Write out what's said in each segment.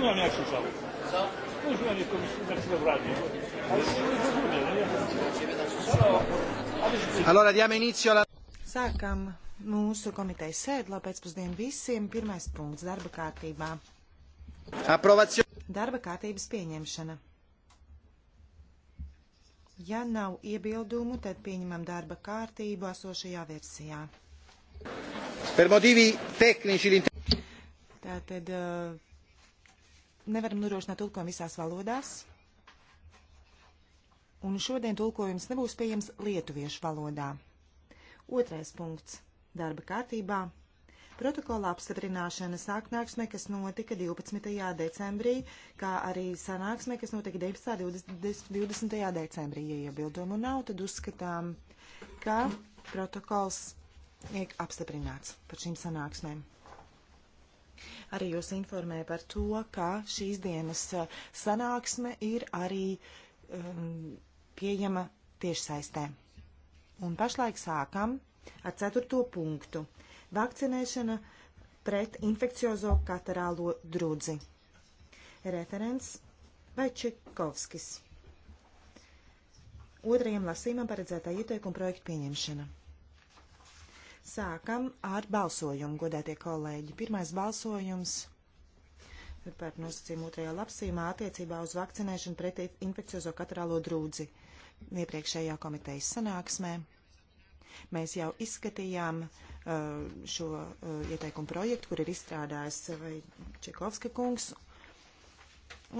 żyła mnie jak słyszał. Służyła mnie komisji na chwilę w Radzie. Ale się nie zrozumie, no nie? Allora diamo inizio alla... Sākam mūsu komitejas sēdi, lai pēcpusdienu visiem pirmais punkts darba kārtībā. Aprovacio. Darba kārtības pieņemšana. Ja nav iebildumu, tad pieņemam darba kārtību esošajā versijā. Per motivi tecnici Tātad eh, nevaram nodrošināt tulkojumu visās valodās. Un šodien tulkojums nebūs pieejams lietuviešu valodā. Otrais punkts - darba kārtībā. Protokola apstiprināšana sāknāksmē, kas notika 12. decembrī, kā arī sanāksmē, kas notika 19. 20, 20. decembrī. Ja iebildumu nav, tad uzskatām, ka protokols tiek apstiprināts par šīm sanāksmēm. Arī jūs informēju par to, ka šīs dienas uh, sanāksme ir arī um, pieejama tiešsaistē. Un pašlaik sākam ar ceturto punktu - vakcinēšana pret infekciozo katarālo drudzi. Referents Vaičikovskis. Otrajam lasījumam paredzētā ieteikuma projekta pieņemšana. Sākam ar balsojumu, godētie kolēģi. Pirmais balsojums par nosacījumu otrajā lapsīmā attiecībā uz vakcinēšanu pret infekciozo katrālo drūdzi. Iepriekšējā komitejas sanāksmē mēs jau izskatījām uh, šo uh, ieteikumu projektu, kur ir izstrādājis Čekovska kungs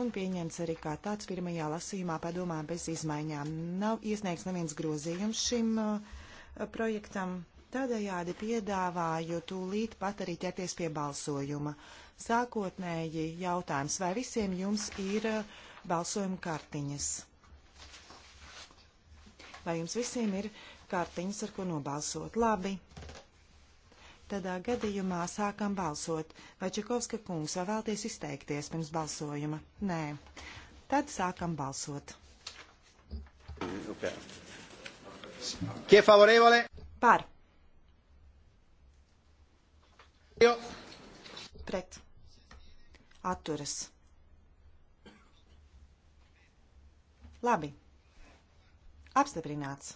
un pieņemts arī kā tāds pirmajā lasījumā padomā bez izmaiņām. Nav iesniegts neviens grozījums šim uh, projektam. Tādējādi piedāvāju tūlīt pat arī ķerties pie balsojuma. Sākotnēji jautājums, vai visiem jums ir eh, balsojuma kartiņas? Vai jums visiem ir kartiņas, ar ko nobalsot? Labi. Tādā gadījumā sākam balsot. Vai Čakovska kungs vēl vēlties izteikties pirms balsojuma? Nē. Tad sākam balsot. Okay. Par. Jo. Pret. Atturas. Labi. Apstiprināts.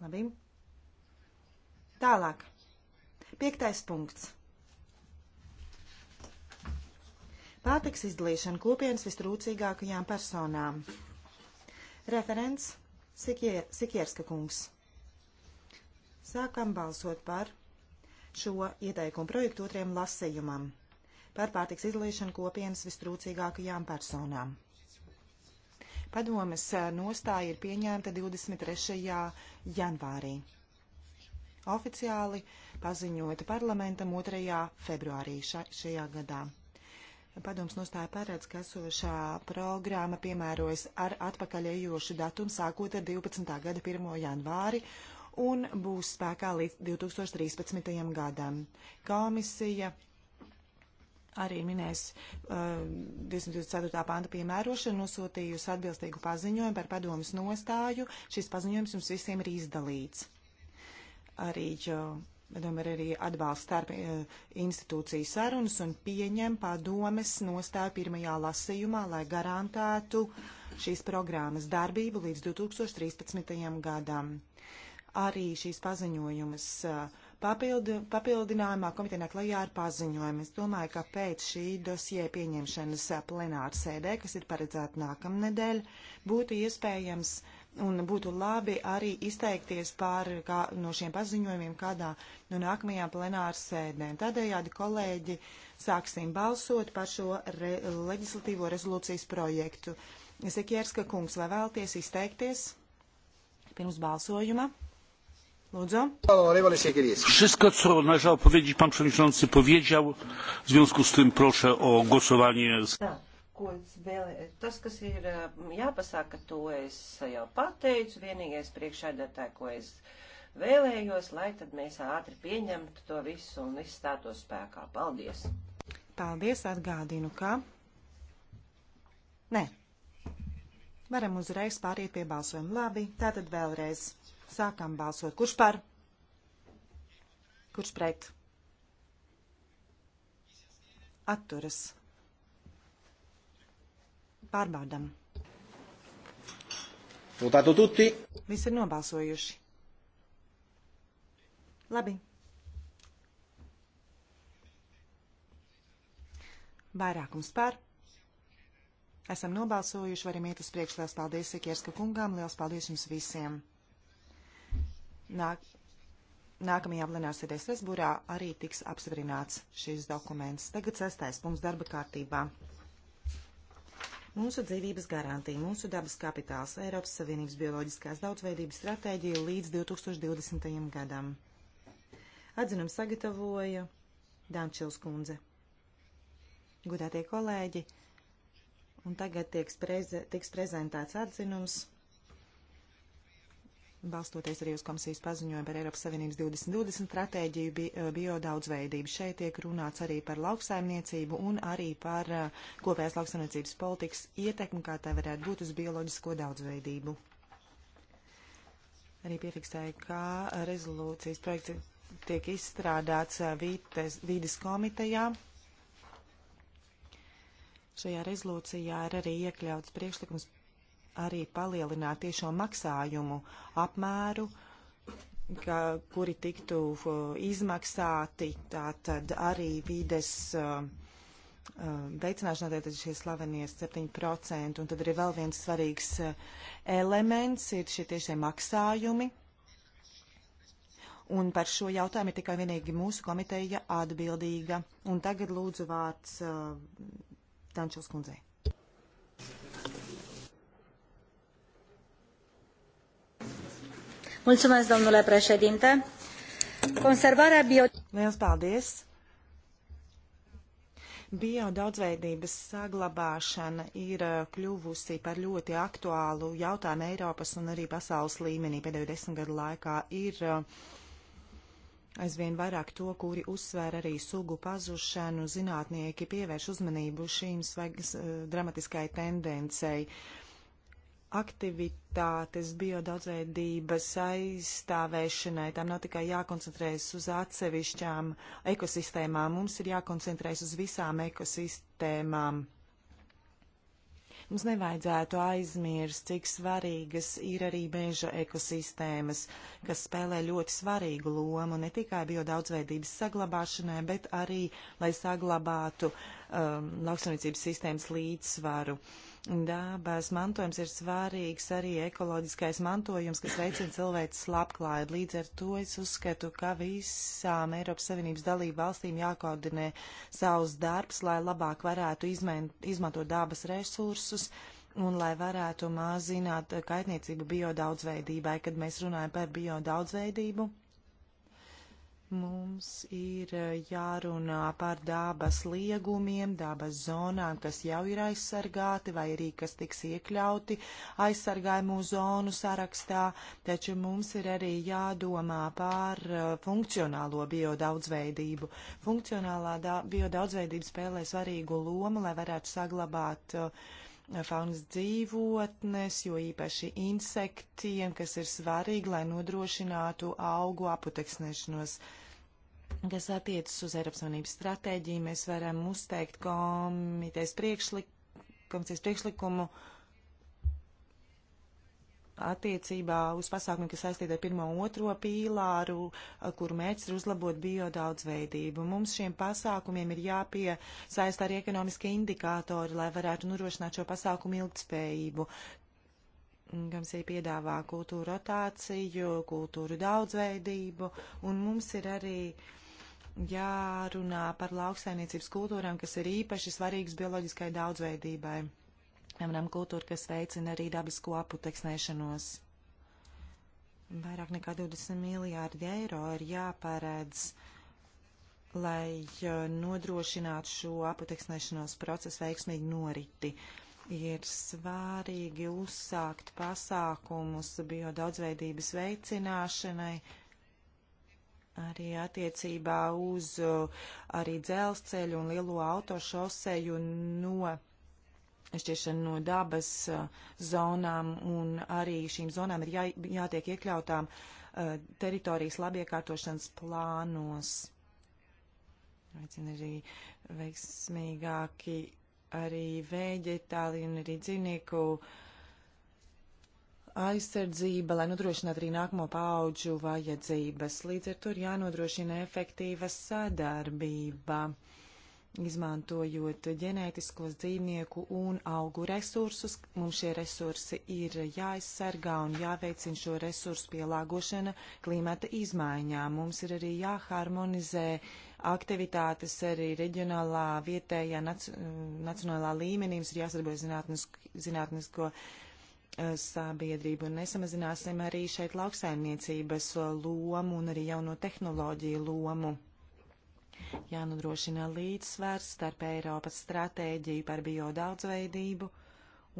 Labi. Tālāk. Piektais punkts. Pārtiks izdalīšana kopienas vistrūcīgākajām personām. Referents Sikierska kungs. Sākam balsot par šo ieteikumu projektu otriem lasējumam par pārtiks izdalīšanu kopienas vistrūcīgākajām personām. Padomes eh, nostāja ir pieņemta 23. janvārī. Oficiāli paziņota parlamentam 2. februārī ša, šajā gadā. Padoms nostāja paredz, ka esošā programma piemērojas ar atpakaļējošu datumu sākot ar 12. gada 1. janvāri un būs spēkā līdz 2013. gadam. Komisija arī minēs uh, 224. panta piemērošanu, nosūtījusi atbilstīgu paziņojumu par padomus nostāju. Šis paziņojums jums visiem ir izdalīts. Arī, Padomu uh, ir arī atbalsts starp uh, institūciju sarunas un pieņem padomes nostāju pirmajā lasījumā, lai garantētu šīs programmas darbību līdz 2013. gadam arī šīs paziņojumas papildu, papildinājumā komitejā klajā ar paziņojumu. Es domāju, ka pēc šī dosie pieņemšanas plenāra sēdē, kas ir paredzēta nākamnedēļ, būtu iespējams un būtu labi arī izteikties pār kā, no šiem paziņojumiem kādā no nākamajām plenāra sēdēm. Tādējādi, kolēģi, sāksim balsot par šo re, leģislatīvo rezolūcijas projektu. Sekierska kungs, vai vēlties izteikties pirms balsojuma? Lūdzu. Wszystko, co należało powiedzieć, pan przewodniczący powiedział. W związku z tym proszę o głosowanie. Tas, kas ir um, jāpasaka, to es jau pateicu. Vienīgais priekšēdētāj, ko es vēlējos, lai tad mēs ātri pieņemtu to visu un izstātos spēkā. Paldies! Paldies, atgādinu, ka. Nē. Varam uzreiz pāriet pie balsojuma. Labi, tātad vēlreiz. Sākam balsot. Kurš par? Kurš pret? Atturas. Pārbaudam. Votato tutti. Visi ir nobalsojuši. Labi. Vairākums par. Esam nobalsojuši, varam iet uz priekšu. Lielas paldies Sikierska kungām, liels paldies jums visiem! Nāk, nākamajā plenārsēdē Strasbūrā arī tiks apstiprināts šis dokuments. Tagad sestais punkts darba kārtībā. Mūsu dzīvības garantija, mūsu dabas kapitāls, Eiropas Savienības bioloģiskās daudzveidības stratēģija līdz 2020. gadam. Atzinums sagatavoja Dančils kundze. Gudētie kolēģi, un tagad tiks, preze, tiks prezentēts atzinums balstoties arī uz komisijas paziņojumu par Eiropas Savienības 2020 stratēģiju bi eh, biodaudzveidību. Šeit tiek runāts arī par lauksaimniecību un arī par eh, kopējās lauksaimniecības politikas ietekmi, kā tā varētu būt uz bioloģisko daudzveidību. Arī piefiksēja, kā rezolūcijas projekts tiek izstrādāts eh, vides, vides komitejā. Šajā rezolūcijā ir arī iekļauts priekšlikums arī palielināt tiešo maksājumu apmēru, ka, kuri tiktu uh, izmaksāti, tātad arī vides uh, uh, veicināšanā, tātad šie slavenie 7%, un tad arī vēl viens svarīgs elements ir šie tiešie maksājumi. Un par šo jautājumu ir tikai vienīgi mūsu komiteja atbildīga. Un tagad lūdzu vārds uh, Tančels kundzei. Mulțumesc, domnule președinte. Konservārā bio... Liels paldies! Bio daudzveidības saglabāšana ir uh, kļuvusi par ļoti aktuālu jautājumu Eiropas un arī pasaules līmenī. Pēdējo desmit gadu laikā ir uh, aizvien vairāk to, kuri uzsvēra arī sugu pazušanu. Zinātnieki pievērš uzmanību šīm svaigas, uh, dramatiskai tendencei. Uh, aktivitātes biodaudzveidības aizstāvēšanai. Tam nav tikai jākoncentrējas uz atsevišķām ekosistēmām, mums ir jākoncentrējas uz visām ekosistēmām. Mums nevajadzētu aizmirst, cik svarīgas ir arī meža ekosistēmas, kas spēlē ļoti svarīgu lomu ne tikai biodaudzveidības saglabāšanai, bet arī, lai saglabātu um, lauksaimniecības sistēmas līdzsvaru. Uh, dabas mantojums ir svarīgs arī ekoloģiskais mantojums, kas veicina cilvēces labklājību. Līdz ar to es uzskatu, ka visām Eiropas Savienības dalību valstīm jākoordinē savus darbs, lai labāk varētu izmain, izmantot dabas resursus un lai varētu mazināt kaitniecību biodaudzveidībai, kad mēs runājam par biodaudzveidību. Mums ir eh, jārunā par dabas liegumiem, dabas zonām, kas jau ir aizsargāti vai arī kas tiks iekļauti aizsargājumu zonu sarakstā, taču mums ir arī jādomā par eh, funkcionālo biodaudzveidību. Funkcionālā da biodaudzveidība spēlē svarīgu lomu, lai varētu saglabāt uh, faunas dzīvotnes, jo īpaši insektiem, kas ir svarīgi, lai nodrošinātu augu aputeksnēšanos. Kas attiecas uz Eiropas Savienības stratēģiju, mēs varam uzteikt komitejas priekšlik, komisijas priekšlikumu uh, attiecībā uz pasākumiem, kas saistīti ar pirmo un otro pīlāru, kuru mērķis ir uzlabot biodaudzveidību. Mums šiem pasākumiem ir jāpiesaista arī ekonomiski indikātori, lai varētu nurošināt šo pasākumu ilgtspējību. Gamsija piedāvā kultūru rotāciju, kultūru daudzveidību, un mums ir arī jārunā par lauksainiecības kultūrām, kas ir īpaši svarīgas bioloģiskai daudzveidībai piemēram, kultūra, kas veicina arī dabisko aputeksnēšanos. Vairāk nekā 20 miljārdi eiro ir jāpārēdz, lai nodrošinātu šo aputeksnēšanos procesu veiksmīgi noriti. Ir svārīgi uzsākt pasākumus biodaudzveidības veicināšanai, arī attiecībā uz arī dzelzceļu un lielo autošoseju no šķiršana no dabas uh, zonām, un arī šīm zonām ir jā, jātiek iekļautām uh, teritorijas labiekārtošanas plānos. Aicinu arī veiksmīgāki arī vēģetāli un arī dzīvnieku aizsardzība, lai nodrošinātu arī nākamo paauģu vajadzības. Līdz ar to ir jānodrošina efektīva sadarbība izmantojot ģenētiskos dzīvnieku un augu resursus. Mums šie resursi ir jāaizsargā un jāveicina šo resursu pielāgošana klimata izmaiņām. Mums ir arī jāharmonizē aktivitātes arī reģionālā, vietējā, nac nacionālā līmenī. Mums ir jāsadarbojas zinātnisko, zinātnisko eh, sabiedrību un nesamazināsim arī šeit lauksaimniecības lomu un arī jauno tehnoloģiju lomu jānodrošina līdzsvars starp Eiropas stratēģiju par biodaudzveidību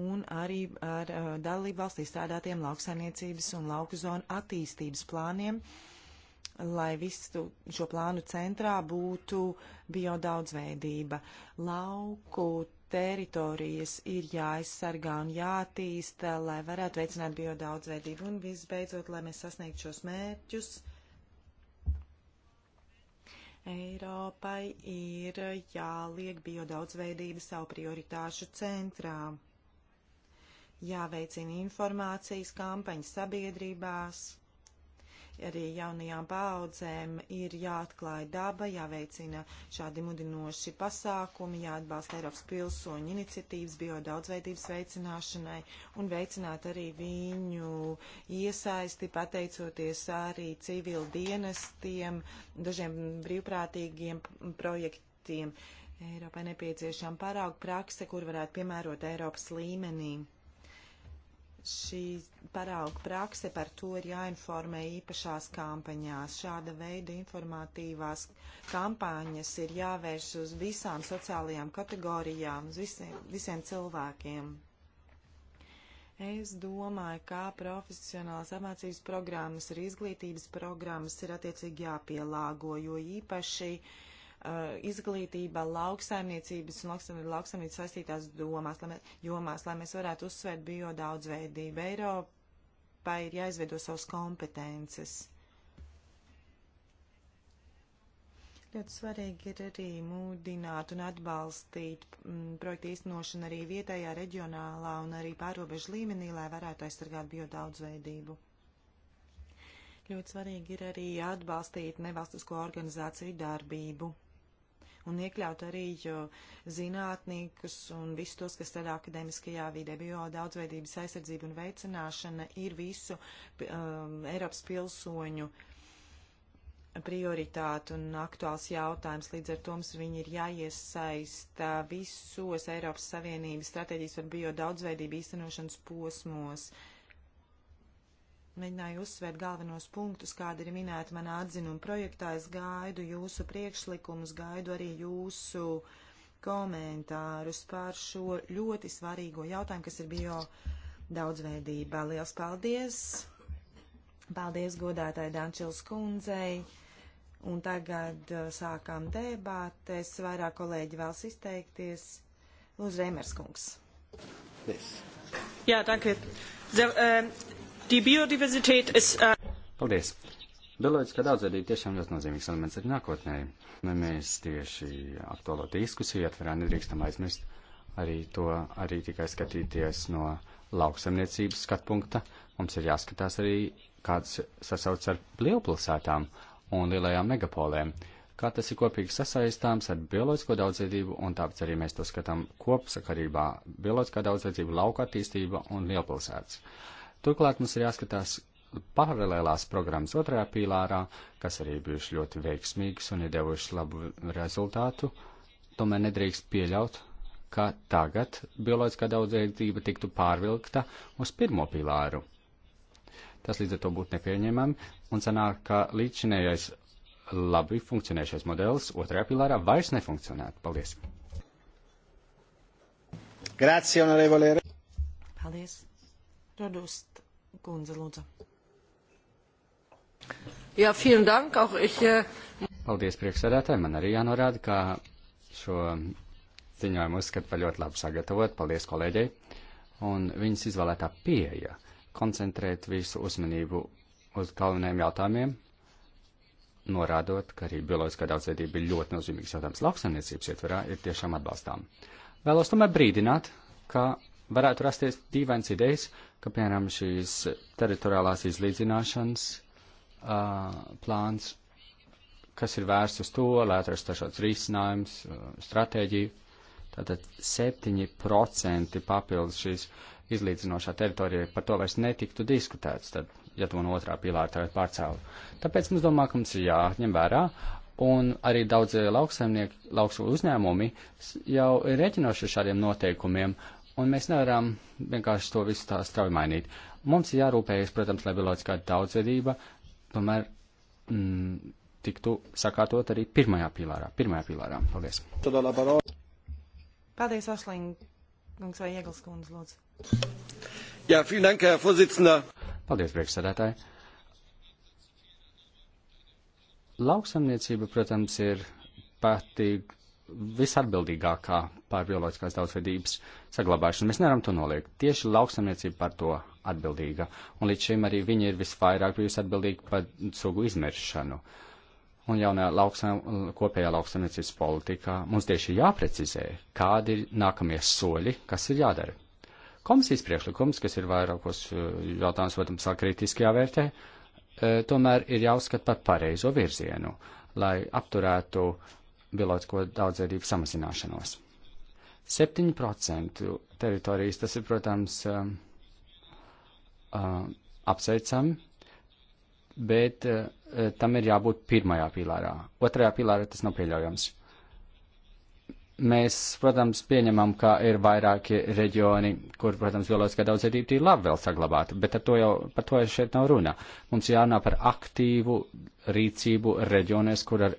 un arī ar uh, dalību valstī strādātiem lauksaimniecības un lauku zonu attīstības plāniem, lai visu šo plānu centrā būtu biodaudzveidība. Lauku teritorijas ir jāaizsargā un jātīsta, lai varētu veicināt biodaudzveidību un visbeidzot, lai mēs sasniegtu šos mērķus Eiropai ir jāliek biodaudzveidība savu prioritāšu centrā, jāveicina informācijas kampaņas sabiedrībās, arī jaunajām paudzēm ir jāatklāj daba, jāveicina šādi mudinoši pasākumi, jāatbalsta Eiropas pilsoņu iniciatīvas biodaudzveidības veicināšanai un veicināt arī viņu iesaisti, pateicoties arī civil dienestiem, dažiem brīvprātīgiem projektiem. Eiropai nepieciešama parauga prakse, kur varētu piemērot Eiropas līmenī šī parauga prakse par to ir jāinformē īpašās kampaņās. Šāda veida informatīvās kampaņas ir jāvērš uz visām sociālajām kategorijām, uz visiem, visiem cilvēkiem. Es domāju, kā profesionālās apmācības programmas ir izglītības programmas, ir attiecīgi jāpielāgo, jo īpaši uh, Uh, izglītībā, lauksaimniecības un lauksaimniecības saistītās domās, lai mēs, jomās, lai mēs varētu uzsvērt bio daudzveidību. Eiropā ir jāizveido savas kompetences. Ļoti svarīgi ir arī mūdināt un atbalstīt m, mm, projektu īstenošanu arī vietējā, reģionālā un arī pārobežu līmenī, lai varētu aizsargāt biodaudzveidību. Ļoti svarīgi ir arī atbalstīt nevalstisko organizāciju darbību un iekļaut arī zinātnīgus un visus tos, kas strādā akadēmiskajā vidē. Bio daudzveidības aizsardzība un veicināšana ir visu um, Eiropas pilsoņu prioritāte un aktuāls jautājums. Līdz ar to mums viņi ir jāiesaista visos Eiropas Savienības stratēģijas par bio daudzveidību īstenošanas posmos. Uh, mēģināju uzsvērt galvenos punktus, kādi ir minēti manā atzinuma projektā. Es gaidu jūsu priekšlikumus, gaidu arī jūsu komentārus par šo ļoti svarīgo jautājumu, kas ir bio daudzveidība. Liels paldies! Paldies godātai Dančils kundzei! Un tagad uh, sākām debātes, vairāk kolēģi vēlas izteikties. Lūdzu, Rēmers kungs. Yes. Jā, danke. Sehr, äh, Die Biodiversität ist. Uh... Paldies! Bioloģiskā daudzveidība tiešām ļoti nozīmīgs elements arī nākotnē. Ne mēs tieši aktuālo diskusiju atverā nedrīkstam aizmirst arī to, arī tikai skatīties no lauksamniecības skatpunkta. Mums ir jāskatās arī, kāds sasauc ar lielpilsētām un lielajām megapolēm, kā tas ir kopīgi sasaistāms ar bioloģisko daudzveidību, un tāpēc arī mēs to skatām kopsakarībā - bioloģiskā daudzveidība, lauka attīstība un lielpilsētas. Uh, Turklāt mums ir jāskatās paralēlās programmas otrajā pīlārā, kas arī bijuši ļoti veiksmīgas un ir devuši labu rezultātu. Tomēr nedrīkst pieļaut, ka tagad bioloģiskā daudzveidība tiktu pārvilkta uz pirmo pīlāru. Tas līdz ar to būtu nepieņemami un sanāk, ka līdzinējais labi funkcionējušais modelis otrajā pilārā vairs nefunkcionētu. Paldies! Grazie, onorevole! Paldies! Rodust kundze, lūdzu. Jā, vielen dank, auch ich. Äh, paldies priekšsēdētāji, man arī jānorāda, ka šo ziņojumu uzskatu par ļoti labu sagatavot, paldies kolēģei. Un viņas izvēlētā pieeja koncentrēt visu uzmanību uz galvenajiem jautājumiem, norādot, ka arī bioloģiskā daudzveidība ir ļoti nozīmīgs jautājums lauksaimniecības ietverā, ir tiešām atbalstām. Vēlos tomēr brīdināt, ka varētu rasties dīvains idejas, ka, piemēram, šīs teritoriālās izlīdzināšanas uh, plāns, kas ir vērsts uz to, lai atrastu dažāds risinājums, uh, stratēģiju, tātad 7% papildus šīs izlīdzinošā teritorija, par to vairs netiktu diskutēts, tad, ja to no otrā pilāra tagad pārcēlu. Tāpēc mums domā, ka mums ir jāņem vērā, un arī daudzi lauksaimnieki, lauksu uzņēmumi jau ir reķinoši šādiem noteikumiem, uh, Un mēs nevaram vienkārši to visu tā strauji mainīt. Mums ir jārūpējas, protams, lai bioloģiskā daudzveidība tomēr mm, tiktu sakārtot arī pirmajā pīlārā. Pirmajā pīlārā. Paldies. Paldies, Ašling. Kungs vai Iegls kundze, lūdzu. Jā, vielen dank, Herr Vorsitzender. Paldies, priekšsēdētāji. Lauksamniecība, protams, ir pati visatbildīgākā par bioloģiskās daudzveidības saglabāšanu. Mēs nevaram to noliegt. Tieši lauksamniecība par to atbildīga. Un līdz šim arī viņi ir visvairāk bijusi atbildīgi par sugu izmiršanu. Un jaunā lauksam, kopējā lauksamniecības politikā mums tieši jāprecizē, kādi ir nākamie soļi, kas ir jādara. Komisijas priekšlikums, kas ir vairākos eh, jautājumus, protams, kritiskajā vērtē, eh, tomēr ir jāuzskata par pareizo virzienu, lai apturētu uh, bioloģisko daudzveidību samazināšanos. 7% teritorijas tas ir, protams, um, um, apsveicami, bet uh, tam ir jābūt pirmajā pilārā. Otrajā pilārā tas nav pieļaujams. Mēs, protams, pieņemam, ka ir vairāki reģioni, kur, protams, bioloģiskā daudzveidība ir labi vēl saglabāta, bet to jau, par to jau šeit nav runa. Mums jārunā par aktīvu rīcību reģionēs, kur ar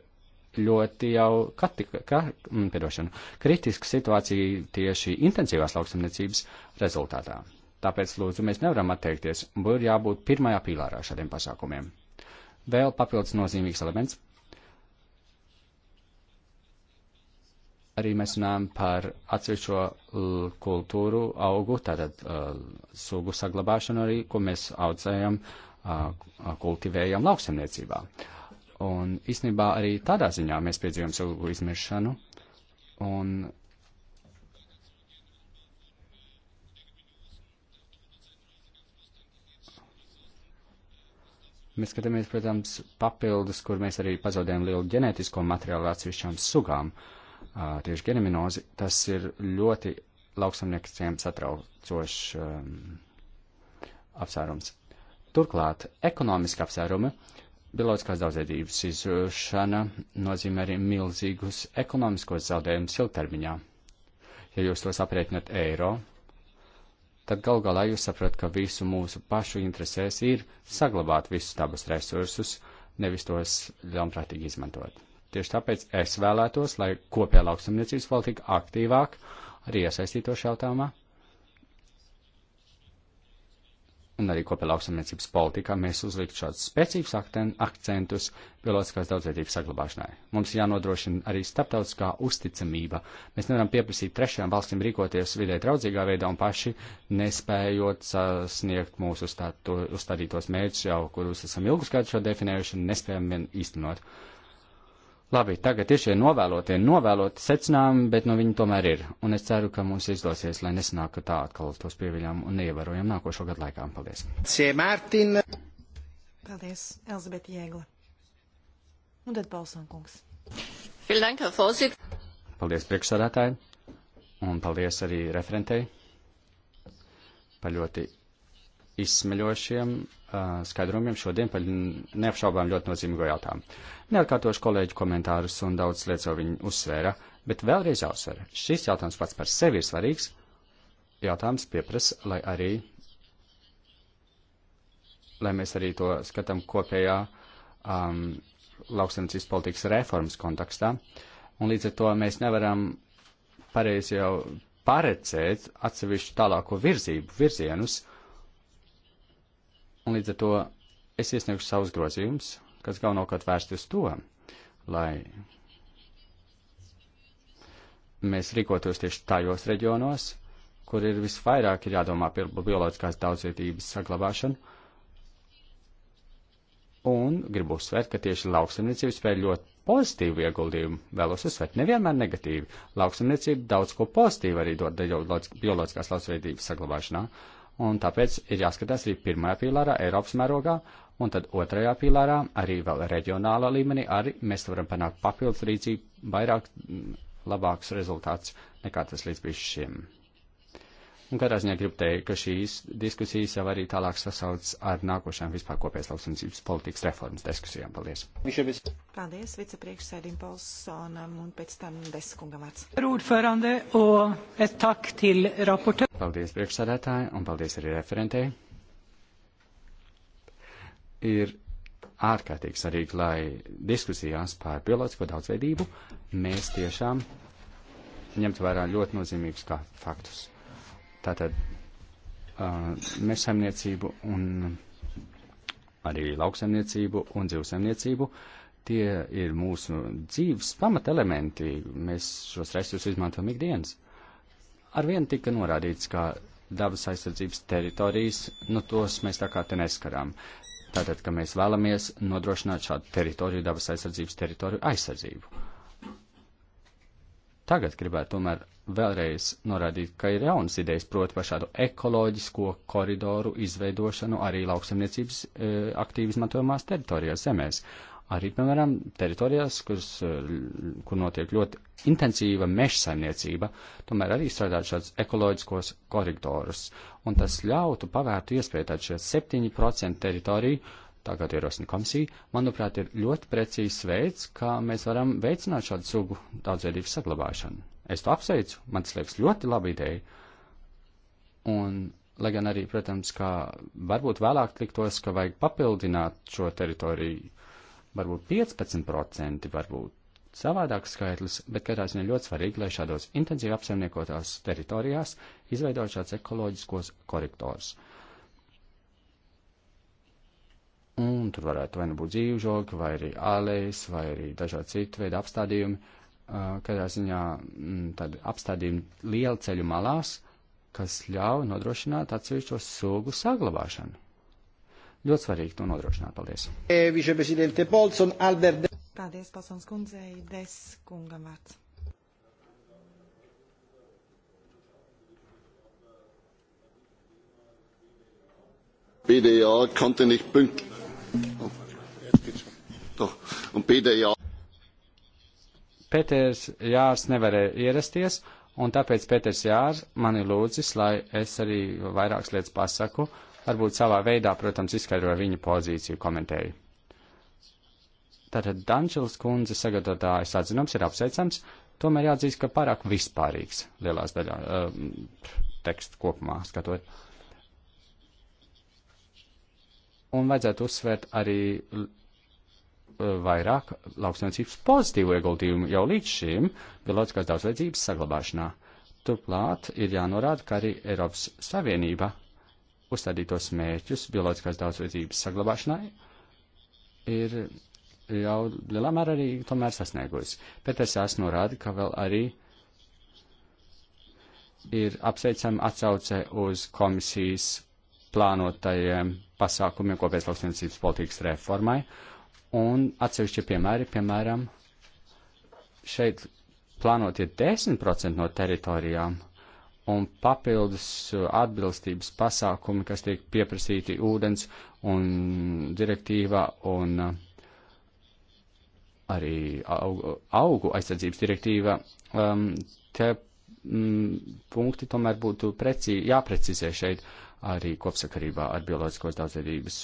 ļoti jau katika, ka, mm, piedošanu, kritiska situācija tieši intensīvās lauksamniecības rezultātā. Tāpēc, lūdzu, mēs nevaram atteikties, un ir jābūt pirmajā pīlārā šādiem pasākumiem. Vēl papildus nozīmīgs elements. Arī mēs runājam par atsevišķo kultūru augu, tātad uh, sugu saglabāšanu arī, ko mēs audzējam, uh, kultivējam lauksemniecībā. Uh, Un īstenībā arī tādā ziņā mēs piedzīvojam savu izmiršanu. Un mēs skatāmies, protams, papildus, kur mēs arī pazaudējam lielu ģenētisko materiālu atsevišķām sugām. Tieši geneminozi tas ir ļoti lauksamniekiem satraucošs um, apsvērums. Turklāt ekonomiski apsvērumi Bioloģiskās daudzveidības izzūšana nozīmē arī milzīgus ekonomiskos zaudējumus ilgtermiņā. Ja jūs tos aprēķinat eiro, tad gal galā jūs saprotat, ka visu mūsu pašu interesēs ir saglabāt visus dabas resursus, nevis tos ļaunprātīgi izmantot. Tieši tāpēc es vēlētos, lai kopējā lauksamniecības politika aktīvāk arī iesaistītos jautājumā, un arī kopējā lauksamniecības politikā mēs uzlikt šādus spēcīgus akcentus bioloģiskās daudzveidības saglabāšanai. Mums jānodrošina arī starptautiskā uzticamība. Mēs nevaram pieprasīt trešajām valstīm rīkoties vidē draudzīgā veidā un paši nespējot sasniegt mūsu uzstādītos mērķus jau, kurus esam ilgus gadus šo definējuši un nespējam vien īstenot. Uh, Labi, tagad ir šie novēlotie, novēloti secinājumi, bet no nu, viņi tomēr ir. Un es ceru, ka mums izdosies, lai nesanāk tā atkal tos pieviļām un neievērojam nākošo gadu laikā. Paldies! Paldies, Elzbieta Jēgla. Un tad Balsam kungs. Paldies priekšsādātāji un paldies arī referentei par ļoti izsmeļošiem uh, skaidrojumiem šodien par neapšaubām ļoti nozīmīgo jautājumu. Neatkārtošu kolēģu komentārus un daudz lietas jau viņi uzsvēra, bet vēlreiz jāuzsver, šis jautājums pats par sevi ir svarīgs. Jautājums pieprasa, lai arī, lai mēs arī to skatām kopējā um, lauksaimniecības politikas reformas kontekstā, un līdz ar to mēs nevaram pareizi jau parecēt atsevišķu tālāko virzību, virzienus, Un līdz ar to es iesniegšu savus grozījumus, kas galvenokārt vērsti uz to, lai mēs rīkotos tieši tajos reģionos, kur ir visvairāk ir jādomā par bioloģiskās daudzvietības saglabāšanu. Un gribu uzsvērt, ka tieši lauksaimniecība spēj ļoti pozitīvu ieguldījumu, vēlos uzsvērt, nevienmēr negatīvi. Lauksaimniecība daudz ko pozitīvu arī dod bioloģiskās lauksveidības saglabāšanā. Uh, un tāpēc ir jāskatās arī pirmajā pīlārā Eiropas mērogā, un tad otrajā pīlārā arī vēl reģionālā līmenī arī mēs varam panākt papildus rīcību vairāk mm, labāks rezultāts nekā tas līdz šim. Un katrā ziņā gribu teikt, ka šīs diskusijas jau arī tālāk sasauc ar nākošām vispār kopējas lauksaimniecības politikas reformas diskusijām. Paldies! Paldies vicepriekšsēdim Polsonam un pēc tam Deskungam vārds. Rūdferande, o et tak til raporte. Paldies priekšsēdētāji un paldies arī referentei. Ir ārkārtīgi svarīgi, lai diskusijās par bioloģisko daudzveidību mēs tiešām ņemtu vērā ļoti nozīmīgus faktus Tātad uh, mežsaimniecību un arī lauksaimniecību un dzīvesaimniecību. Tie ir mūsu dzīves pamatelementi. Mēs šos resursus izmantojam ikdienas. Arvien tika norādīts, ka dabas aizsardzības teritorijas, nu tos mēs tā kā te neskarām. Tātad, ka mēs vēlamies nodrošināt šādu teritoriju, dabas aizsardzības teritoriju aizsardzību. Tagad gribētu tomēr vēlreiz norādīt, ka ir jaunas idejas proti par šādu ekoloģisko koridoru izveidošanu arī lauksemniecības e, aktīvi izmantojamās teritorijās zemēs. Arī, piemēram, teritorijās, kuras, e, kur notiek ļoti intensīva meža saimniecība, tomēr arī strādāt šādus ekoloģiskos koridorus. Un tas ļautu pavērtu iespēju tādu šie 7% teritoriju tagad ierosina komisija, manuprāt, ir ļoti precīzs veids, kā mēs varam veicināt šādu sugu daudzveidības saglabāšanu. Es to apsveicu, man tas liekas ļoti laba ideja. Un, lai gan arī, protams, kā varbūt vēlāk liktos, ka vajag papildināt šo teritoriju, varbūt 15%, varbūt savādāks skaitlis, bet katrā ziņā ļoti svarīgi, lai šādos intensīvi apsaimniekotās teritorijās izveidot šāds ekoloģiskos korektors. Uh, Un tur varētu vai nu būt dzīvžogi, vai arī ālējas, vai arī dažādi citu veidu apstādījumi. Katrā ziņā mm, tad apstādījumi liela ceļu malās, kas ļauj nodrošināt atsevišķo sugu saglabāšanu. Ļoti svarīgi to nodrošināt. Paldies! E, Paldies, Palsons kundzei, des kungam vārds. bda konnte nicht pünktlich Nu, un pēdējā. Pēters Jārs nevarēja ierasties, un tāpēc Pēters Jārs mani lūdzis, lai es arī vairākas lietas pasaku, varbūt savā veidā, protams, izskaidroju viņa pozīciju, komentēju. Tātad Dančils kundze sagatavotājs atzinums ir apsveicams, tomēr jāatzīst, ka pārāk vispārīgs lielās daļā uh, ehm, tekstu kopumā skatot. Un vajadzētu uzsvērt arī vairāk lauksaimniecības pozitīvu ieguldījumu jau līdz šim bioloģiskās daudzveidzības saglabāšanā. Turklāt ir jānorāda, ka arī Eiropas Savienība uzstādītos mērķus bioloģiskās daudzveidzības saglabāšanai ir jau lielā mērā arī tomēr sasniegusi. Pēters Jās norāda, ka vēl arī ir apsveicama atsauce uz komisijas plānotajiem pasākumiem kopējas lauksaimniecības politikas reformai. Uh, Un atsevišķi piemēri, piemēram, šeit plānot ir 10% no teritorijām, un papildus uh, atbilstības pasākumi, kas tiek pieprasīti ūdens un direktīvā un uh, arī augu, augu aizsardzības direktīva, um, te mm, punkti tomēr būtu precī, jāprecizē šeit arī kopsakarībā ar bioloģiskos daudzveidības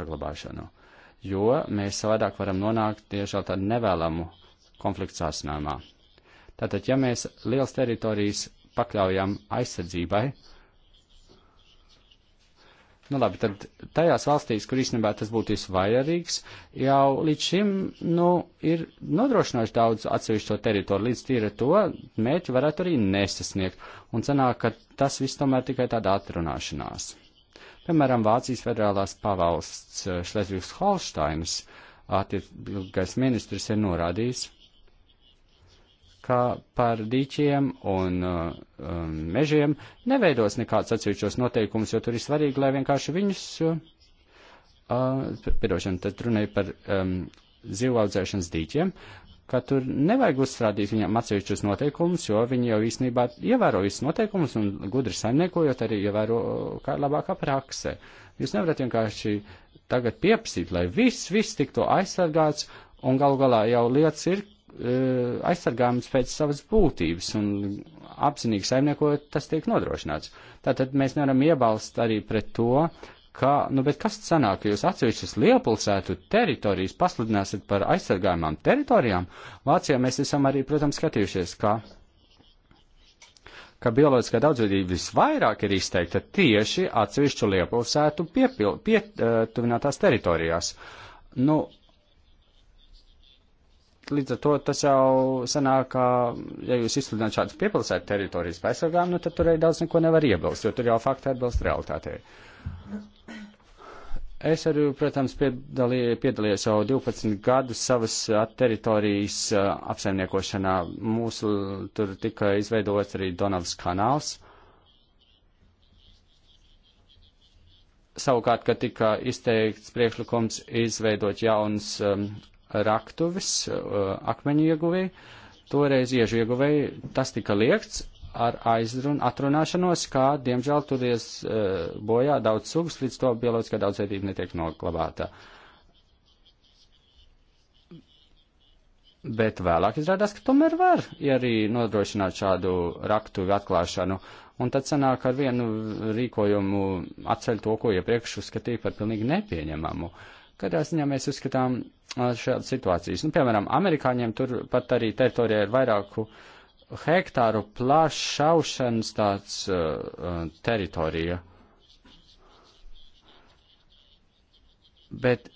saglabāšanu. Uh, jo mēs savādāk varam nonākt tieši ar tādu nevēlamu konfliktu sāsinājumā. Tātad, ja mēs liels teritorijas pakļaujam aizsardzībai, Nu labi, tad tajās valstīs, kur īstenībā tas būtu visvairākīgs, jau līdz šim, nu, ir nodrošinājuši daudz atsevišķo teritoriju, līdz tīra to mērķu varētu arī nesasniegt. Un sanāk, ka tas viss tomēr tikai tāda atrunāšanās. Piemēram, Vācijas federālās pavalsts eh, Šlezvigs Holštainas attiecīgais ministrs ir norādījis, ka par dīķiem un eh, um, mežiem neveidos nekāds atsevišķos noteikumus, jo tur ir svarīgi, lai vienkārši viņus, eh, uh, piedošana, tad runēja par um, zivaudzēšanas dīķiem, uh, ka tur nevajag uzstrādīt viņam atsevišķus noteikumus, jo viņi jau īstenībā ievēro visus noteikumus un gudri saimniekojot arī ievēro uh, kā labākā prakse. Jūs nevarat vienkārši tagad pieprasīt, lai viss, viss tiktu aizsargāts un galu galā jau lietas ir uh, aizsargājums pēc savas būtības un apzinīgi saimniekot, tas tiek nodrošināts. Tātad mēs nevaram iebalst arī pret to, Kā, nu, bet kas sanāk, ka jūs atsevišķas lielpilsētu teritorijas pasludināsiet par aizsargājumām teritorijām? Vācijā mēs esam arī, protams, skatījušies, kā, ka bioloģiskā daudzveidība visvairāk ir izteikta tieši atsevišķu lielpilsētu piet, pietuvinātās teritorijās. Nu, līdz ar to tas jau sanāk, ka, ja jūs izsludināt šādas piepilsētu teritorijas par aizsargām, nu tad tur arī daudz neko nevar iebilst, jo tur jau fakti atbilst realitātei. Es arī, protams, piedalī, piedalījos jau 12 gadus savas teritorijas apsaimniekošanā. Mūsu tur tika izveidots arī Donavas kanāls. Savukārt, kad tika izteikts priekšlikums izveidot jauns um, raktuvis, uh, akmeņu ieguvēji, toreiz iežu ieguvēji, tas tika liekts ar aizrun, atrunāšanos, kā, diemžēl, tur ies uh, bojā daudz sugas, līdz to bioloģiskā daudzveidība netiek noklabāta. Bet vēlāk izrādās, ka tomēr var ja arī nodrošināt šādu raktuvi atklāšanu, un tad sanāk ar vienu rīkojumu atceļ to, ko iepriekš uzskatīja par pilnīgi nepieņemamu. Uh, Kādā ziņā mēs uzskatām šādas situācijas? Nu, piemēram, amerikāņiem tur pat arī teritorijā ir vairāku hektāru plašs šaušanas tāds uh, teritorija. Bet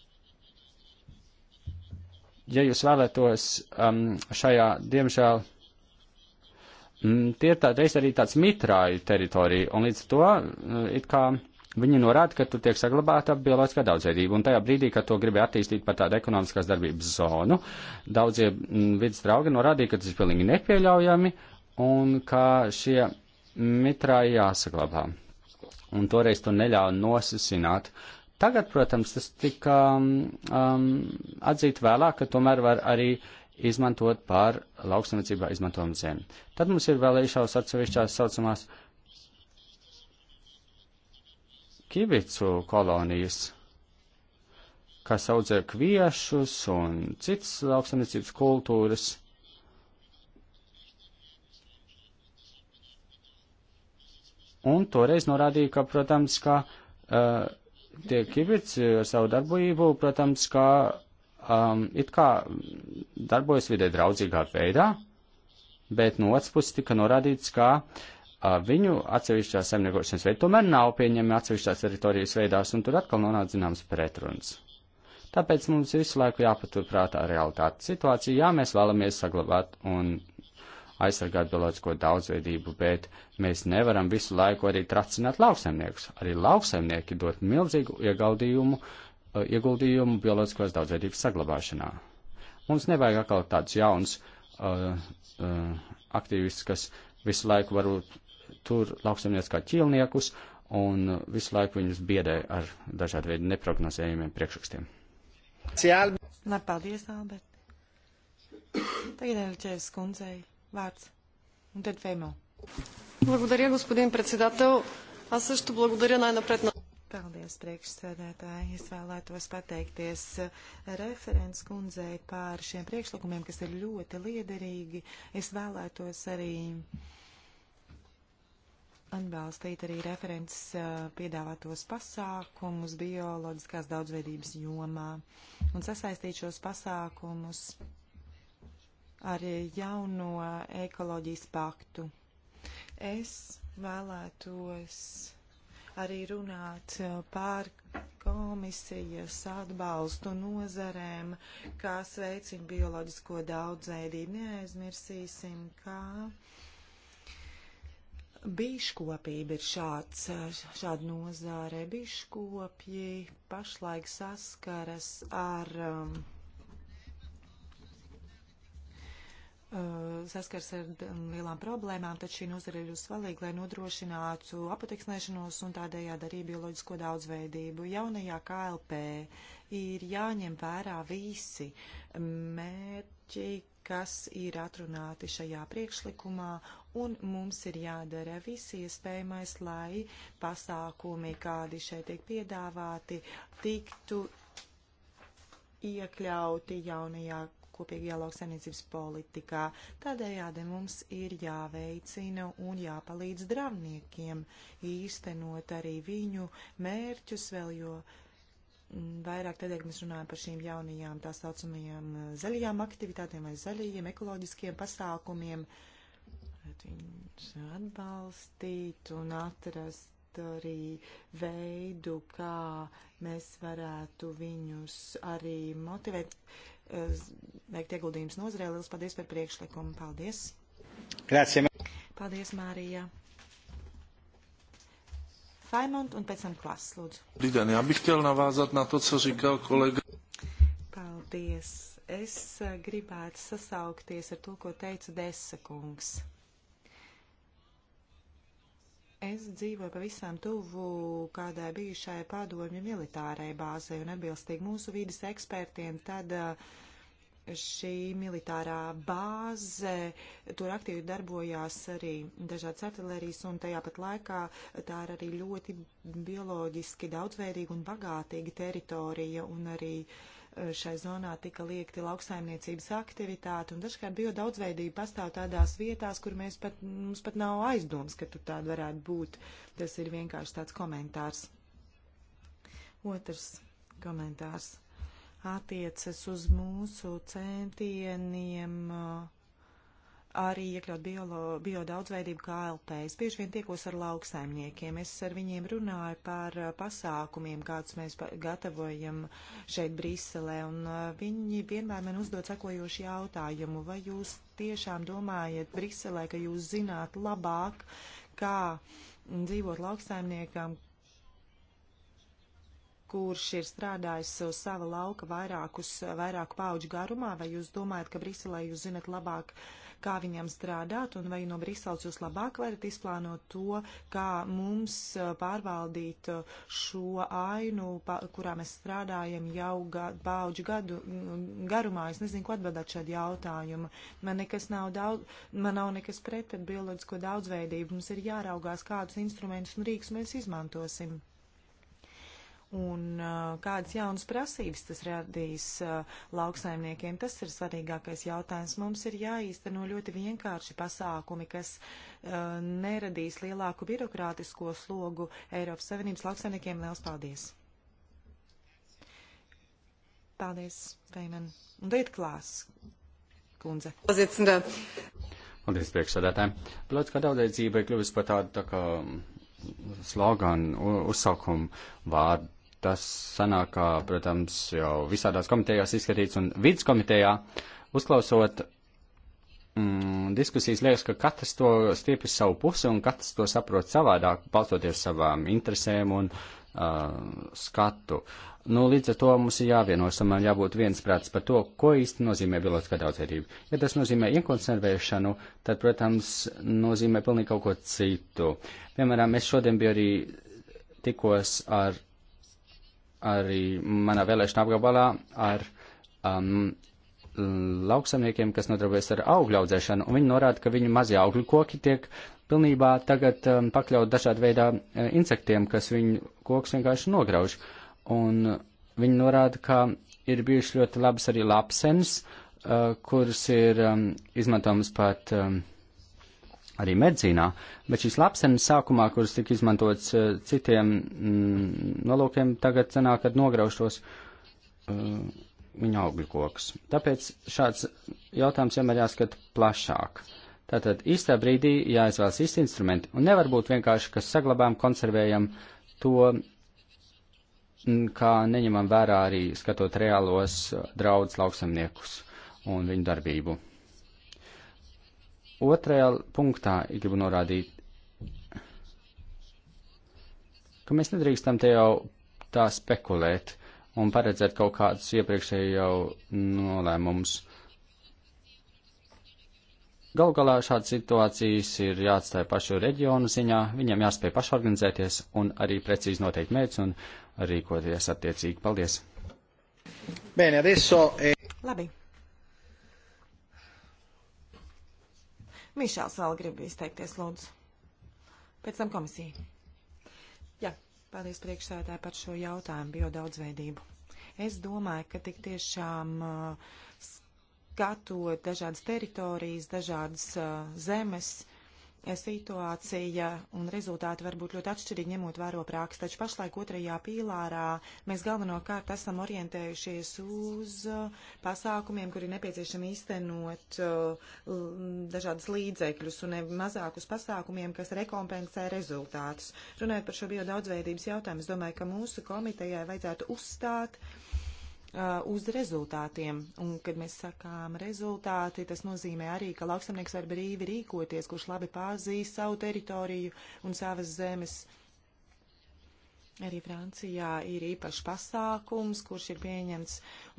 ja jūs vēlētos um, šajā, diemžēl, m, tie ir tā, reiz arī tāds mitrāju teritorija, un līdz to it kā Viņi norāda, ka tur tiek saglabāta bioloģiskā daudzveidība, un tajā brīdī, kad to gribēja attīstīt par tādu ekonomiskās darbības zonu, daudzie mm, vidas draugi norādīja, ka tas ir pilnīgi nepieļaujami, un ka šie mitrā jāsaglabā. Un toreiz to neļāva nosisināt. Tagad, protams, tas tika um, atzīt vēlāk, ka tomēr var arī izmantot pār lauksaimniecībā izmantojumu zemi. Tad mums ir vēl īšaus atsevišķās saucamās uh, kibicu kolonijas, kas audzē kviešus un citas lauksaimniecības kultūras. Un toreiz norādīja, ka, protams, ka uh, tie kibici ar savu darbību, protams, ka um, it kā darbojas vidē draudzīgā veidā, bet no otras puses tika norādīts, ka uh, viņu atsevišķās saimniekošanas veidā tomēr nav pieņemami atsevišķās teritorijas veidās, un tur atkal nonāk zināms pretruns. Tāpēc mums visu laiku jāpatur prātā realitāte situācija, jā, mēs vēlamies saglabāt un aizsargāt bioloģisko daudzveidību, bet mēs nevaram visu laiku arī tracināt lauksaimniekus. Arī lauksaimnieki dod milzīgu ieguldījumu, ieguldījumu bioloģiskos daudzveidības saglabāšanā. Mums nevajag atkal tāds jauns uh, uh, aktīvists, kas visu laiku varbūt tur lauksaimnieciskā ķīlniekus un visu laiku viņus biedē ar dažādu veidu neprognozējumiem priekšrakstiem. Nā, paldies, Albert. Tagad Elčēs kundzei vārds. Un tad Femo. Благодаря, господин председател. Аз също благодаря най-напред на... Paldies, priekšsēdētāji. Es vēlētos pateikties referents kundzei par šiem priekšlikumiem, kas ir ļoti liederīgi. Es vēlētos arī uh, atbalstīt arī referents piedāvātos pasākumus bioloģiskās daudzveidības jomā un sasaistīt šos pasākumus ar jauno ekoloģijas paktu. Es vēlētos arī runāt par komisijas atbalstu nozarēm, kas veicina bioloģisko daudzveidību. Neaizmirsīsim, ka Bīškopība ir šāds, šāda nozāre. Bīškopji pašlaik saskaras ar. Um, uh, saskars ar um, lielām problēmām, tad šī nozara ir svarīga, lai nodrošinātu apateksnēšanos un tādējādi arī bioloģisko daudzveidību. Jaunajā KLP ir jāņem vērā visi mērķi, kas ir atrunāti šajā priekšlikumā, un mums ir jādara viss iespējamais, lai pasākumi, kādi šeit tiek piedāvāti, tiktu iekļauti jaunajā kopīgajā lauksaimniecības politikā. Tādējādi mums ir jāveicina un jāpalīdz dravniekiem īstenot arī viņu mērķus vēl, jo vairāk tādēļ, ka mēs runājam par šīm jaunajām tā saucamajām eh, zaļajām aktivitātēm vai zaļajiem ekoloģiskiem pasākumiem, viņus atbalstīt un atrast arī veidu, kā mēs varētu viņus arī motivēt, eh, veikt ieguldījumus nozarē. Lielas paldies par priekšlikumu. Paldies! Grācie. Paldies, Mārija! Faimont un pēc tam klases, lūdzu. Dīdēn, jā, bija ķēl navāzāt nā to, ko říkā kolega. Paldies. Es eh, gribētu sasaukties ar to, ko teica Desakungs. Es dzīvoju pavisam tuvu kādai bijušai padomju militārai bāzei un atbilstīgi mūsu vīdes ekspertiem, tad uh, šī militārā bāze, tur aktīvi darbojās arī dažādas artilērijas, un tajā pat laikā tā ir arī ļoti bioloģiski daudzveidīga un bagātīga teritorija, un arī e, šai zonā tika liekti lauksaimniecības aktivitāti, un dažkārt biodaudzveidība pastāv tādās vietās, kur mēs pat, mums pat nav aizdoms, ka tur tāda varētu būt. Tas ir vienkārši tāds komentārs. Otrs komentārs attiecas uz mūsu centieniem uh, arī iekļaut biolo, biodaudzveidību kā LP. Es bieži vien tiekos ar lauksaimniekiem. Es ar viņiem runāju par uh, pasākumiem, kādus mēs gatavojam šeit Briselē, un uh, viņi vienmēr man uzdod sekojošu jautājumu. Vai jūs tiešām domājat Briselē, ka jūs zināt labāk, kā dzīvot lauksaimniekam, kurš ir strādājis uz uh, sava lauka vairākus, uh, vairāku pauģu garumā, vai jūs domājat, ka Briselē jūs zinat labāk, kā viņam strādāt, un vai no Briseles jūs labāk varat izplānot to, kā mums uh, pārvaldīt šo ainu, pa, kurā mēs strādājam jau ga, pauģu gadu mm, garumā. Es nezinu, ko atbildēt šādu jautājumu. Man nekas nav daudz, man nav nekas pret ar bioloģisko daudzveidību. Mums ir jāraugās, kādus instrumentus un rīks mēs izmantosim un uh, kādas jaunas prasības tas radīs uh, lauksaimniekiem. Tas ir svarīgākais jautājums. Mums ir jāīsteno ļoti vienkārši pasākumi, kas uh, neradīs lielāku birokrātisko slogu Eiropas Savienības lauksaimniekiem. Liels paldies! Paldies, Feiman. Un tagad klās, kundze. Paldies, priekšsādātāji. Plātskā daudzveidzība ir kļuvusi par tādu tā kā sloganu, uzsaukumu vārdu tas sanāk, kā, protams, jau visādās komitejās izskatīts un vidas komitejā uzklausot mm, diskusijas liekas, ka katrs to stiepjas savu pusi un katrs to saprot savādāk, balstoties savām interesēm un uh, skatu. Nu, līdz ar to mums ir jāvienos un man jābūt viensprāts par to, ko īsti nozīmē bioloģiskā daudzveidība. Ja tas nozīmē iekonservēšanu, tad, protams, nozīmē pilnīgi kaut ko citu. Piemēram, es šodien biju arī tikos ar arī manā vēlēšana apgabalā ar um, lauksamniekiem, kas nodarbojas ar augļu audzēšanu, un viņi norāda, ka viņu mazie augļu koki tiek pilnībā tagad um, pakļaut dažādu veidā uh, insektiem, kas viņu koks vienkārši nograuž. Un viņi norāda, ka ir bijuši ļoti labas arī lapsenes, uh, kuras ir um, izmantojamas pat. Um, arī medicīnā, bet šis lapsenis sākumā, kurus tika izmantots uh, citiem mm, nolūkiem, tagad sanāk, kad nograušos uh, viņa augļu kokus. Tāpēc šāds jautājums vienmēr jāskat plašāk. Tātad īstā brīdī jāizvēlas īsti instrumenti, un nevar būt vienkārši, ka saglabājam, konservējam to, mm, kā neņemam vērā arī skatot reālos eh, draudz lauksamniekus un viņu darbību. Otrajā punktā gribu norādīt, ka mēs nedrīkstam te jau tā spekulēt un paredzēt kaut kādus iepriekšēju jau nolēmumus. Gal galā šādas situācijas ir jāatstāja pašu reģionu ziņā, viņam jāspēj pašorganizēties un arī precīzi noteikt mērķus un rīkoties attiecīgi. Paldies! Bene, adesso, e... Labi, Mišels vēl grib izteikties, lūdzu. Pēc tam komisija. Jā, paldies priekšsēdētāji par šo jautājumu biodaudzveidību. Es domāju, ka tik tiešām uh, skatot dažādas teritorijas, dažādas uh, zemes, situācija un rezultāti var būt ļoti atšķirīgi ņemot vēro prāks, taču pašlaik otrajā pīlārā mēs galvenokārt esam orientējušies uz uh, pasākumiem, kuri nepieciešami īstenot uh, dažādas līdzekļus un mazāk uz pasākumiem, kas rekompensē rezultātus. Runājot par šo biodaudzveidības jautājumu, es domāju, ka mūsu komitejai vajadzētu uzstāt uh, Uh, uz rezultātiem. Un, kad mēs sakām rezultāti, tas nozīmē arī, ka lauksamnieks var brīvi rīkoties, kurš labi pārzīst savu teritoriju un savas zemes Arī Francijā ir īpašs pasākums, kurš ir pieņemts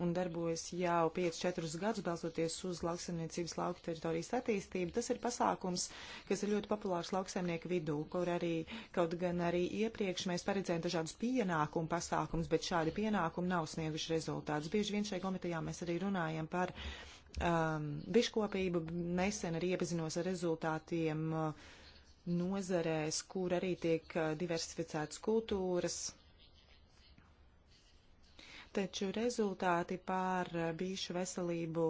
un darbojas jau 5-4 gadus, balstoties uz lauksaimniecības lauku teritorijas attīstību. Tas ir pasākums, kas ir ļoti populārs lauksaimnieku vidū, kur arī, kaut gan arī iepriekš mēs paredzējām dažādus pienākumu pasākums, bet šādi pienākumi nav snieguši rezultātus. Bieži vien šai komitejā mēs arī runājam par um, biškopību. Nesen arī iepazinos ar rezultātiem. Uh, nozarēs, kur arī tiek diversificētas kultūras. Taču rezultāti pār bīšu veselību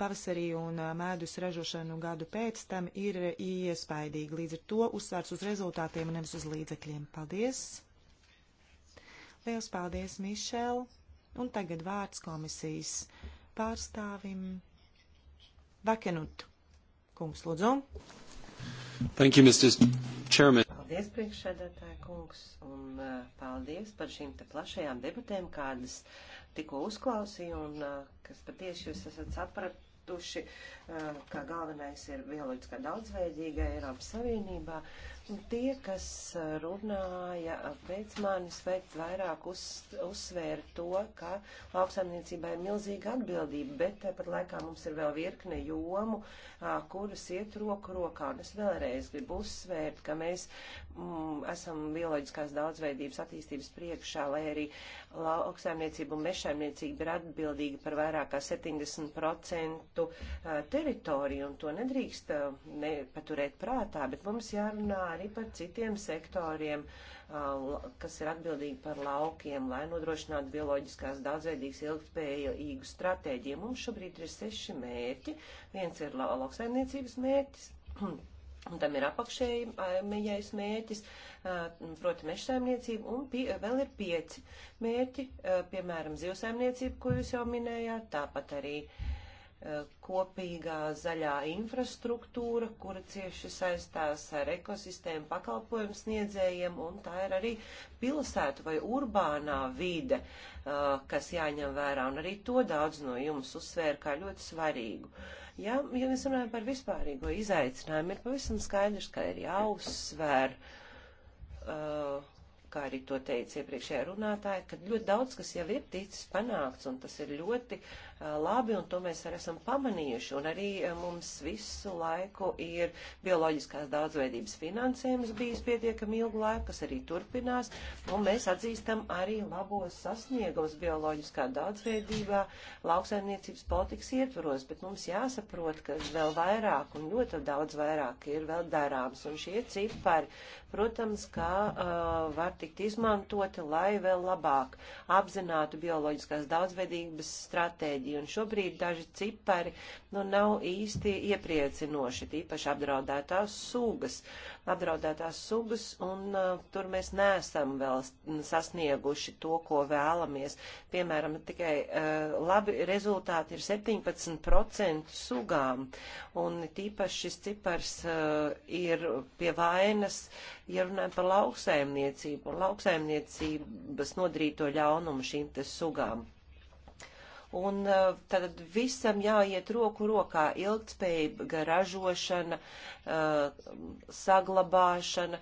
pavasarī un mēdus ražošanu gadu pēc tam ir iespaidīgi. Līdz ar to uzsvars uz rezultātiem un nevis uz līdzekļiem. Paldies! Liels paldies, Mišel! Un tagad vārds komisijas pārstāvim Vakenut. Kungs, lūdzu! Thank you, Mr. Chairman. Paldies, priekšsēdētāja kungs, un uh, paldies par šīm te plašajām debatēm, kādas tikko uzklausīju, un uh, kas patiesi jūs esat sapratuši, uh, ka galvenais ir bioloģiskā daudzveidīga Eiropas Savienībā. Uh, Tie, kas runāja pēc manis, veikt vairāk uz, uzsvēra to, ka lauksaimniecībā ir milzīga atbildība, bet tāpat laikā mums ir vēl virkne jomu, kuras iet roku rokā. Un es vēlreiz gribu uzsvērt, ka mēs mm, esam bioloģiskās daudzveidības attīstības priekšā, lai arī lauksaimniecība un mešaimniecība ir atbildīga par vairāk kā 70% teritoriju, un to nedrīkst ne, paturēt prātā, bet mums jārunā arī par citiem sektoriem, uh, kas ir atbildīgi par laukiem, lai nodrošinātu bioloģiskās daudzveidīgas ilgspējīgu stratēģiju. Mums šobrīd ir seši mērķi. Viens ir lauksaimniecības mērķis. Un tam ir apakšējais mērķis, uh, proti mežsaimniecība, un pie, vēl ir pieci mērķi, uh, piemēram, zivsaimniecība, ko jūs jau minējāt, tāpat arī uh, kopīgā zaļā infrastruktūra, kura cieši saistās ar ekosistēmu pakalpojumu sniedzējiem, un tā ir arī pilsētu vai urbānā vide, kas jāņem vērā, un arī to daudz no jums uzsvēra kā ļoti svarīgu. Ja, ja mēs runājam par vispārīgo izaicinājumu, ir pavisam skaidrs, ka ir jāuzsver, kā arī to teica iepriekšējā runātāja, ka ļoti daudz, kas jau ir ticis panākts, un tas ir ļoti uh, Eh, labi, un to mēs arī esam pamanījuši. Un arī eh, mums visu laiku ir bioloģiskās daudzveidības finansējums bijis pietiekami ilgu laiku, kas arī turpinās, un mēs atzīstam arī labos sasniegums bioloģiskā daudzveidībā lauksaimniecības politikas ietvaros, bet mums jāsaprot, ka vēl vairāk un ļoti daudz vairāk ir vēl darāms. Un šie cipari, protams, kā uh, var tikt izmantoti, lai vēl labāk apzinātu bioloģiskās daudzveidības stratēģiju brīdī, un šobrīd daži cipari nu, nav īsti iepriecinoši, tīpaši apdraudētās sugas. Apdraudētās sugas, un uh, tur mēs nesam vēl sasnieguši to, ko vēlamies. Piemēram, tikai uh, labi rezultāti ir 17% sugām, un tīpaši šis cipars uh, ir pie vainas, ja runājam par lauksaimniecību un lauksaimniecības nodarīto ļaunumu šīm te sugām un e, tad visam jāiet roku rokā - ilgtspējīga ražošana, e, saglabāšana,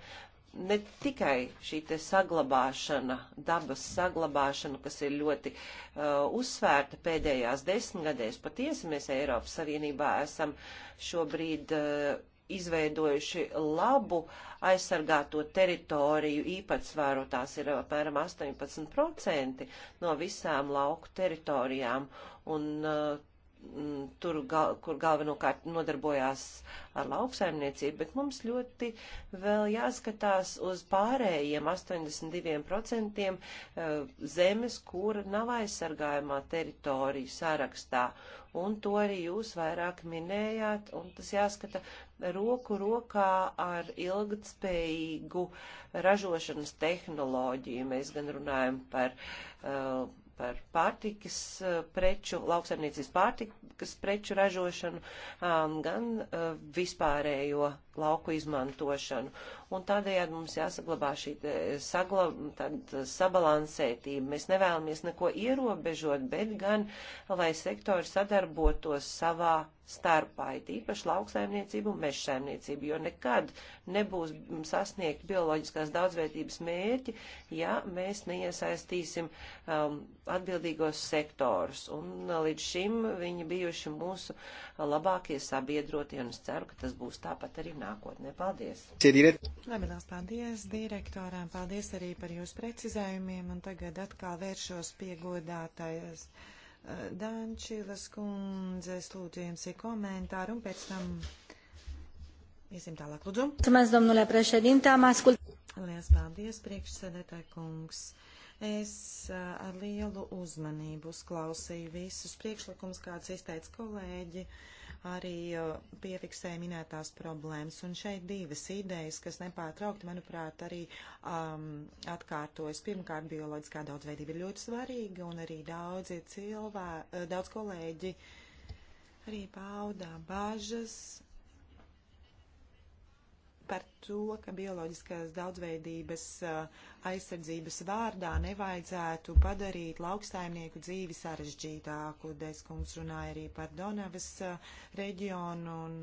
ne tikai šī te saglabāšana, dabas saglabāšana, kas ir ļoti uh, uzsvērta pēdējās desmitgadēs, patiesi mēs Eiropas Savienībā esam šobrīd uh, izveidojuši labu aizsargāto teritoriju īpatsvaru, tās ir apmēram 18% no visām lauku teritorijām, un uh, m, tur, gal, kur galvenokārt nodarbojās ar lauksaimniecību, bet mums ļoti vēl jāskatās uz pārējiem 82% uh, zemes, kur nav aizsargājumā teritoriju sarakstā un to arī jūs vairāk minējāt, un tas jāskata roku rokā ar ilgtspējīgu ražošanas tehnoloģiju. Mēs gan runājam par, uh, par pārtikas uh, preču, lauksaimniecības pārtikas preču ražošanu, um, gan uh, vispārējo lauku izmantošanu. Un tādējādi mums jāsaglabā šī saglab, sabalansētība. Mēs nevēlamies neko ierobežot, bet gan, lai sektori sadarbotos savā starpā, it īpaši lauksaimniecību un mežsaimniecību, jo nekad nebūs sasniegt bioloģiskās daudzveidības mērķi, ja mēs neiesaistīsim um, atbildīgos sektorus. Un uh, līdz šim viņi bijuši mūsu labākie sabiedrotie, un es ceru, ka tas būs tāpat arī nākotnē. Paldies! Labinās paldies direktorām, paldies arī par jūsu precizējumiem, un tagad atkal vēršos pie godātājas. Dančilas kundze, lūdzu jums ir komentāri un pēc tam iesim tālāk, lūdzu. Mēs, domnule prešedinte, am ascult. Lielas paldies, priekšsēdētāji kungs. Es ar lielu uzmanību uzklausīju visus priekšlikumus, kāds izteica kolēģi. Uh, arī piefiksēja minētās problēmas. Un šeit divas idejas, kas nepārtraukti, manuprāt, arī um, atkārtojas. Pirmkārt, bioloģiskā daudzveidība ir ļoti svarīga, un arī daudzi cilvēki, daudz kolēģi arī paudā bažas par to, ka bioloģiskās daudzveidības uh, aizsardzības vārdā nevajadzētu padarīt lauksaimnieku dzīvi sarežģītāku. Deskungs runāja arī par Donavas uh, reģionu, un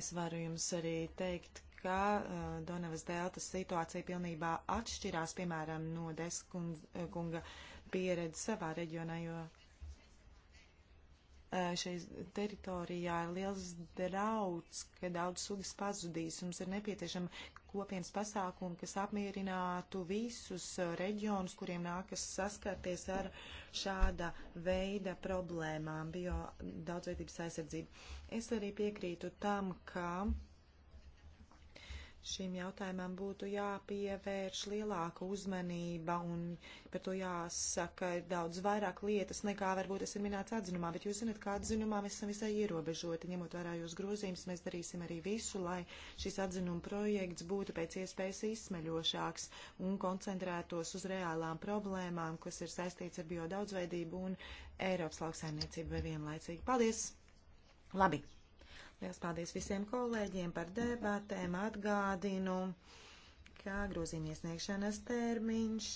es varu jums arī teikt, ka uh, Donavas deltas situācija pilnībā atšķirās, piemēram, no Deskunga pieredze savā reģionā, jo Eh, šai teritorijā ir liels drauds, ka daudz sugas pazudīs. Mums ir nepieciešama kopienas pasākumi, kas apmierinātu visus eh, reģionus, kuriem nākas saskarties ar šāda veida problēmām, bio daudzveidības aizsardzību. Es arī piekrītu tam, ka šim jautājumam būtu jāpievērš lielāka uzmanība un par to jāsaka daudz vairāk lietas nekā varbūt tas ir minēts atzinumā, bet jūs zinat, kā atzinumā mēs esam visai ierobežoti, ņemot vērā jūs grozījums, mēs darīsim arī visu, lai šis atzinuma projekts būtu pēc iespējas izsmeļošāks un koncentrētos uz reālām problēmām, kas ir saistīts ar biodaudzveidību un Eiropas lauksaimniecību vienlaicīgi. Paldies! Labi! Lielas paldies visiem kolēģiem par debatēm. Atgādinu, kā grozījuma iesniegšanas termiņš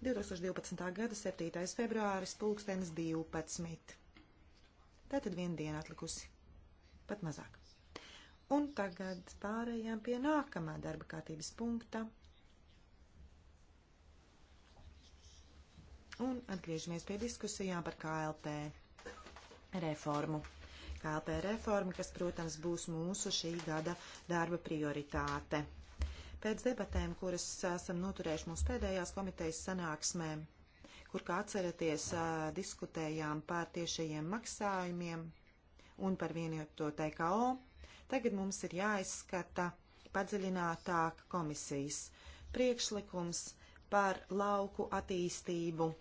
2012. gada 7. februāris, pulkstenis 12. Tātad viena diena atlikusi, pat mazāk. Un tagad pārējām pie nākamā darba kārtības punkta. Un atgriežamies pie diskusijām par KLP reformu. KLP reforma, kas, protams, būs mūsu šī gada darba prioritāte. Pēc debatēm, kuras esam noturējuši mūsu pēdējās komitejas sanāksmē, kur, kā atceraties, diskutējām par tiešajiem maksājumiem un par vienoto TKO, tagad mums ir jāizskata padziļinātāk komisijas priekšlikums par lauku attīstību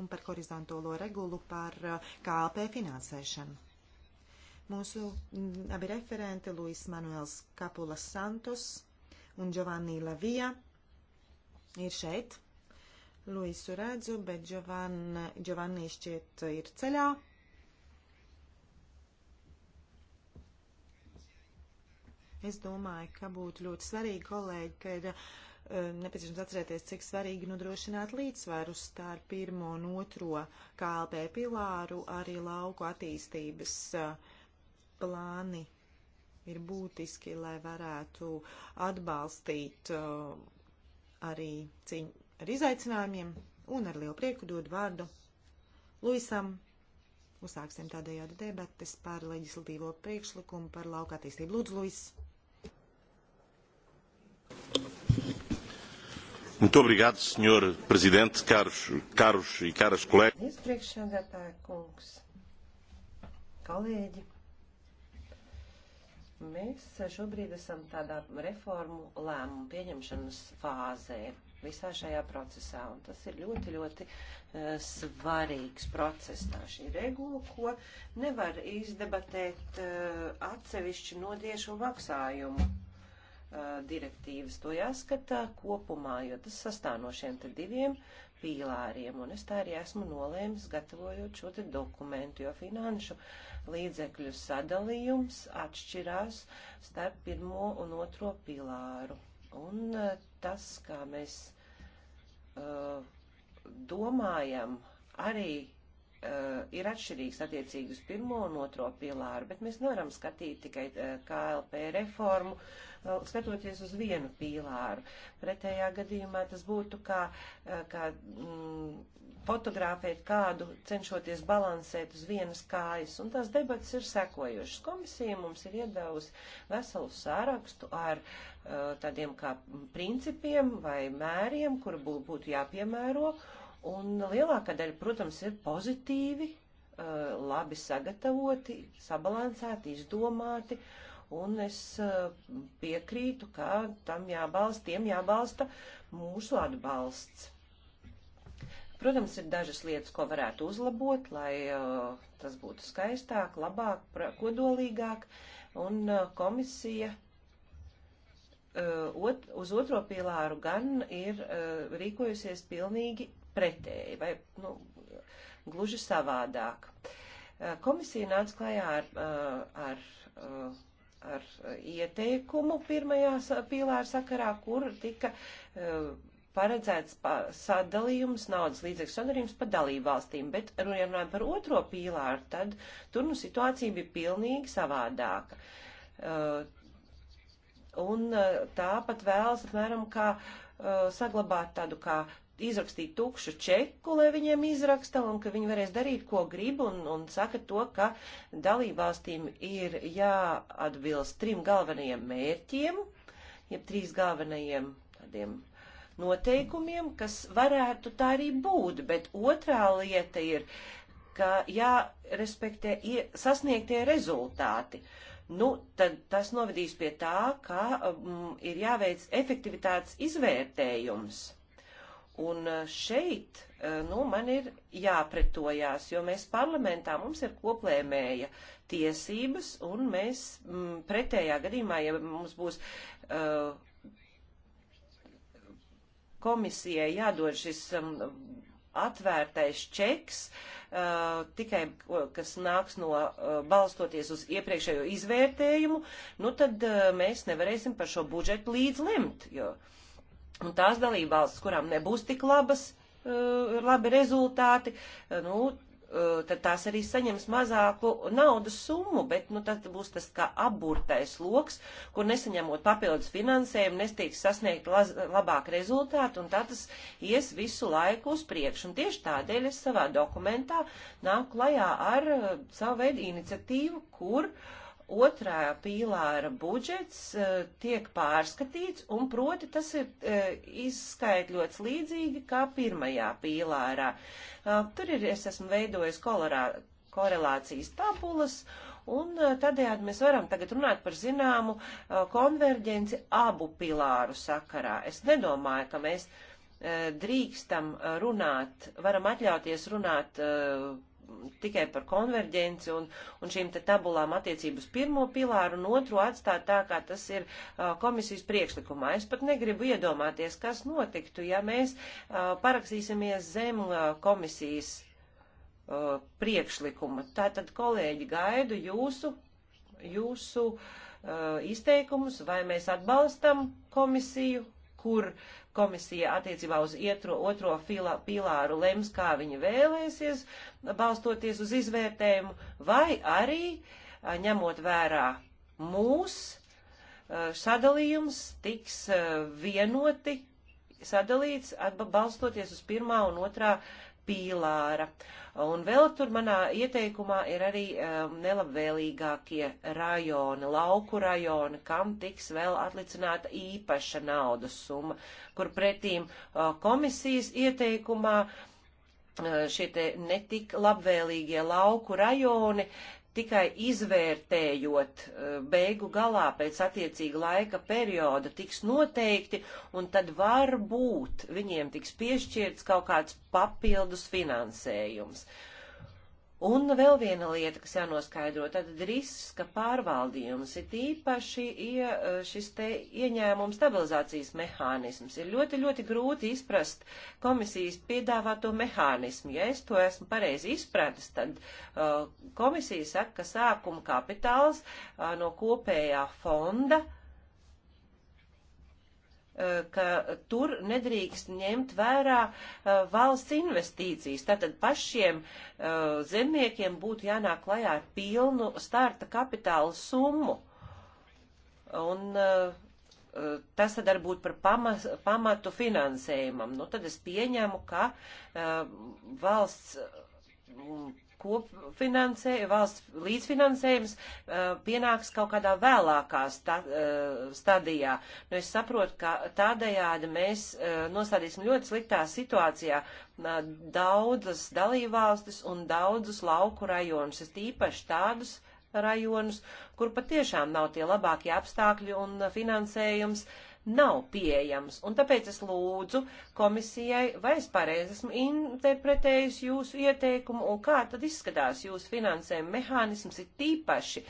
un par horizontālo regulu par uh, KLP finansēšanu. Mūsu mm, abi referenti, Luis Manuels Kapulas Santos un Giovanni Lavija, ir šeit. Luisu redzu, bet Giovanni šķiet uh, ir ceļā. Es domāju, ka būtu ļoti svarīgi, kolēģi, ka ir nepieciešams atcerēties, cik svarīgi nodrošināt līdzsvaru starp pirmo un otro KLP pilāru, arī lauku attīstības plāni ir būtiski, lai varētu atbalstīt arī cīņu ar izaicinājumiem un ar lielu prieku dod vārdu Luisam. Uzsāksim tādējādi debates par leģislatīvo priekšlikumu par lauka attīstību. Lūdzu, Luis! Muito obrigado, Sr. Presidente, caros, caros e caras colegas. Priekšsēdētāja kungs, kolēģi, mēs šobrīd esam tādā reformu lēmumu pieņemšanas fāzē visā šajā procesā, un tas ir ļoti, ļoti uh, svarīgs process. Tā šī regula, ko nevar izdebatēt uh, atsevišķi no tiešu maksājumu Uh, direktīvas. To jāskatā kopumā, jo tas sastāv no šiem te diviem pīlāriem. Un es tā arī esmu nolēmis, gatavojot šo te dokumentu, jo finanšu līdzekļu sadalījums atšķirās starp pirmo un otro pīlāru. Un uh, tas, kā mēs uh, domājam, arī uh, ir atšķirīgs attiecīgi uz pirmo un otro pīlāru, bet mēs nevaram skatīt tikai uh, KLP reformu. Uh, skatoties uz vienu pīlāru. Pretējā gadījumā tas būtu kā, eh, kā mm, fotografēt kādu, cenšoties balansēt uz vienas kājas. Un tās debatas ir sekojušas. Komisija mums ir iedavusi veselu sārakstu ar eh, tādiem kā principiem vai mēriem, kur būtu jāpiemēro. Un lielākā daļa, protams, ir pozitīvi, eh, labi sagatavoti, sabalansēti, izdomāti un es eh, piekrītu, ka tam jābalsta, tiem jābalsta mūsu atbalsts. Protams, ir dažas lietas, ko varētu uzlabot, lai uh, tas būtu skaistāk, labāk, kodolīgāk, un uh, komisija uh, ot, uz otro pilāru gan ir rīkojusies pilnīgi pretēji, vai nu, gluži savādāk. Komisija nāca klajā ar, ar ar eh, ieteikumu pirmajā pīlāra sakarā, kur tika eh, paredzēts pa sadalījums naudas līdzekļu sadarījums pa dalību valstīm, bet, nu, ja runājam par otro pīlāru, tad tur nu situācija bija pilnīgi savādāka. Eh, un tāpat vēlas apmēram kā saglabāt tādu kā izrakstīt tukšu čeku, lai viņiem izraksta, un ka viņi varēs darīt, ko grib, un, un saka to, ka dalībvalstīm ir jāatbilst trim galvenajiem mērķiem, jeb trīs galvenajiem tādiem noteikumiem, kas varētu tā arī būt, bet otrā lieta ir, ka jārespektē sasniegtie rezultāti. Nu, tad tas novedīs pie tā, ka um, ir jāveic efektivitātes izvērtējums Un eh, šeit eh, nu, man ir jāpretojās, jo mēs parlamentā mums ir koplēmēja tiesības, un mēs m, mm, pretējā gadījumā, ja mums būs uh, komisijai jādod šis um, atvērtais čeks, uh, tikai kas nāks no uh, balstoties uz iepriekšējo izvērtējumu, nu tad uh, mēs nevarēsim par šo budžetu līdz lemt. Jo, uh, Un tās dalībvalstis, kurām nebūs tik labas, eh, labi rezultāti, eh, nu, eh, tad tās arī saņems mazāku naudas summu, bet nu, tad būs tas kā apburtais loks, kur nesaņemot papildus finansējumu, nestiks sasniegt laz, labāk rezultātu, un tā tas ies visu laiku uz priekšu. Un tieši tādēļ es savā dokumentā nāku klajā ar savu veidu iniciatīvu, kur uh, otrā pīlāra budžets e, tiek pārskatīts, un proti tas ir e, izskaitļots līdzīgi kā pirmajā pīlārā. E, tur ir, es esmu veidojis kolorā, korelācijas tabulas, un tādējādi mēs varam tagad runāt par zināmu konverģenci abu pilāru sakarā. Es nedomāju, ka mēs drīkstam runāt, varam atļauties runāt tikai par konverģenci un, un šīm te tabulām attiecības pirmo pilāru un otru atstāt tā, kā tas ir uh, komisijas priekšlikumā. Es pat negribu iedomāties, kas notiktu, ja mēs uh, parakstīsimies zem uh, komisijas uh, priekšlikuma. Tātad, kolēģi, gaidu jūsu, jūsu uh, izteikumus, vai mēs atbalstam komisiju, kur uh, komisija attiecībā uz ietro, otro fila, pilāru lems, kā viņa vēlēsies, balstoties uz izvērtējumu, vai arī ņemot vērā mūs, sadalījums tiks vienoti sadalīts, balstoties uz pirmā un otrā pīlāra. Un vēl tur manā ieteikumā ir arī um, nelabvēlīgākie rajoni, lauku rajoni, kam tiks vēl atlicināta īpaša naudas summa, kur pretīm uh, komisijas ieteikumā uh, šie te netik labvēlīgie lauku rajoni uh, tikai izvērtējot eh, beigu galā pēc attiecīga laika perioda tiks noteikti, un tad varbūt viņiem tiks piešķirts kaut kāds papildus finansējums. Un vēl viena lieta, kas jānoskaidro, tad riska pārvaldījums ir īpaši šis te ieņēmums stabilizācijas mehānisms. Ir ļoti, ļoti grūti izprast komisijas piedāvāto mehānismu. Ja es to esmu pareizi izpratis, tad uh, komisija saka, ka sākuma kapitāls uh, no kopējā fonda uh, Eh, ka tur nedrīkst ņemt vērā uh, valsts investīcijas. Tātad pašiem uh, zemniekiem būtu jānāk klajā ar pilnu starta kapitāla summu. Un uh, tas tad arī būtu par pamas, pamatu finansējumam. Nu, tad es pieņemu, ka valsts mm, kopfinansē, valsts līdzfinansējums uh, pienāks kaut kādā vēlākā sta, uh, stadijā. Nu, es saprotu, ka tādējādi mēs uh, nostādīsim ļoti sliktā situācijā uh, daudzas dalībvalstis un daudzus lauku rajonus, es tīpaši tādus rajonus, kur patiešām nav tie labākie apstākļi un finansējums uh, nav pieejams. Un tāpēc es lūdzu komisijai, vai es pareizi esmu interpretējis jūsu ieteikumu un kā tad izskatās jūsu finansējuma mehānisms ir tīpaši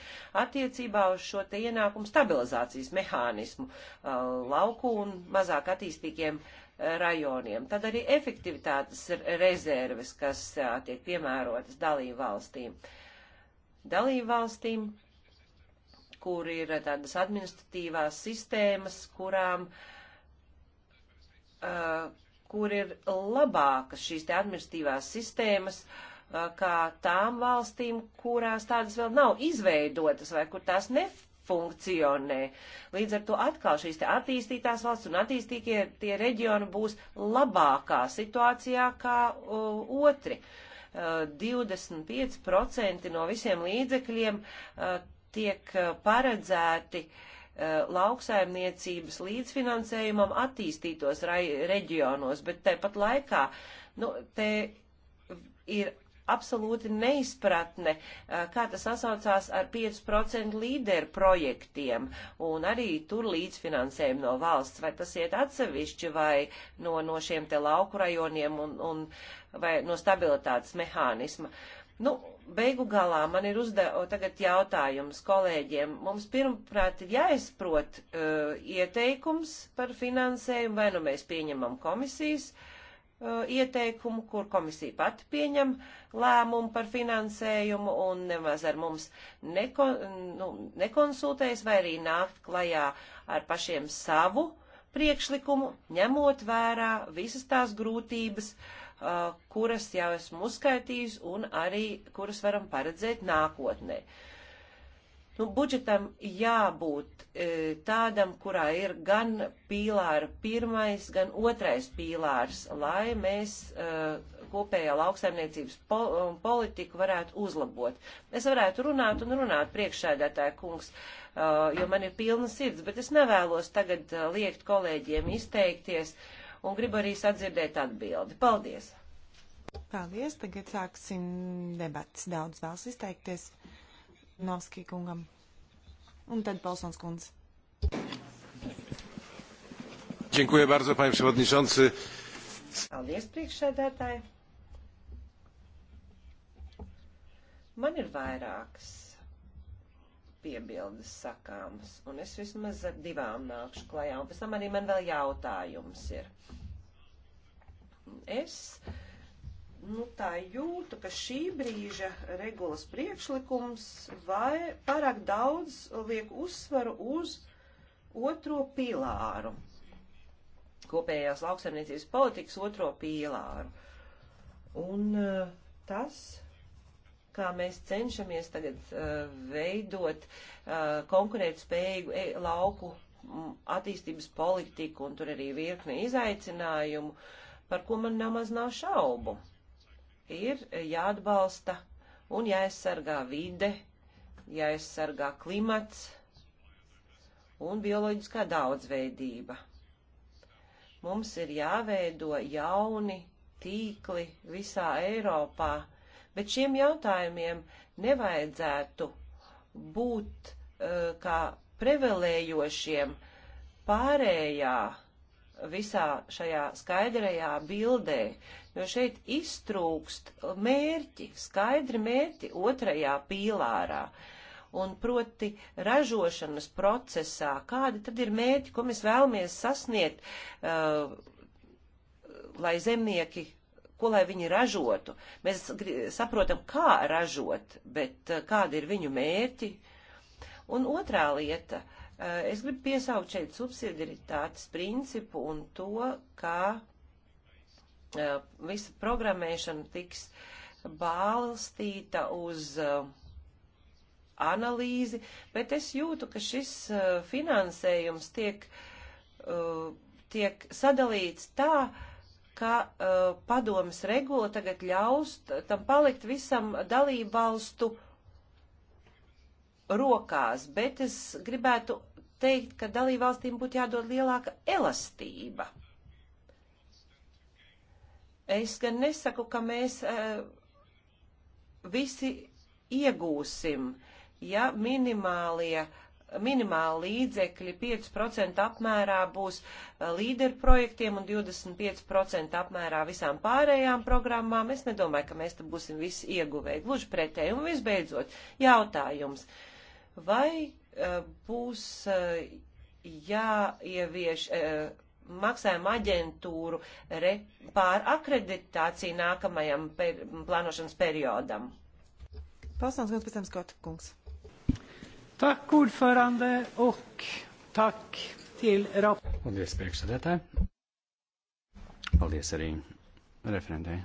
attiecībā uz šo te ienākumu stabilizācijas mehānismu uh, lauku un mazāk attīstīgiem uh, rajoniem. Tad arī efektivitātes rezerves, kas uh, tiek piemērotas dalību valstīm. Dalību valstīm kur ir tādas administratīvās sistēmas, kurām, uh, kur ir labākas šīs te administratīvās sistēmas, uh, kā tām valstīm, kurās tādas vēl nav izveidotas vai kur tās nefunkcionē. Līdz ar to atkal šīs te attīstītās valsts un attīstītie tie reģioni būs labākā situācijā kā uh, otri. Uh, 25% no visiem līdzekļiem uh, tiek eh, paredzēti eh, lauksaimniecības līdzfinansējumam attīstītos reģionos, bet tepat laikā nu, te ir absolūti neizpratne, eh, kā tas sasaucās ar 5% līderu projektiem un arī tur līdzfinansējumu no valsts, vai tas iet atsevišķi vai no, no šiem te lauku rajoniem un, un vai no stabilitātes mehānisma. Nu, beigu galā man ir uzdevo tagad jautājums kolēģiem. Mums pirmprāt ir jāizprot uh, ieteikums par finansējumu, vai nu mēs pieņemam komisijas uh, ieteikumu, kur komisija pati pieņem lēmumu par finansējumu un nemaz ar mums neko, nu, nekonsultējas, vai arī nākt klajā ar pašiem savu priekšlikumu, ņemot vērā visas tās grūtības, uh, Uh, kuras jau esmu uzskaitījis un arī kuras varam paredzēt nākotnē. Nu, budžetam jābūt e, tādam, kurā ir gan pīlāra pirmais, gan otrais pīlārs, lai mēs e, kopējā lauksaimniecības po, e, politiku varētu uzlabot. Es varētu runāt un runāt priekšsēdētāja kungs, e, jo man ir pilna sirds, bet es nevēlos tagad e, liekt kolēģiem izteikties. E, un gribu arī sadzirdēt atbildi. Paldies! Paldies! Tagad sāksim debats. Daudz vēlas izteikties Novskī kungam. Un tad Palsons kundze. Dziękuję bardzo, panie przewodniczący. Paldies, priekšsēdētāji. Man ir vairākas piebildes sakāmas, un es vismaz ar divām nākšu klajā, un pēc tam arī man vēl jautājums ir. Es nu, tā jūtu, ka šī brīža regulas priekšlikums vai pārāk daudz liek uzsvaru uz otro pīlāru, kopējās lauksaimniecības politikas otro pīlāru. Un eh, tas kā mēs cenšamies tagad uh, veidot uh, konkurētspējīgu e lauku attīstības politiku, un tur arī virkne izaicinājumu, par ko man nemaz nav šaubu. Ir jāatbalsta un jāaizsargā vide, jāaizsargā klimats un bioloģiskā daudzveidība. Mums ir jāveido jauni tīkli visā Eiropā, uh, bet šiem jautājumiem nevajadzētu būt uh, kā prevelējošiem pārējā visā šajā skaidrajā bildē, jo šeit iztrūkst mērķi, skaidri mērķi otrajā pīlārā. Un proti ražošanas procesā, kādi tad ir mērķi, ko mēs vēlamies sasniegt, uh, lai zemnieki ko lai viņi ražotu. Mēs saprotam, kā ražot, bet eh, kādi ir viņu mērķi. Un otrā lieta, eh, es gribu piesaukt šeit subsidiaritātes principu un to, kā eh, visa programmēšana tiks balstīta uz analīzi, bet es jūtu, ka šis finansējums tiek, tiek sadalīts tā, ka uh, padomas regula tagad ļaus tam palikt visam dalību valstu rokās, bet es gribētu teikt, ka dalību valstīm būtu jādod lielāka elastība. Es gan nesaku, ka mēs uh, visi iegūsim, ja minimālie uh, minimāli līdzekļi 5% apmērā būs eh, līderu projektiem un 25% apmērā visām pārējām programmām. Es nedomāju, ka mēs te būsim visi ieguvēji. Gluži pretēji. Un visbeidzot, jautājums. Vai eh, būs eh, jāievieš maksājuma aģentūru re, pār akreditāciju nākamajam per, plānošanas periodam? Palsnāts Gans, pēc tam Skota kungs. Takk ordførende og takk til rapp... Paldies, priekšsēdētāji. Paldies arī referentei.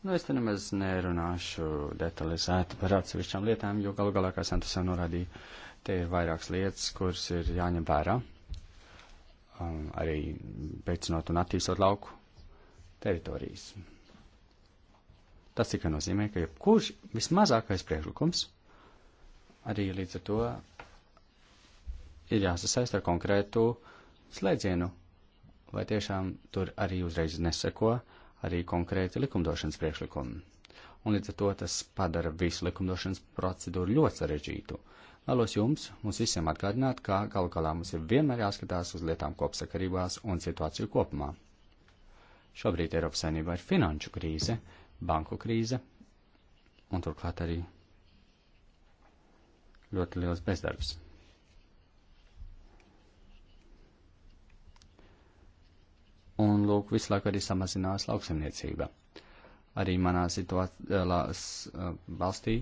Nu, es te nemaz nerunāšu detalizēti par atsevišķām lietām, jo galu galā, kā Santos jau norādīja, te ir vairākas lietas, kuras ir jāņem vērā, um, arī veicinot un attīstot lauku teritorijas. Tas tikai nozīmē, ka jebkurš vismazākais priekšlikums arī līdz ar to ir jāsasaist ar konkrētu slēdzienu, vai tiešām tur arī uzreiz neseko arī konkrēti likumdošanas priekšlikumi. Un līdz ar to tas padara visu likumdošanas procedūru ļoti sarežģītu. Vēlos jums, mums visiem atgādināt, ka galu galā mums ir vienmēr jāskatās uz lietām kopsakarībās un situāciju kopumā. Šobrīd Eiropas saimnībā ir finanšu krīze, banku krīze un turklāt arī ļoti liels bezdarbs. Un lūk, visu laiku arī samazinās lauksemniecība. Arī manā uh, valstī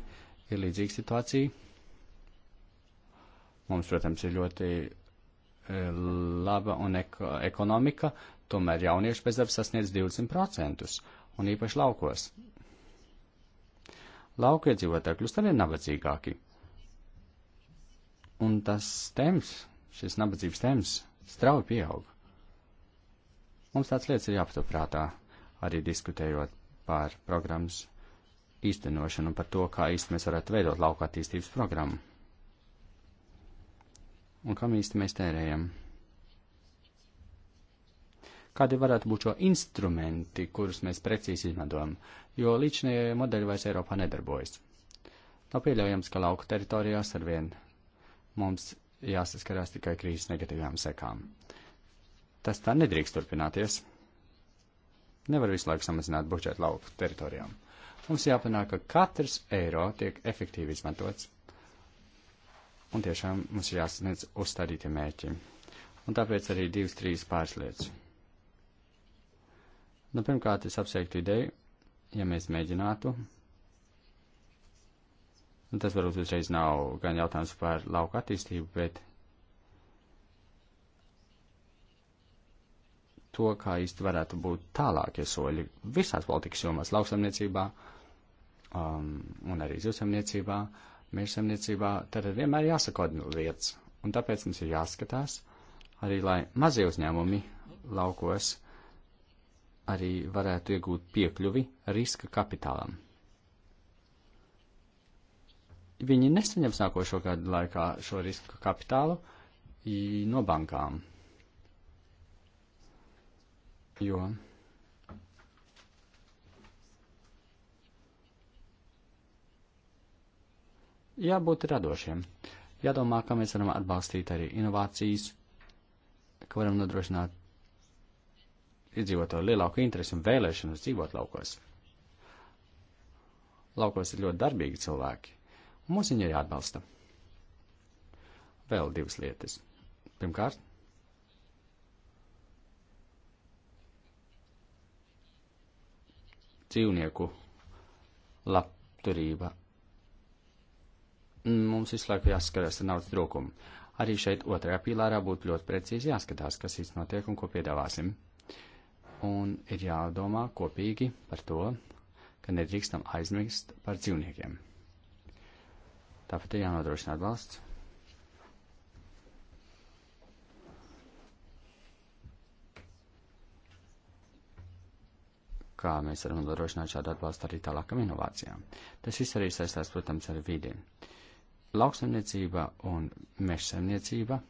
ir līdzīga situācija. Mums, protams, ir ļoti uh, laba un ek ekonomika, tomēr jauniešu bezdarbs sasniedz 20% un īpaši laukos. Lauka iedzīvotāji kļūst arvien nabadzīgāki. Un tas temps, šis nabadzības temps, strauji pieaug. Mums tāds lietas ir jāpaturprātā, arī diskutējot par programmas īstenošanu un par to, kā īsti mēs varētu veidot lauka attīstības programmu. Un kam īsti mēs tērējam? kādi varētu būt šo instrumenti, kurus mēs precīzi izmantojam, jo līdzšanie modeļi vairs Eiropā nedarbojas. Nav pieļaujams, ka lauku teritorijās arvien mums jāsaskarās tikai krīzes negatīvām sekām. Tas tā nedrīkst turpināties. Nevar visu laiku samazināt budžetu lauku teritorijām. Mums jāpanāk, ka katrs eiro tiek efektīvi izmantots. Un tiešām mums ir jāsasniedz uzstādīti mērķi. Un tāpēc arī divas, trīs pāris lietas. Nu, pirmkārt, es apsveiktu ideju, ja mēs mēģinātu. Nu, tas varbūt uzreiz nav gan jautājums par lauka attīstību, bet to, kā īsti varētu būt tālākie soļi visās politikas jomās, lauksamniecībā um, un arī zivsamniecībā, mērsamniecībā, tad vienmēr jāsakodina lietas. Un tāpēc mums ir jāskatās arī, lai mazie uzņēmumi laukos arī varētu iegūt piekļuvi riska kapitālam. Viņi nesaņems nākošo gadu laikā šo riska kapitālu no bankām, jo jābūt radošiem. Jādomā, kā mēs varam atbalstīt arī inovācijas, ka varam nodrošināt iedzīvotāju lielāku interesi un vēlēšanos dzīvot laukos. Laukos ir ļoti darbīgi cilvēki, un mums viņi ir jāatbalsta. Vēl divas lietas. Pirmkārt, dzīvnieku labturība. Mums visu laiku jāskaras ar naudas trūkumu. Arī šeit otrajā pīlārā būtu ļoti precīzi jāskatās, kas īsti notiek un ko piedāvāsim un ir jādomā kopīgi par to, ka nedrīkstam aizmirst par dzīvniekiem. Tāpat ir jānodrošina atbalsts. Kā mēs varam nodrošināt šādu atbalstu arī tālākam inovācijām. Tas viss arī saistās, protams, ar vidi. Lauksaimniecība un mežsaimniecība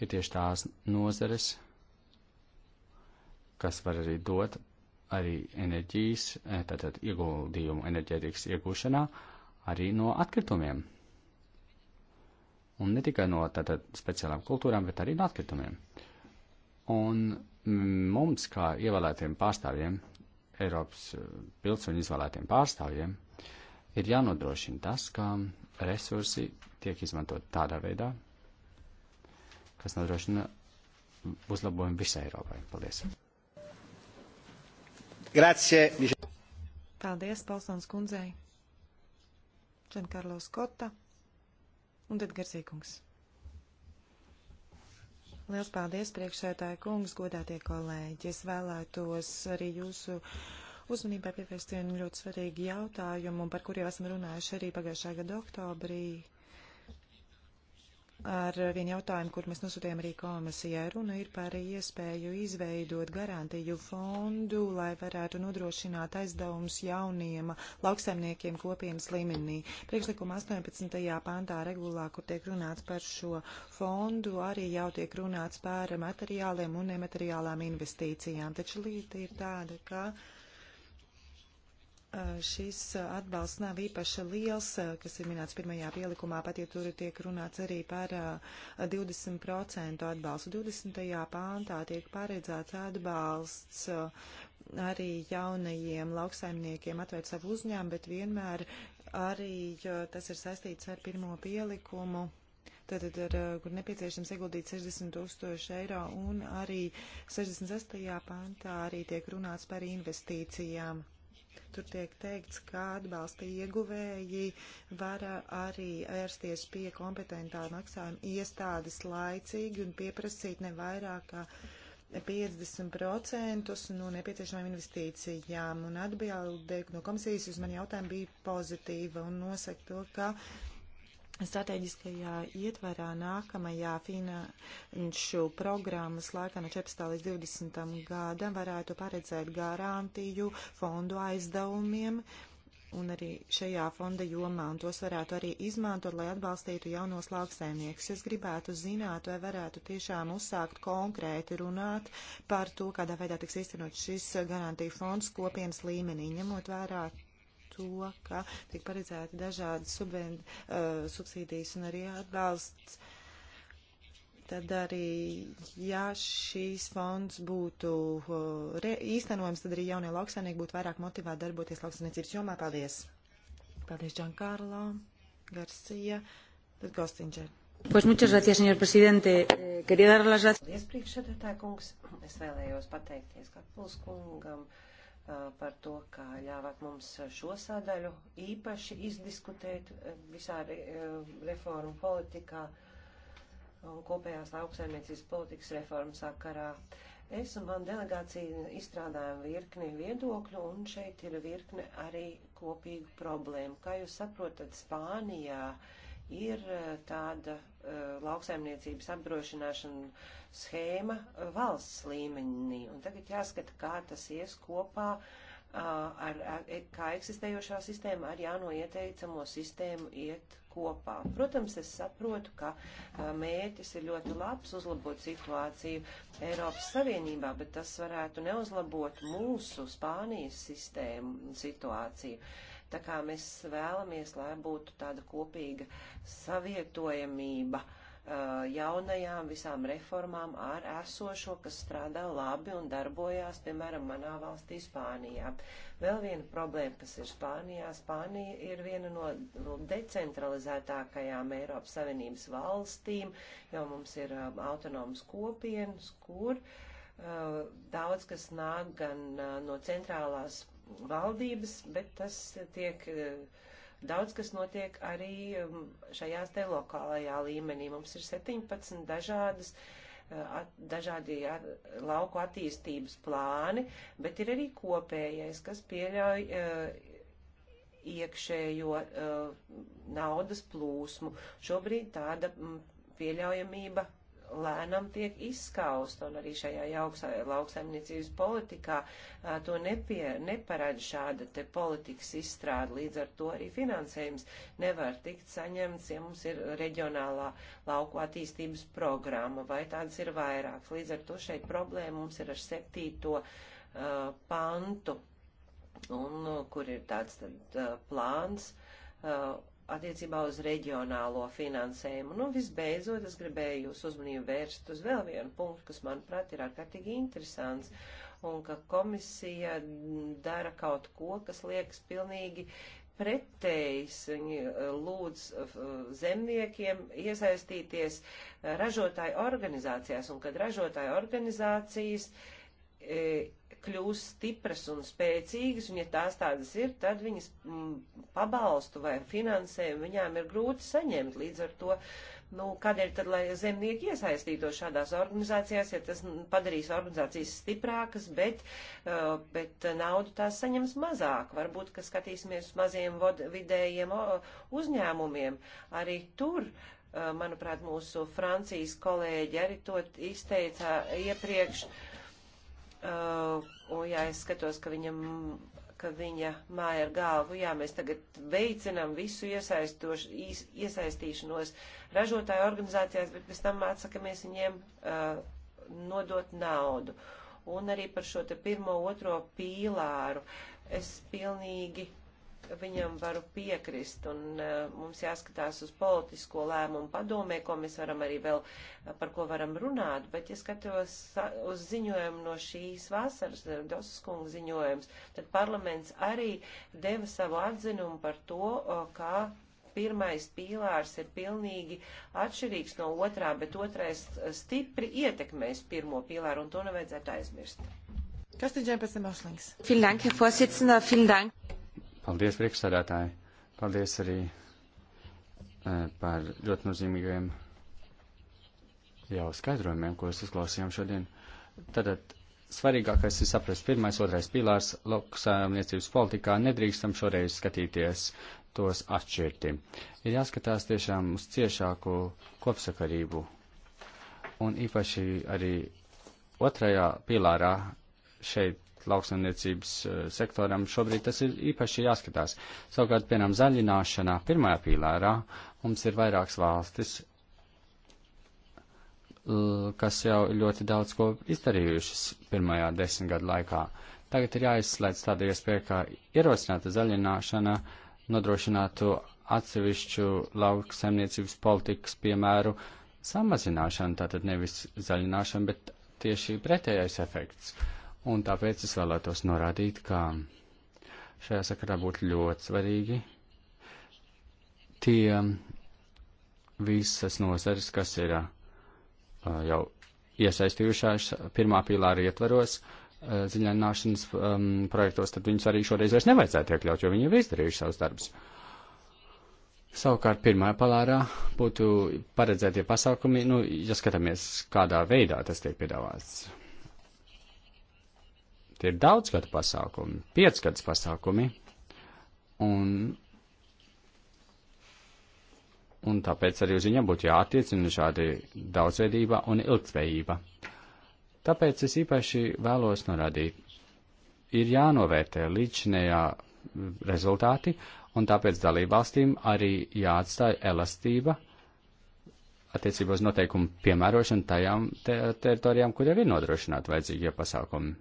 ir tieši tās nozeres, kas var arī dot arī enerģijas, e, tātad ieguldījumu enerģētikas iegūšanā, arī no atkritumiem. Un ne tikai no tātad speciālām kultūrām, bet arī no atkritumiem. Un mums, kā ievēlētiem pārstāvjiem, Eiropas e, pilsoņu izvēlētiem pārstāvjiem, ir jānodrošina tas, ka resursi tiek izmantot tādā veidā, kas nodrošina uzlabojumu visai Eiropai. Paldies! Grazie. Paldies, Palsons kundzei. Čenkarlo Skota un tad Garsīkungs. Liels paldies, priekšētāja kungs, godātie kolēģi. Es vēlētos arī jūsu uzmanībai pievērst vienu ļoti svarīgu jautājumu, par kur jau esam runājuši arī pagājušā gada oktobrī ar vienu jautājumu, kur mēs nosūtījām arī komisijai. Runa ir par iespēju izveidot garantiju fondu, lai varētu nodrošināt aizdevumus jauniem lauksaimniekiem kopienas līmenī. Priekšlikuma 18. pantā regulā, kur tiek runāts par šo fondu, arī jau tiek runāts par materiāliem un nemateriālām investīcijām. Taču līdz ir tāda, ka. Uh, šis atbalsts nav īpaši liels, kas ir minēts pirmajā pielikumā, pat ja tur tiek runāts arī par 20% atbalstu. 20. pāntā tiek paredzēts atbalsts arī jaunajiem lauksaimniekiem atvērt savu uzņēmumu, bet vienmēr arī tas ir saistīts ar pirmo pielikumu tātad ir kur nepieciešams ieguldīt 60 tūkstoši eiro, un arī 68. pantā arī tiek runāts par investīcijām. Tur tiek teikts, ka atbalsta ieguvēji var arī vērsties pie kompetentā maksājuma iestādes laicīgi un pieprasīt ne vairāk kā 50% no nepieciešamām investīcijām. Un atbilde no komisijas uz mani jautājumu bija pozitīva un nosaka to, ka strateģiskajā ietverā nākamajā finanšu programmas laikā no 14. līdz 20. gadam varētu paredzēt garantiju fondu aizdevumiem un arī šajā fonda jomā, un tos varētu arī izmantot, lai atbalstītu jaunos lauksēmniekus. Es gribētu zināt, vai varētu tiešām uzsākt konkrēti runāt par to, kādā veidā tiks īstenot šis garantiju fonds kopienas līmenī, ņemot vērā to, ka tiek paredzēti dažādi subvend, uh, subsīdijas un arī atbalsts. Tad arī, ja šīs fonds būtu uh, re, īstenojams, tad arī jaunie lauksainieki būtu vairāk motivēti darboties lauksainiecības jomā. Paldies! Paldies, Džankārlo, Garcia, tad Gostinģer. Pues muchas gracias, señor presidente. Eh, quería dar las gracias. Paldies, priekšsēdētāj kungs. Es vēlējos pateikties Kapulskungam. kungam par to, kā ļāvāt mums šo sadaļu īpaši izdiskutēt visā re, reformu politikā un kopējās lauksaimniecības politikas reformas sakarā. Es un man delegācija izstrādājam virkni viedokļu, un šeit ir virkne arī kopīgu problēmu. Kā jūs saprotat, Spānijā uh, ir eh, tāda uh, lauksaimniecības apdrošināšana schēma uh, valsts līmenī. Un tagad jāskata, kā tas ies kopā uh, ar, ar, e, kā eksistējošā sistēma ar jauno ieteicamo sistēmu iet kopā. Protams, es saprotu, ka mērķis ir ļoti labs uzlabot situāciju Eiropas Savienībā, bet tas varētu neuzlabot mūsu Spānijas sistēmu situāciju. Uh, Tā kā mēs vēlamies, lai būtu tāda kopīga savietojamība jaunajām visām reformām ar esošo, kas strādā labi un darbojās, piemēram, manā valstī Spānijā. Vēl viena problēma, kas ir Spānijā. Spānija ir viena no decentralizētākajām Eiropas Savienības valstīm, jo mums ir autonomas kopienas, kur uh, daudz kas nāk gan uh, no centrālās valdības, bet tas tiek eh, daudz, kas notiek arī um, šajās te lokālajā līmenī. Mums ir 17 dažādas eh, at, dažādi at, lauku attīstības plāni, bet ir arī kopējais, kas pieļauj uh, iekšējo uh, naudas plūsmu. Šobrīd tāda mm, pieļaujamība lēnām tiek izskausta, un arī šajā jauksā, lauksaimniecības politikā a, to nepie, neparedz šāda te politikas izstrāda, līdz ar to arī finansējums nevar tikt saņemts, ja mums ir reģionālā lauku attīstības programma, vai tādas ir vairākas. Līdz ar to šeit problēma mums ir ar septīto a, pantu, un nu, kur ir tāds tad plāns attiecībā uz reģionālo finansējumu. Nu, visbeidzot, es gribēju jūs uzmanību vērst uz vēl vienu punktu, kas, manuprāt, ir ārkārtīgi interesants, un ka komisija dara kaut ko, kas liekas pilnīgi pretējs. Viņi uh, lūdz uh, zemniekiem iesaistīties ražotāju organizācijās, un kad ražotāju organizācijas e, kļūst stipras un spēcīgas, un ja tās tādas ir, tad viņas mm, pabalstu vai finansējumu viņām ir grūti saņemt. Līdz ar to, nu, kādēļ tad, lai zemnieki iesaistītos šādās organizācijās, ja tas padarīs organizācijas stiprākas, bet, uh, bet naudu tās saņems mazāk. Varbūt, ka skatīsimies uz maziem vod, vidējiem uzņēmumiem. Arī tur uh, manuprāt, mūsu Francijas kolēģi arī to izteica iepriekš. Uh, Uh, un ja es skatos, ka, viņam, ka viņa māja ar galvu, jā, mēs tagad veicinām visu iesaistīšanos ražotāju organizācijās, bet pēc tam atsakamies viņiem uh, nodot naudu. Un arī par šo te pirmo, otro pīlāru. Es pilnīgi viņam varu piekrist, un uh, mums jāskatās uz politisko lēmumu padomē, ko mēs varam arī vēl, e, par ko varam runāt, bet ja skatos uz ziņojumu no šīs vasaras, e, Dosas kunga ziņojums, tad parlaments arī deva savu atzinumu par to, uh, kā pirmais pīlārs ir pilnīgi atšķirīgs no otrā, bet otrais stipri ietekmēs pirmo pīlāru, un to nevajadzētu aizmirst. Kas ir ģēpēc Mašlings? Vielen Dank, Herr Vorsitzender, vielen Dank. Paldies, priekšsādātāji! Paldies arī eh, par ļoti nozīmīgiem jau skaidrojumiem, ko es uzklausījām šodien. Tātad svarīgākais ir saprast pirmais, otrais pīlārs lauksājumniecības politikā. Nedrīkstam šoreiz skatīties tos atšķirti. Ir jāskatās tiešām uz ciešāku kopsakarību. Un īpaši arī otrajā pīlārā šeit lauksaimniecības eh, sektoram šobrīd tas ir īpaši jāskatās. Savukārt, piemēram, zaļināšanā pirmajā pīlārā mums ir vairākas valstis, eh, kas jau ļoti daudz ko izdarījušas pirmajā desmitgadu laikā. Tagad ir jāizslēdz tāda iespēja, ka ierosināta zaļināšana nodrošinātu atsevišķu lauksaimniecības politikas piemēru samazināšanu, tātad nevis zaļināšanu, bet tieši pretējais efekts. Uh, Un tāpēc es vēlētos norādīt, ka šajā sakarā būtu ļoti svarīgi tie visas nozares, kas ir uh, jau iesaistījušās pirmā pīlāra ietvaros uh, ziņāšanas um, projektos, tad viņus arī šoreiz vairs nevajadzētu iekļaut, jo viņi jau izdarījuši savus darbus. Savukārt, pirmajā palārā būtu paredzētie pasākumi, nu, ja skatāmies, kādā veidā tas tiek piedāvāts. Tie ir daudzgadu pasākumi, piecgadus pasākumi. Un, un tāpēc arī uz viņiem būtu jātiecina šādi daudzveidība un ilgtvējība. Tāpēc es īpaši vēlos norādīt, ir jānovērtē līdzinējā rezultāti, un tāpēc dalībvalstīm arī jāatstāja elastība attiecībā uz noteikumu piemērošanu tajām te teritorijām, kur jau ir nodrošināti vajadzīgie pasākumi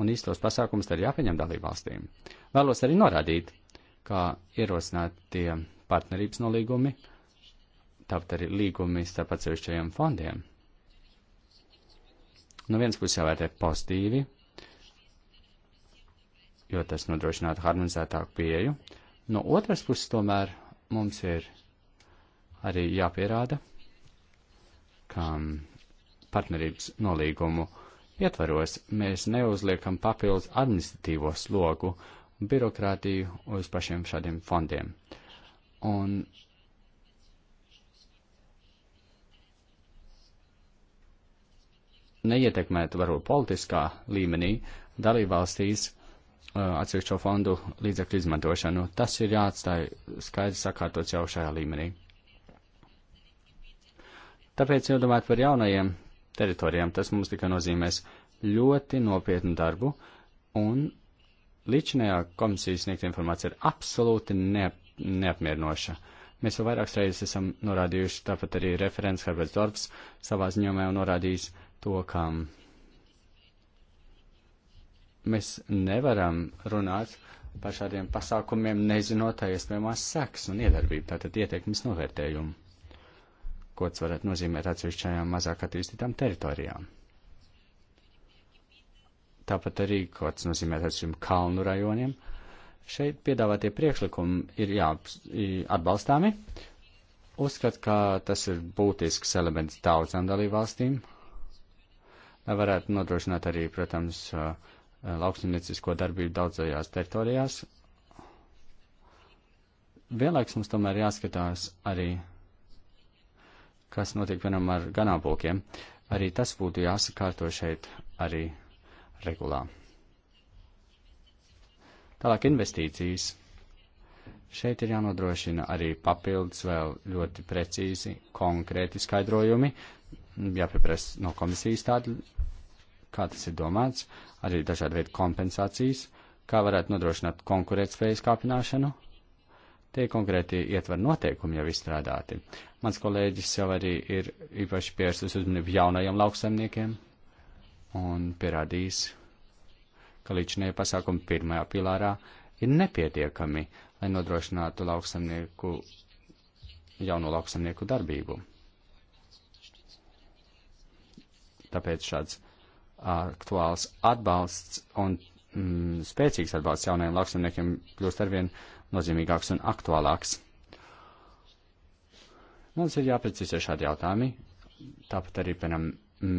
un īstos pasākums tad ir jāpaņem dalībvalstīm. Vēlos arī norādīt, kā ierosinātie partnerības nolīgumi, tāpat arī līgumi starp atsevišķajiem fondiem. No nu, vienas puses jāvērtē pozitīvi, jo tas nodrošinātu harmonizētāku pieeju. No otras puses tomēr mums ir arī jāpierāda, ka partnerības nolīgumu ietvaros mēs neuzliekam papildus administratīvo slogu un birokrātiju uz pašiem šādiem fondiem. Un neietekmēt varbūt politiskā līmenī dalībvalstīs uh, atsevišķo fondu līdzekļu izmantošanu. Tas ir jāatstāj skaidrs sakārtots jau šajā līmenī. Tāpēc, ja domājat par jaunajiem teritorijām. Tas mums tikai nozīmēs ļoti nopietnu darbu, un līdzinējā komisijas sniegta informācija ir absolūti ne, neapmierinoša. Mēs jau vairākas reizes esam norādījuši, tāpat arī referents Herberts Dorfs savā ziņojumā jau norādījis to, ka mēs nevaram runāt par šādiem pasākumiem, nezinot iespējamās seks un iedarbību, tātad ieteikums novērtējumu ko tas varētu nozīmēt atsevišķajām mazāk attīstītām teritorijām. Tāpat arī, ko tas nozīmē atsevišķiem kalnu rajoniem. Šeit piedāvātie priekšlikumi ir jā, atbalstāmi. Uzskat, ka tas ir būtisks elements daudzām dalībvalstīm, lai varētu nodrošināt arī, protams, lauksimniecisko darbību daudzajās teritorijās. Vienlaiks mums tomēr jāskatās arī kas notiek, piemēram, ar ganābokiem. Arī tas būtu jāsakārto šeit arī regulā. Tālāk investīcijas. Šeit ir jānodrošina arī papildus vēl ļoti precīzi, konkrēti skaidrojumi. Jāpieprasa no komisijas tādu, kā tas ir domāts, arī dažādi veidi kompensācijas, kā varētu nodrošināt konkurētspējas kāpināšanu Tie konkrēti ietver noteikumi jau izstrādāti. Mans kolēģis jau arī ir īpaši pievērsis uzmanību jaunajiem lauksaimniekiem un pierādījis, ka līdzinie pasākumi pirmajā pilārā ir nepietiekami, lai nodrošinātu lauksaimnieku, jauno lauksaimnieku darbību. Tāpēc šāds aktuāls atbalsts un mm, spēcīgs atbalsts jaunajiem lauksaimniekiem kļūst arvien nozīmīgāks un aktuālāks. Mums ir jāprecizē šādi jautājumi, tāpat arī, piemēram,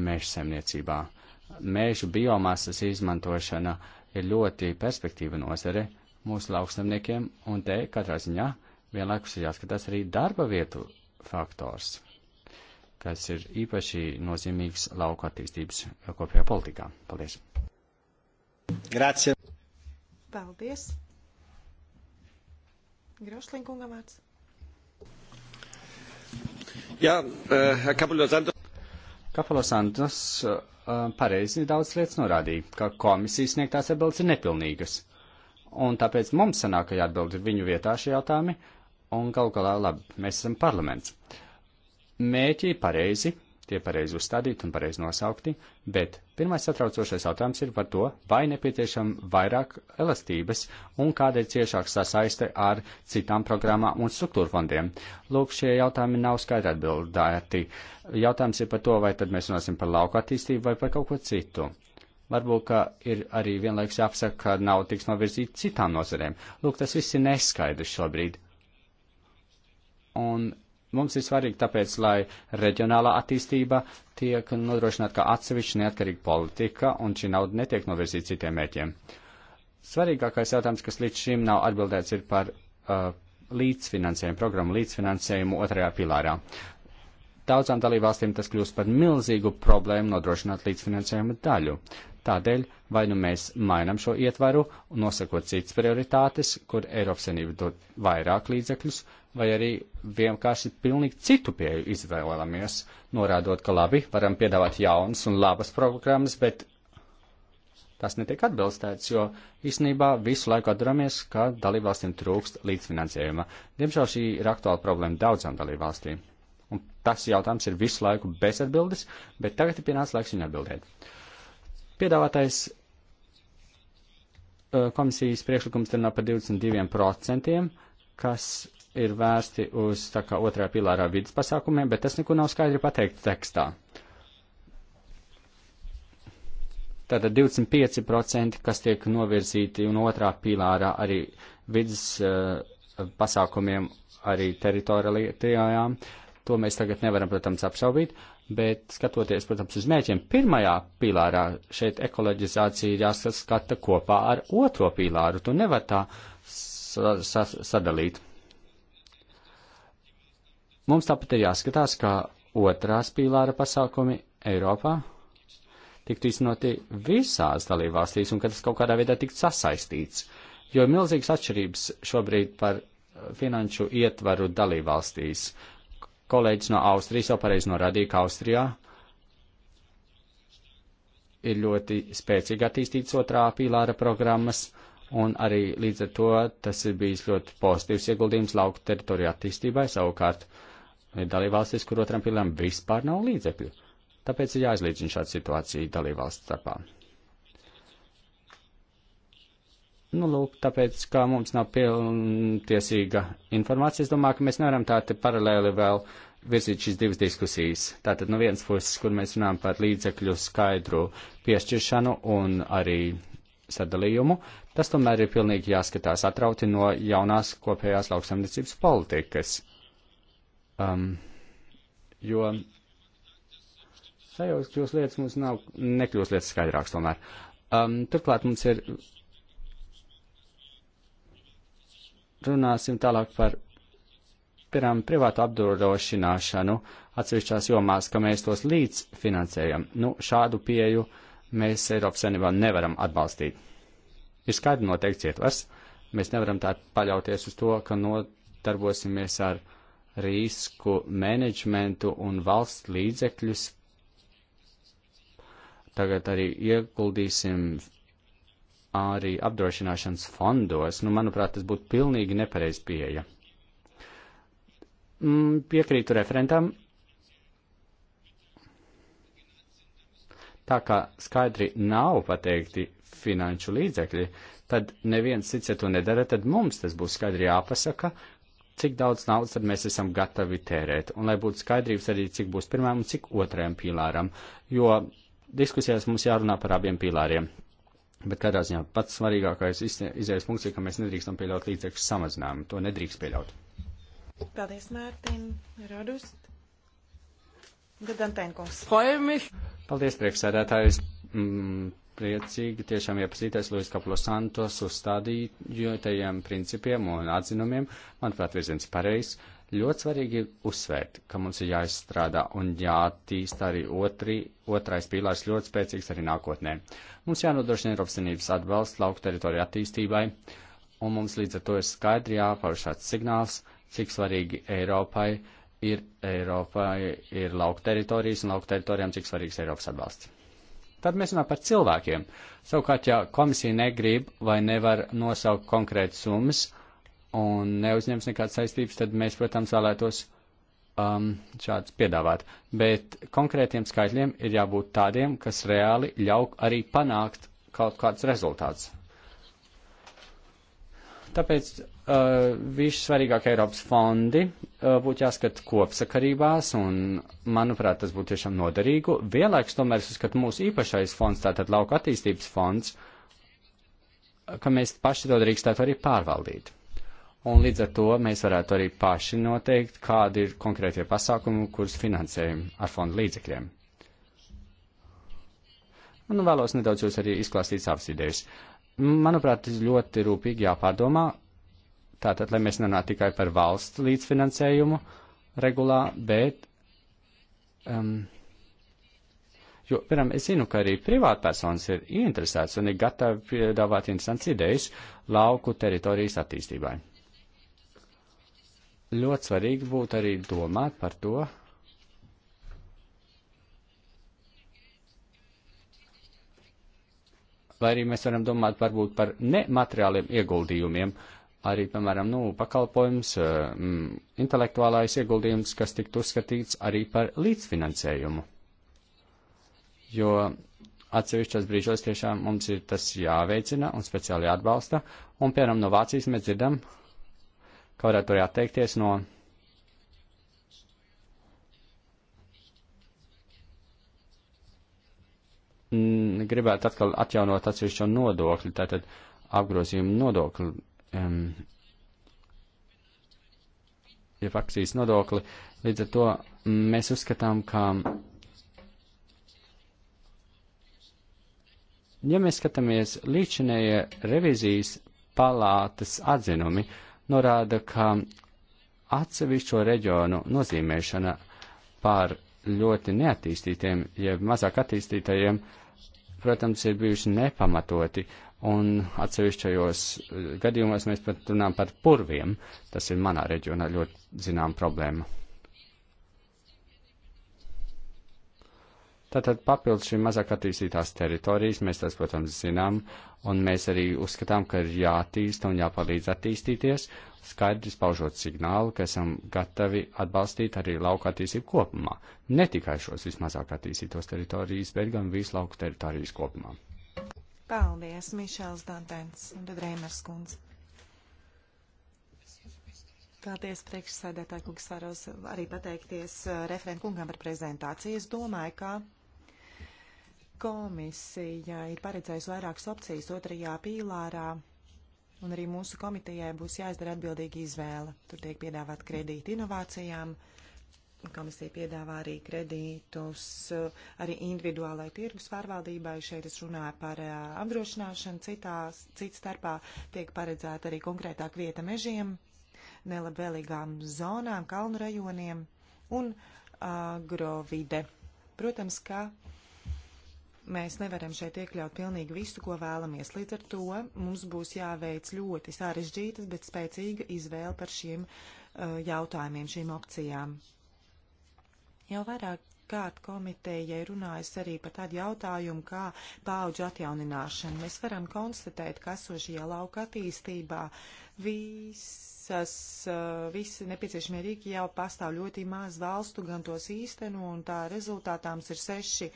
meža saimniecībā. Mēžu biomasas izmantošana ir ļoti perspektīva nozare mūsu lauksaimniekiem, un te katrā ziņā vienlaikus ir jāskatās arī darba vietu faktors, kas ir īpaši nozīmīgs lauku attīstības kopējā politikā. Paldies! Grazie! Paldies! Grošlinkungam vārds. Jā, eh, Herr Kapulo Santos. Kapulo Santos eh, pareizi daudz lietas norādīja, ka komisijas sniegtās atbildes ir nepilnīgas. Un tāpēc mums sanāk, ka jāatbild ir viņu vietā šie jautājumi, un galu galā labi, mēs esam parlaments. Mēķi pareizi, tie pareizi uzstādīti un pareizi nosaukti, bet pirmais satraucošais jautājums ir par to, vai nepieciešam vairāk elastības un kāda ir ciešāka sasaiste ar citām programmām un struktūra fondiem. Lūk, šie jautājumi nav skaidri atbildēti. Jautājums ir par to, vai tad mēs runāsim par lauku attīstību vai par kaut ko citu. Varbūt, ka ir arī vienlaiks jāapsaka, ka nav tiks novirzīt citām nozarēm. Lūk, tas viss ir neskaidrs šobrīd. Un Mums ir svarīgi tāpēc, lai reģionālā attīstība tiek nodrošināta kā atsevišķa neatkarīga politika un šī nauda netiek novirzīta citiem mēķiem. Svarīgākais jautājums, kas līdz šim nav atbildēts, ir par uh, līdzfinansējumu, programmu līdzfinansējumu otrajā pilārā. Daudzām dalībvalstīm tas kļūst par milzīgu problēmu nodrošināt līdzfinansējumu daļu. Tādēļ vai nu mēs mainam šo ietvaru, nosakot citas prioritātes, kur Eiropas Savienība dod vairāk līdzekļus, uh, vai arī vienkārši pilnīgi citu pieeju izvēlamies, norādot, ka labi, varam piedāvāt jaunas un labas programmas, bet tas netiek atbilstēts, jo īstenībā visu laiku atdaramies, ka dalībvalstīm trūkst līdzfinansējuma. Diemžēl šī ir aktuāla problēma daudzām dalībvalstīm. Un tas jautājums ir visu laiku bez atbildes, bet tagad ir pienācis laiks viņu atbildēt. Piedāvātais eh, komisijas priekšlikums runā par 22%, kas ir vērsti uz tā kā otrā pilārā vidas pasākumiem, bet tas neko nav skaidri pateikts tekstā. Tātad 25%, kas tiek novirzīti un otrā pilārā arī vidas uh, pasākumiem, arī teritorijām, to mēs tagad nevaram, protams, apšaubīt, bet skatoties, protams, uz mēķiem, pirmajā pilārā šeit ekoloģizācija ir jāsaskata kopā ar otro pilāru. Tu nevar tā sa sa sadalīt. Mums tāpat ir jāskatās, kā otrās pīlāra pasākumi Eiropā tiktu iznoti visās dalībvalstīs un ka tas kaut kādā veidā tiktu sasaistīts, jo ir milzīgas atšķirības šobrīd par uh, finanšu ietvaru dalībvalstīs. Kolēģis no Austrijas jau pareizi norādīja, ka Austrijā ir ļoti spēcīgi attīstīts otrā pīlāra programmas, un arī līdz ar to tas ir bijis ļoti pozitīvs ieguldījums lauku teritoriju attīstībai savukārt. Uh, Ir dalībvalstis, kur otram pilam vispār nav līdzekļu. Tāpēc ir jāizlīdzina šāda situācija dalībvalstu starpā. Nu, lūk, tāpēc, kā mums nav pilntiesīga informācija, es domāju, ka mēs nevaram tā te paralēli vēl virzīt šīs divas diskusijas. Tātad no vienas puses, kur mēs runājam par līdzekļu skaidru piešķiršanu un arī sadalījumu, tas tomēr ir pilnīgi jāskatās atrauti no jaunās kopējās lauksamniecības politikas. Um, jo sajūs kļūst lietas mums nav, nekļūst lietas skaidrāks tomēr. Um, turklāt mums ir. Runāsim tālāk par piemēram, privātu apdrošināšanu atsevišķās jomās, ka mēs tos līdzfinansējam. Nu, šādu pieju mēs Eiropas Savienībā nevaram atbalstīt. Ir skaidri noteikts ietvers. Mēs nevaram tā paļauties uz to, ka nodarbosimies ar uh, risku menedžmentu un valsts līdzekļus. Tagad arī ieguldīsim arī apdrošināšanas fondos. Nu, manuprāt, tas būtu pilnīgi nepareiz pieeja. Mm, piekrītu referentam. Tā kā skaidri nav pateikti finanšu līdzekļi, tad neviens cits, ja to nedara, tad mums tas būs skaidri jāpasaka, cik daudz naudas tad mēs esam gatavi tērēt, un lai būtu skaidrības arī, cik būs pirmajam un cik otrajam pīlāram, jo diskusijās mums jārunā par abiem pīlāriem. Bet kādā ziņā pats svarīgākais izējas punkts ir, ka mēs nedrīkstam pieļaut līdzekļu samazinājumu. To nedrīkst pieļaut. Paldies, Mērtiņ, Rodust. Gadantēnkungs. Paldies, priekšsēdētājs. Mm, priecīgi tiešām iepazīties Luis Kaplo Santos uzstādījotajiem principiem un atzinumiem. Manuprāt, virziens pareizs. Ļoti svarīgi ir uzsvērt, ka mums ir jāizstrādā un jātīst arī otri, otrais pīlārs ļoti spēcīgs arī nākotnē. Mums jānodrošina Eiropas Savienības atbalsts lauku teritoriju attīstībai, un mums līdz ar to ir skaidri jāpauž šāds signāls, cik svarīgi Eiropai ir Eiropai ir lauka teritorijas un lauka teritorijām cik svarīgs Eiropas atbalsts. Tad mēs runājam par cilvēkiem. Savukārt, ja komisija negrib vai nevar nosaukt konkrētas summas un neuzņems nekādas saistības, tad mēs, protams, vēlētos um, šāds piedāvāt. Bet konkrētiem skaitļiem ir jābūt tādiem, kas reāli ļauj arī panākt kaut kāds rezultāts. Tāpēc Uh, Visi svarīgākie Eiropas fondi uh, būtu jāskat kopsakarībās, un, manuprāt, tas būtu tiešām noderīgu. Vienlaiks tomēr es uzskatu mūsu īpašais fonds, tātad lauka attīstības fonds, ka mēs paši to drīkstētu arī pārvaldīt. Un līdz ar to mēs varētu arī paši noteikt, kādi ir konkrētie pasākumi, kurus finansējam ar fondu līdzekļiem. Un nu, vēlos nedaudz jūs arī izklāstīt savas idejas. Manuprāt, ļoti rūpīgi jāpārdomā, Tātad, lai mēs nenātu tikai par valsts līdzfinansējumu regulā, bet. Um, jo, piemēram, es zinu, ka arī privātpersonas ir ieinteresētas un ir gatavi piedāvāt interesants idejas lauku teritorijas attīstībai. Ļoti svarīgi būtu arī domāt par to, vai arī mēs varam domāt varbūt par nemateriāliem ieguldījumiem, uh, arī, piemēram, nu, pakalpojums, eh, m, intelektuālais ieguldījums, kas tiktu uzskatīts arī par līdzfinansējumu. Jo atsevišķos brīžos tiešām mums ir tas jāveicina un speciāli jāatbalsta, un, piemēram, no Vācijas mēs dzirdam, ka varētu arī atteikties no. Gribētu atkal atjaunot atsevišķo nodokli, tātad apgrozījumu nodokli um, jeb akcijas nodokli. Līdz ar to mēs uzskatām, ka, ja mēs skatāmies līdšanēja revizijas palātas atzinumi, norāda, ka atsevišķo reģionu nozīmēšana pār ļoti neattīstītiem, jeb ja mazāk attīstītajiem, protams, ir bijuši nepamatoti, un atsevišķajos eh, gadījumos mēs pat runājam par purviem. Tas ir manā reģionā ļoti zinām problēma. Tātad papildus šīm mazāk attīstītās teritorijas, mēs tas, protams, zinām, un mēs arī uzskatām, ka ir jātīsta un jāpalīdz attīstīties, skaidri paužot signālu, ka esam gatavi atbalstīt arī lauka attīstību kopumā. Ne tikai šos vismazāk attīstītos teritorijas, bet gan visu lauku teritorijas kopumā. Paldies, Mišēls Dantēns un tad Reimers Kunds. Paldies, priekšsēdētāji kungs, varos arī pateikties eh, referentu kungam par prezentāciju. Es domāju, ka komisija ir paredzējusi vairākas opcijas otrajā pīlārā, un arī mūsu komitejai būs jāizdara atbildīga izvēle. Tur tiek piedāvāt kredīti inovācijām. Uh, Komisija piedāvā arī kredītus arī individuālai tirgus pārvaldībai. Šeit es runāju par apdrošināšanu. Citās, cits starpā tiek paredzēta arī konkrētāk vieta mežiem, nelabvēlīgām zonām, kalnu rajoniem un agrovide. Protams, ka mēs nevaram šeit iekļaut pilnīgi visu, ko vēlamies. Līdz ar to mums būs jāveic ļoti sarežģītas, bet spēcīga izvēle par šiem uh, jautājumiem, šīm opcijām. Jau vairāk kārt komitejai runājis arī par tādu jautājumu kā paauģu atjaunināšana. Mēs varam konstatēt, ka esošajā lauka attīstībā visas, eh, visi nepieciešamie rīki jau pastāv ļoti maz valstu, gan tos īsteno, un tā rezultātāms ir seši.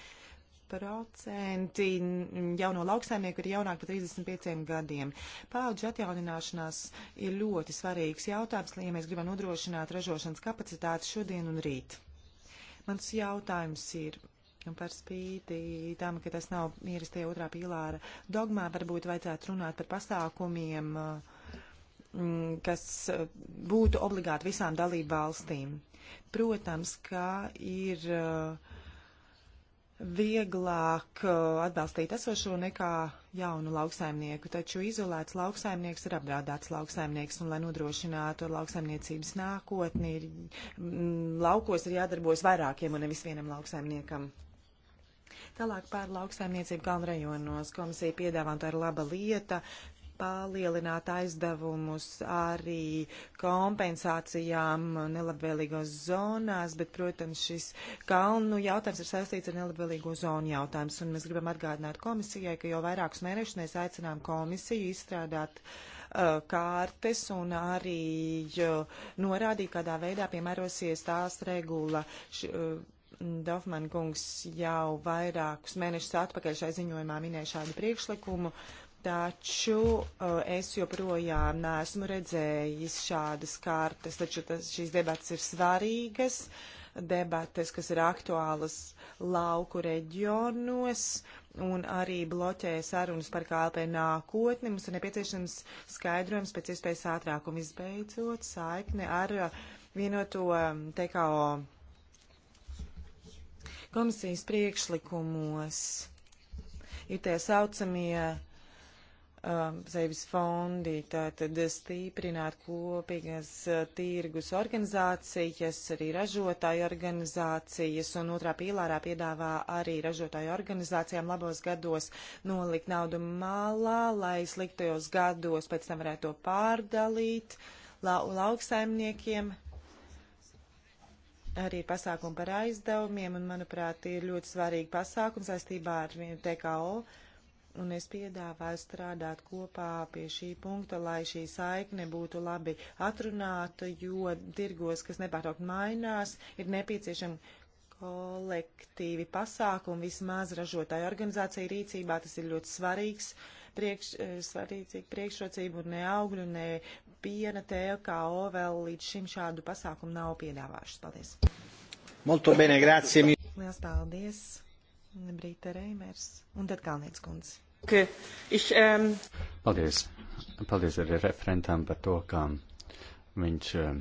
Procenti jauno lauksaimnieku ir jaunāk par 35 gadiem. Paudžu atjaunināšanās ir ļoti svarīgs jautājums, ja mēs gribam nodrošināt ražošanas kapacitāti šodien un rīt. Mans jautājums ir, par spīti tam, ka tas nav ierastie otrā pīlāra dogmā, varbūt vajadzētu runāt par pasākumiem, mm, kas eh, būtu obligāti visām dalību valstīm. Protams, ka ir uh, vieglāk uh, atbalstīt esošo nekā jaunu lauksaimnieku, taču izolēts lauksaimnieks ir apdraudēts lauksaimnieks, un lai nodrošinātu lauksaimniecības nākotni, ir, mm, laukos ir jādarbojas vairākiem un nevis vienam lauksaimniekam. Tālāk pār lauksaimniecību kalnu rajonos komisija piedāvā, un tā ir laba lieta, palielināt aizdevumus arī kompensācijām nelabvēlīgos zonās, bet, protams, šis kalnu jautājums ir saistīts ar nelabvēlīgo zonu jautājums, un mēs gribam atgādināt komisijai, ka jau vairākus mēnešus mēs aicinām komisiju izstrādāt uh, kārtes un arī uh, norādīt, kādā veidā piemērosies tās regula. Š, uh, Dofman kungs jau vairākus mēnešus atpakaļ šai ziņojumā minēja šādu priekšlikumu, uh, Taču eh, es joprojām neesmu redzējis šādas kartes, taču tas, šīs debatas ir svarīgas, debatas, kas ir aktuālas lauku reģionos un arī bloķē sarunas par KLP nākotni. Mums ir nepieciešams skaidrojums pēc iespējas ātrāk un izbeidzot saikne ar eh, vienoto eh, TKO komisijas priekšlikumos. Ir tie saucamie sevis um, fondi, tātad stīprināt kopīgas uh, tirgus organizācijas, arī ražotāju organizācijas, un otrā pīlārā piedāvā arī ražotāju organizācijām labos gados nolikt naudu malā, lai sliktajos gados pēc tam varētu to pārdalīt la lauksaimniekiem. Arī ir pasākumi par aizdevumiem, un, manuprāt, ir ļoti svarīgi pasākumi saistībā ar TKO un es piedāvāju strādāt kopā pie šī punkta, lai šī saikne būtu labi atrunāta, jo tirgos, kas nepārtraukt mainās, ir nepieciešama kolektīvi pasākumi vismaz ražotāju organizāciju rīcībā. Tas ir ļoti svarīgs priekš, eh, svarīga priekšrocība un ne augļu, ne piena TKO vēl līdz šim šādu pasākumu nav piedāvājušas. Paldies! Molto bene, grazie! Liels paldies! Brīta Reimers un tad Kalnietis kundze. Okay. Ich, um... Paldies. Paldies arī referentam par to, kā viņš um,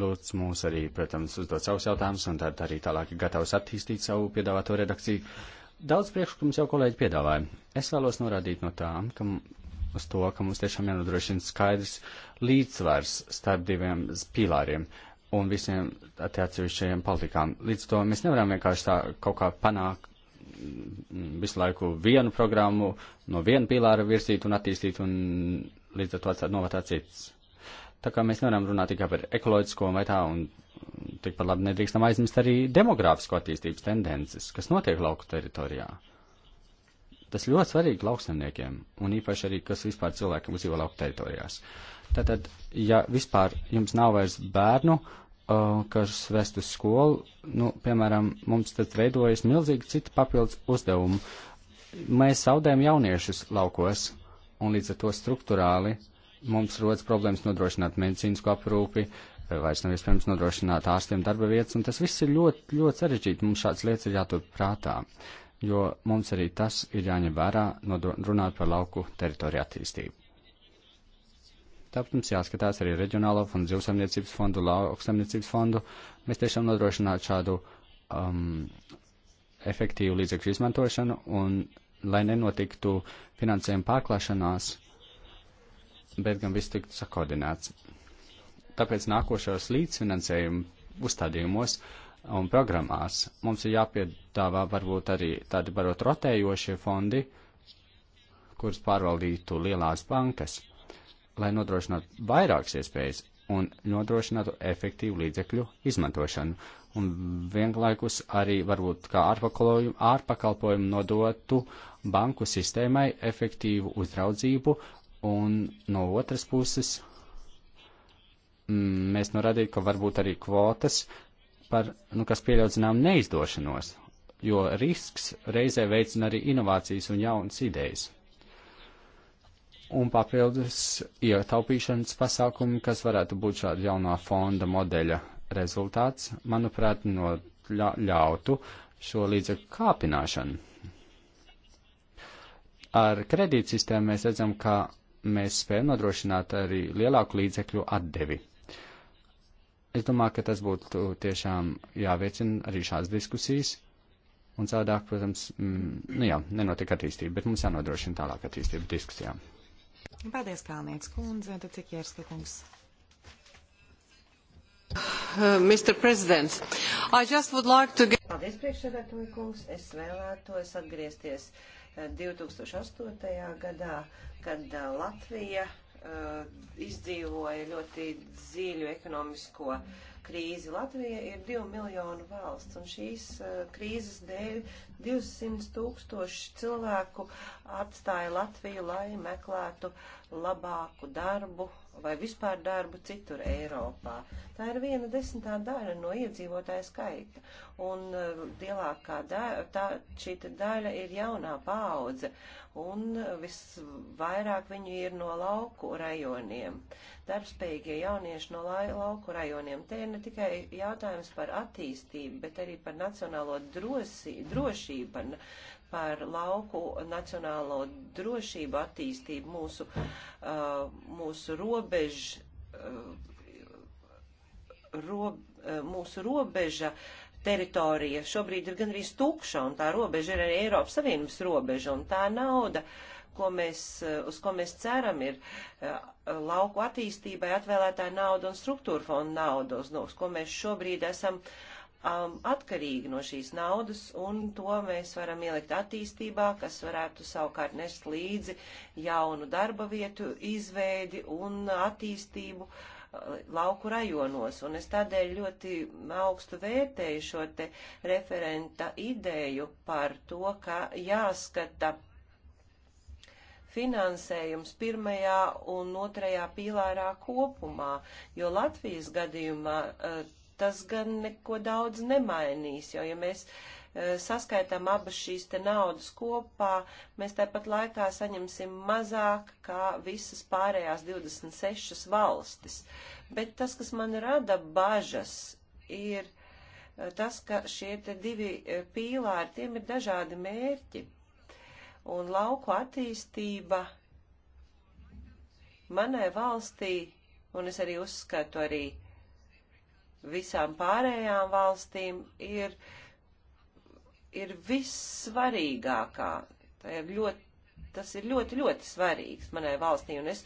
lūdz mūs arī, protams, uzdot savus jautājumus un tad arī tālāk ir gatavs attīstīt savu piedāvāto redakciju. Daudz priekšlikums jau kolēģi piedāvāja. Es vēlos norādīt no tām, ka uz to, ka mums tiešām jānodrošina skaidrs līdzsvars starp diviem pīlāriem un visiem atsevišķajiem politikām. Līdz to mēs nevaram vienkārši tā kaut kā panākt visu laiku vienu programmu no viena pīlāra virsīt un attīstīt un līdz ar to atstāt novatā cits. Tā kā mēs nevaram runāt tikai par ekoloģisko vai tā, un tikpat labi nedrīkstam aizmirst arī demogrāfisko attīstības tendences, kas notiek lauku teritorijā. Tas ļoti svarīgi lauksaimniekiem, un īpaši arī, kas vispār cilvēkiem dzīvo lauku teritorijās. Tātad, ja vispār jums nav vairs bērnu, kas vest uz skolu, nu, piemēram, mums tad veidojas milzīgi citi papildus uzdevumi. Mēs zaudējam jauniešus laukos, un līdz ar to struktūrāli mums rodas problēmas nodrošināt medicīnisko aprūpi, vairs nav iespējams nodrošināt ārstiem darba vietas, un tas viss ir ļoti, ļoti sarežģīti. Mums šāds lietas ir jātur prātā, jo mums arī tas ir jāņem vērā, runāt par lauku teritoriju attīstību. Tāpēc mums jāskatās arī reģionālo fondu, zivsamniecības fondu, lauksamniecības fondu. Mēs tiešām nodrošinātu šādu um, efektīvu līdzekļu izmantošanu un lai nenotiktu finansējuma pārklāšanās, bet gan viss tiktu sakoordinēts. Tāpēc nākošos līdzfinansējumu uzstādījumos un programmās mums ir jāpiedāvā varbūt arī tādi varot rotējošie fondi, kurus pārvaldītu lielās bankas lai nodrošinātu vairākas iespējas un nodrošinātu efektīvu līdzekļu izmantošanu. Un vienlaikus arī varbūt kā ārpakalpojumu nodotu banku sistēmai efektīvu uzraudzību un no otras puses mm, mēs norādītu, ka varbūt arī kvotas, par, nu, kas pieļauj zinām neizdošanos, jo risks reizē veicina arī inovācijas un jaunas idejas un papildus ietaupīšanas pasākumi, kas varētu būt šāda jaunā fonda modeļa rezultāts, manuprāt, no ļautu šo līdzekļu kāpināšanu. Ar kredītsistēmu mēs redzam, ka mēs spējam nodrošināt arī lielāku līdzekļu atdevi. Es domāju, ka tas būtu tiešām jāveicina arī šādas diskusijas, un cādāk, protams, mm, nu jā, nenotiek attīstība, bet mums jānodrošina tālāk attīstība diskusijām. Paldies, Kalnieks kundze, tad cik jērska kungs. Uh, Mr. President, I just would like to get... Paldies, priekšsēdētāji kungs. Es vēlētos atgriezties 2008. Uh, gadā, kad uh, Latvija uh, izdzīvoja ļoti dziļu ekonomisko uh, krīzi. Latvija ir 2 miljonu valsts, un šīs eh, krīzes dēļ 200 tūkstoši cilvēku atstāja Latviju, lai meklētu labāku darbu vai vispār darbu citur Eiropā. Tā ir viena desmitā daļa no iedzīvotāja skaita, un uh, lielākā daļa, tā, šī daļa ir jaunā paudze, un uh, visvairāk viņi ir no lauku rajoniem. Darbspējīgie jaunieši no lai, lauku rajoniem. Te ir ne tikai jautājums par attīstību, bet arī par nacionālo drosi, drošību, par par lauku nacionālo drošību attīstību, mūsu, uh, mūsu robežu, uh, ro, uh, mūsu robeža teritorija šobrīd ir gan arī stūkša, un tā robeža ir arī Eiropas Savienības robeža, un tā nauda, ko mēs, uz ko mēs ceram, ir lauku attīstībai atvēlētā nauda un struktūra fonda nauda, uz, uz ko mēs šobrīd esam uh, um, atkarīgi no šīs naudas, un to mēs varam ielikt attīstībā, kas varētu savukārt nest līdzi jaunu darba vietu izveidi un attīstību uh, lauku rajonos, un es tādēļ ļoti augstu vērtēju šo te referenta ideju par to, ka jāskata finansējums pirmajā un otrajā pīlārā kopumā, jo Latvijas gadījumā uh, tas gan neko daudz nemainīs, jo ja mēs e, saskaitām abas šīs te naudas kopā, mēs tāpat laikā saņemsim mazāk kā visas pārējās 26 valstis. Bet tas, kas man rada bažas, ir e, tas, ka šie te divi e, pīlāri, tiem ir dažādi mērķi. Un lauku attīstība manai valstī, un es arī uzskatu arī visām pārējām valstīm ir, ir vissvarīgākā. Tā ir ļoti tas ir ļoti, ļoti svarīgs manai valstī, un es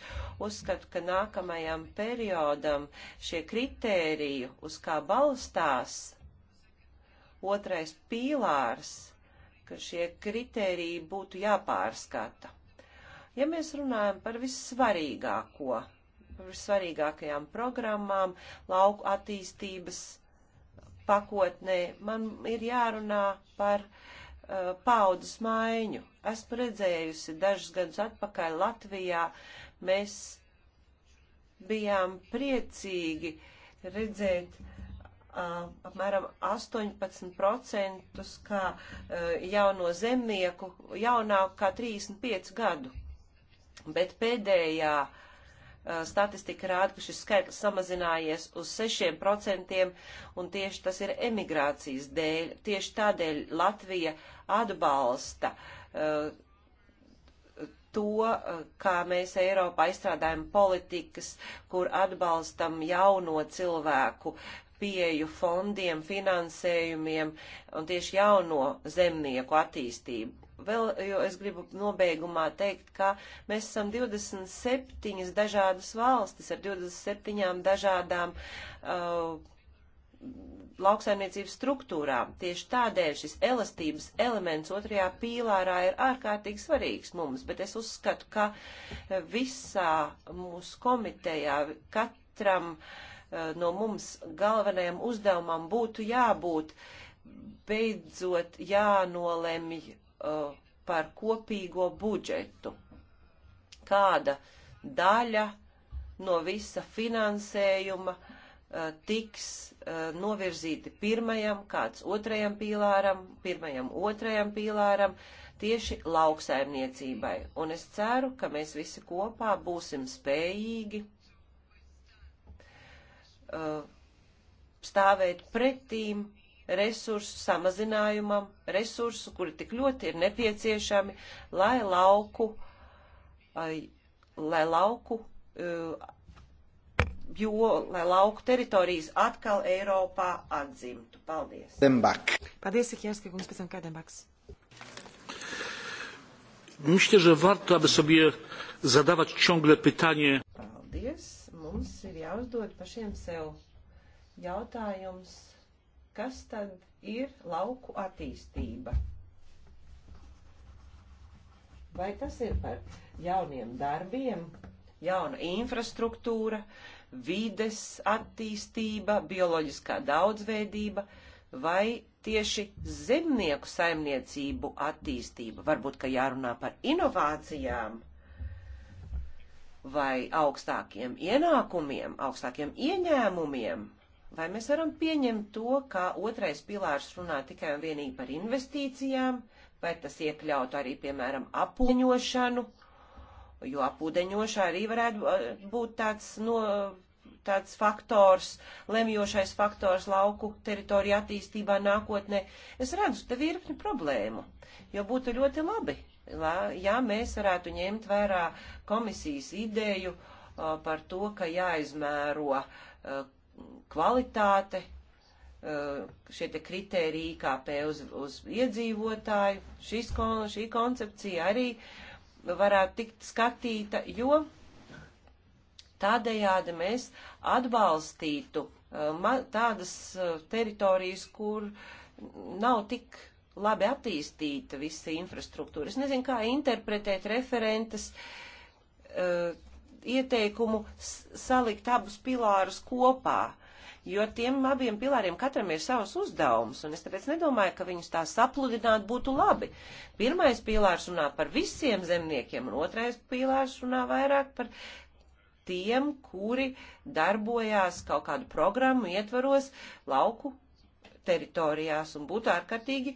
uzskatu, ka nākamajam periodam šie kritēriju, uz kā balstās otrais pīlārs, ka šie kritēriji būtu jāpārskata. Ja mēs runājam par vissvarīgāko, svarīgākajām programmām, lauku attīstības pakotnē. Man ir jārunā par uh, paudas maiņu. Esmu redzējusi dažus gadus atpakaļ Latvijā. Mēs bijām priecīgi redzēt uh, apmēram 18% kā uh, jauno zemnieku jaunāku kā 35 gadu. Bet pēdējā uh, Eh, statistika rāda, ka šis skaitlis samazinājies uz 6%, un tieši tas ir emigrācijas dēļ. Tieši tādēļ Latvija atbalsta uh, to, eh, kā mēs Eiropā izstrādājam politikas, kur atbalstam jauno cilvēku pieju fondiem, finansējumiem un tieši jauno zemnieku attīstību vēl, jo es gribu nobeigumā teikt, ka mēs esam 27 dažādas valstis ar 27 dažādām uh, lauksaimniecības struktūrām. Tieši tādēļ šis elastības elements otrajā pīlārā ir ārkārtīgi svarīgs mums, bet es uzskatu, ka visā mūsu komitejā katram uh, no mums galvenajam uzdevumam būtu jābūt beidzot jānolemj uh, par kopīgo budžetu. Kāda daļa no visa finansējuma uh, tiks uh, novirzīti pirmajam, kāds otrajam pīlāram, pirmajam otrajam pīlāram, tieši lauksaimniecībai. Un es ceru, ka mēs visi kopā būsim spējīgi uh, stāvēt pretīm resursu samazinājumam, resursu, kuri tik ļoti ir nepieciešami, lai lauku, ai, lai lauku, eh, jo, lai lauku teritorijas atkal Eiropā atzimtu. Paldies. Dembak. Paldies, Ikierska, kungs, pēc tam kā Dembaks. Myślę, że warto, aby sobie zadawać ciągle pytanie. Paldies. Mums ir jāuzdod pašiem sev jautājums Kas tad ir lauku attīstība? Vai tas ir par jauniem darbiem, jauna infrastruktūra, vides attīstība, bioloģiskā daudzveidība vai tieši zemnieku saimniecību attīstība? Varbūt, ka jārunā par inovācijām vai augstākiem ienākumiem, augstākiem ieņēmumiem, Vai mēs varam pieņemt to, ka otrais pilārs runā tikai un vienīgi par investīcijām, vai tas iekļaut arī, piemēram, apūdeņošanu, jo apūdeņošā arī varētu uh, būt tāds, no, tāds faktors, lemjošais faktors lauku teritoriju attīstībā nākotnē. Es redzu, te virkni problēmu, jo būtu ļoti labi, ja mēs varētu ņemt vērā komisijas ideju uh, par to, ka jāizmēro uh, kvalitāte, eh, šie te kritēriji IKP uz, uz iedzīvotāju, šis, šī koncepcija arī varētu tikt skatīta, jo tādējādi mēs atbalstītu eh, tādas eh, teritorijas, kur nav tik labi attīstīta visa infrastruktūra. Es nezinu, kā interpretēt referentes ieteikumu salikt abus pilārus kopā, jo tiem abiem pilāriem katram ir savs uzdevums, un es tāpēc nedomāju, ka viņus tā sapludināt būtu labi. Pirmais pilārs runā par visiem zemniekiem, un otrais pilārs runā vairāk par tiem, kuri darbojās kaut kādu programmu ietvaros lauku teritorijās, un būtu ārkārtīgi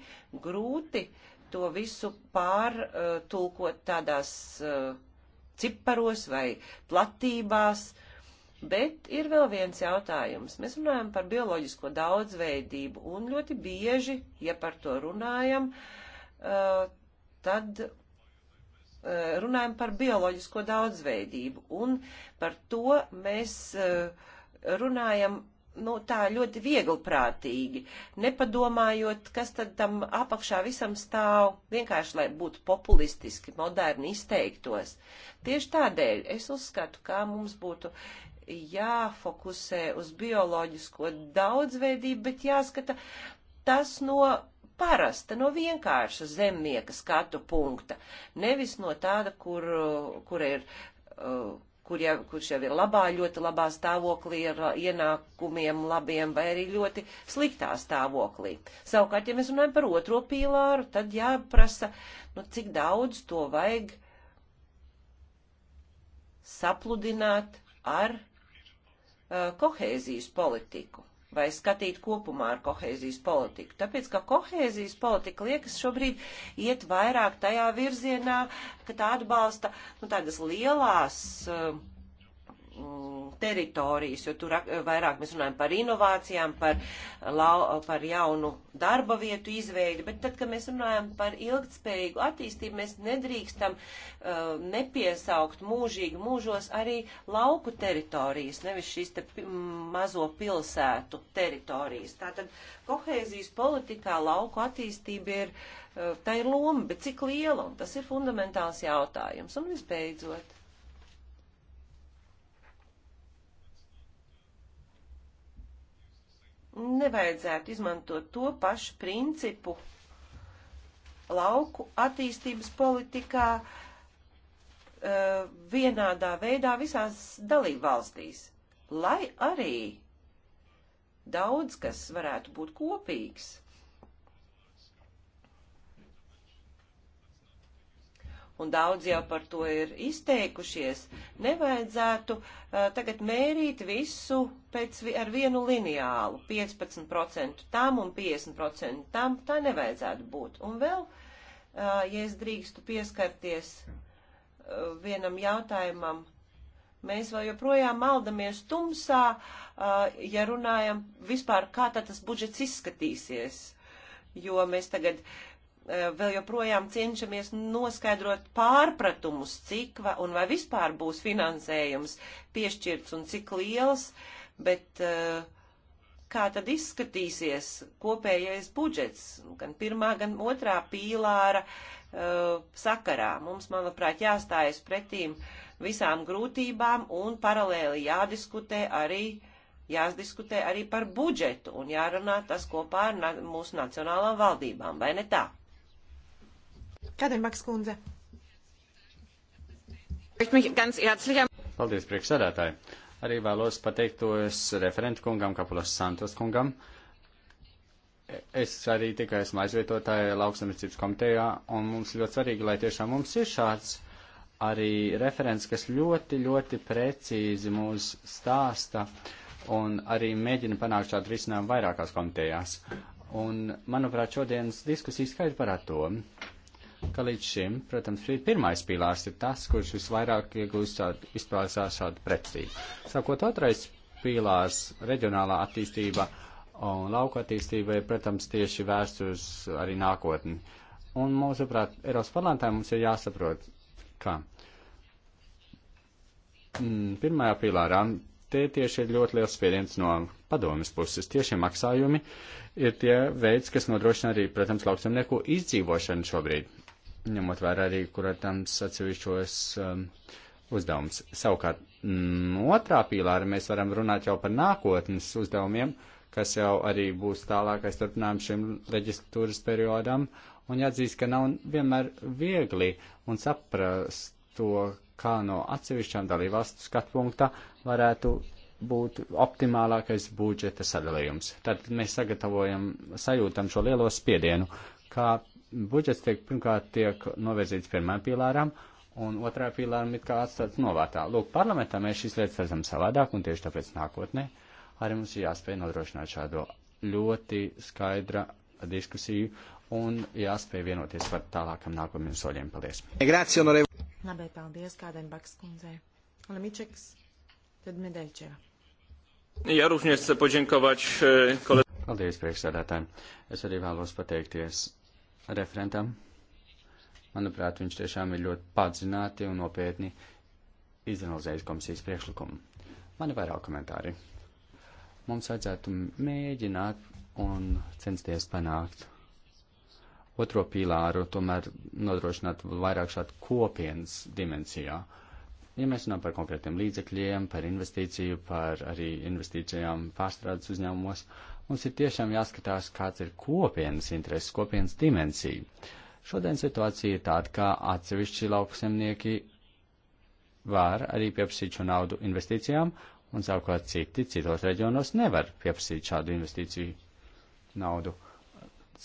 grūti to visu pārtulkot uh, tādās uh, ciparos vai platībās. Bet ir vēl viens jautājums. Mēs runājam par bioloģisko daudzveidību un ļoti bieži, ja par to runājam, uh, tad uh, runājam par bioloģisko daudzveidību un par to mēs uh, runājam nu, tā ļoti viegli prātīgi, nepadomājot, kas tad tam apakšā visam stāv, vienkārši, lai būtu populistiski, moderni izteiktos. Tieši tādēļ es uzskatu, kā mums būtu jāfokusē uz bioloģisko daudzveidību, bet jāskata tas no parasta, no vienkārša zemnieka skatu punkta, nevis no tāda, kur, kur ir. Uh, kurie, kurš jau ir labā, ļoti labā stāvoklī ar uh, ienākumiem labiem vai arī ļoti sliktā stāvoklī. Savukārt, ja mēs runājam par otro pīlāru, tad jāprasa, nu, cik daudz to vajag sapludināt ar uh, kohēzijas politiku vai skatīt kopumā ar kohēzijas politiku. Tāpēc, ka kohēzijas politika liekas šobrīd iet vairāk tajā virzienā, ka tā atbalsta nu, tādas lielās um, teritorijas, jo tur vairāk mēs runājam par inovācijām, par, lau, par jaunu darba vietu izveidi, bet tad, kad mēs runājam par ilgtspējīgu attīstību, mēs nedrīkstam uh, nepiesaukt mūžīgi mūžos arī lauku teritorijas, nevis šīs te mazo pilsētu teritorijas. Tātad kohēzijas politikā lauku attīstība ir, uh, tā ir loma, bet cik liela, un tas ir fundamentāls jautājums. Un visbeidzot nevajadzētu izmantot to pašu principu lauku attīstības politikā eh, vienādā veidā visās dalību valstīs, lai arī daudz kas varētu būt kopīgs un daudz jau par to ir izteikušies, nevajadzētu uh, tagad mērīt visu pēc, ar vienu lineālu - 15% tam un 50% tam, tā nevajadzētu būt. Un vēl, uh, ja es drīkstu pieskarties uh, vienam jautājumam, Mēs vēl joprojām maldamies tumsā, ja runājam vispār, kā tad tas budžets izskatīsies. Jo mēs tagad Eh, vēl joprojām cenšamies noskaidrot pārpratumus, cik va, un vai vispār būs finansējums piešķirts un cik liels, bet eh, kā tad izskatīsies kopējais budžets, gan pirmā, gan otrā pīlāra eh, sakarā. Mums, manuprāt, jāstājas pretīm visām grūtībām un paralēli jādiskutē arī jāsdiskutē arī par budžetu un jārunā tas kopā ar na mūsu nacionālām valdībām, vai ne tā? Kadenbaks kundze. Paldies, priekšsēdētāji. Arī vēlos pateiktos referentu kungam, Kapulas Santos kungam. Es arī tikai esmu aizvietotāja lauksamniecības komitejā, un mums ļoti svarīgi, lai tiešām mums ir šāds arī referents, kas ļoti, ļoti precīzi mūs stāsta un arī mēģina panākt šādu risinājumu vairākās komitejās. Un, manuprāt, šodienas diskusijas skaidri parāda to, ka līdz šim, protams, pirmais pīlārs ir tas, kurš visvairāk iegūst izpēlēsās šādu pretstību. Sākot otrais pīlārs - reģionālā attīstība un lauka attīstība ir, protams, tieši vērsts uz arī nākotni. Un, mūsuprāt, Eiropas parlamentā mums ir jāsaprot, ka mm, pirmajā pīlārā te tieši ir ļoti liels spiediens no padomjas puses. Tieši maksājumi ir tie veids, kas nodrošina arī, protams, lauksamnieku izdzīvošanu šobrīd ņemot vērā arī kuratams atsevišķos um, uzdevums. Savukārt, no mm, otrā pīlāra mēs varam runāt jau par nākotnes uzdevumiem, kas jau arī būs tālākais turpinājums šim leģislatūras periodam, un jāatzīst, ka nav vienmēr viegli un saprast to, kā no atsevišķām dalībvalstu skatpunkta varētu būt optimālākais budžeta sadalījums. Tad mēs sagatavojam, sajūtam šo lielo spiedienu, kā budžets tiek pirmkārt tiek novirzīts pirmajam pilāram, un otrā pilāram it kā atstāts novārtā. Lūk, parlamentā mēs šīs lietas redzam savādāk, un tieši tāpēc nākotnē arī mums ir jāspēj nodrošināt šādo ļoti skaidra diskusiju un jāspēj vienoties par tālākam nākamajam soļiem. Paldies! Labai paldies kādai Bakskundzei. Lamičeks, tad Medeļčeva. Ja również chcę podziękować e, kolegom. Paldies, priekšsēdētāji. Es arī vēlos pateikties referentam. Manuprāt, viņš tiešām ir ļoti padzināti un nopietni izanalizējis komisijas priekšlikumu. Man ir vairāk komentāri. Mums vajadzētu mēģināt un censties panākt otro pīlāru, tomēr nodrošināt vairāk šādu kopienas dimensijā. Ja mēs runājam par konkrētiem līdzekļiem, par investīciju, par arī investīcijām pārstrādes uzņēmumos, uh, Mums ir tiešām jāskatās, kāds ir kopienas intereses, kopienas dimensija. Šodien situācija ir tāda, ka atsevišķi lauksemnieki var arī pieprasīt šo naudu investīcijām, un savukārt citi citos reģionos nevar pieprasīt šādu investīciju naudu.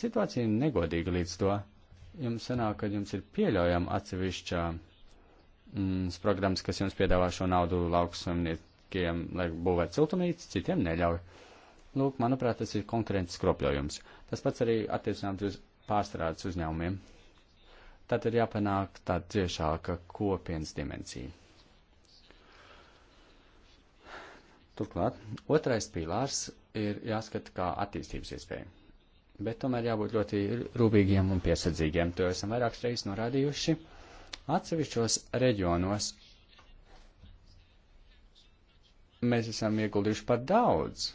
Situācija ir negodīga līdz to. Jums sanāk, ka jums ir pieļaujama atsevišķa mm, programmas, kas jums piedāvā šo naudu lauksamniekiem, lai būvētu siltumnīcas, citiem neļauj. Uh, Lūk, manuprāt, tas ir konkurences kropļojums. Tas pats arī attiecināms uz pārstrādes uzņēmumiem. Tad ir jāpanāk tāda ciešāka kopienas dimensija. Turklāt, otrais pīlārs ir jāskata kā attīstības iespēja. Bet tomēr jābūt ļoti rūpīgiem un piesardzīgiem. To esam vairākas reizes norādījuši. Atsevišķos reģionos mēs esam ieguldījuši par daudz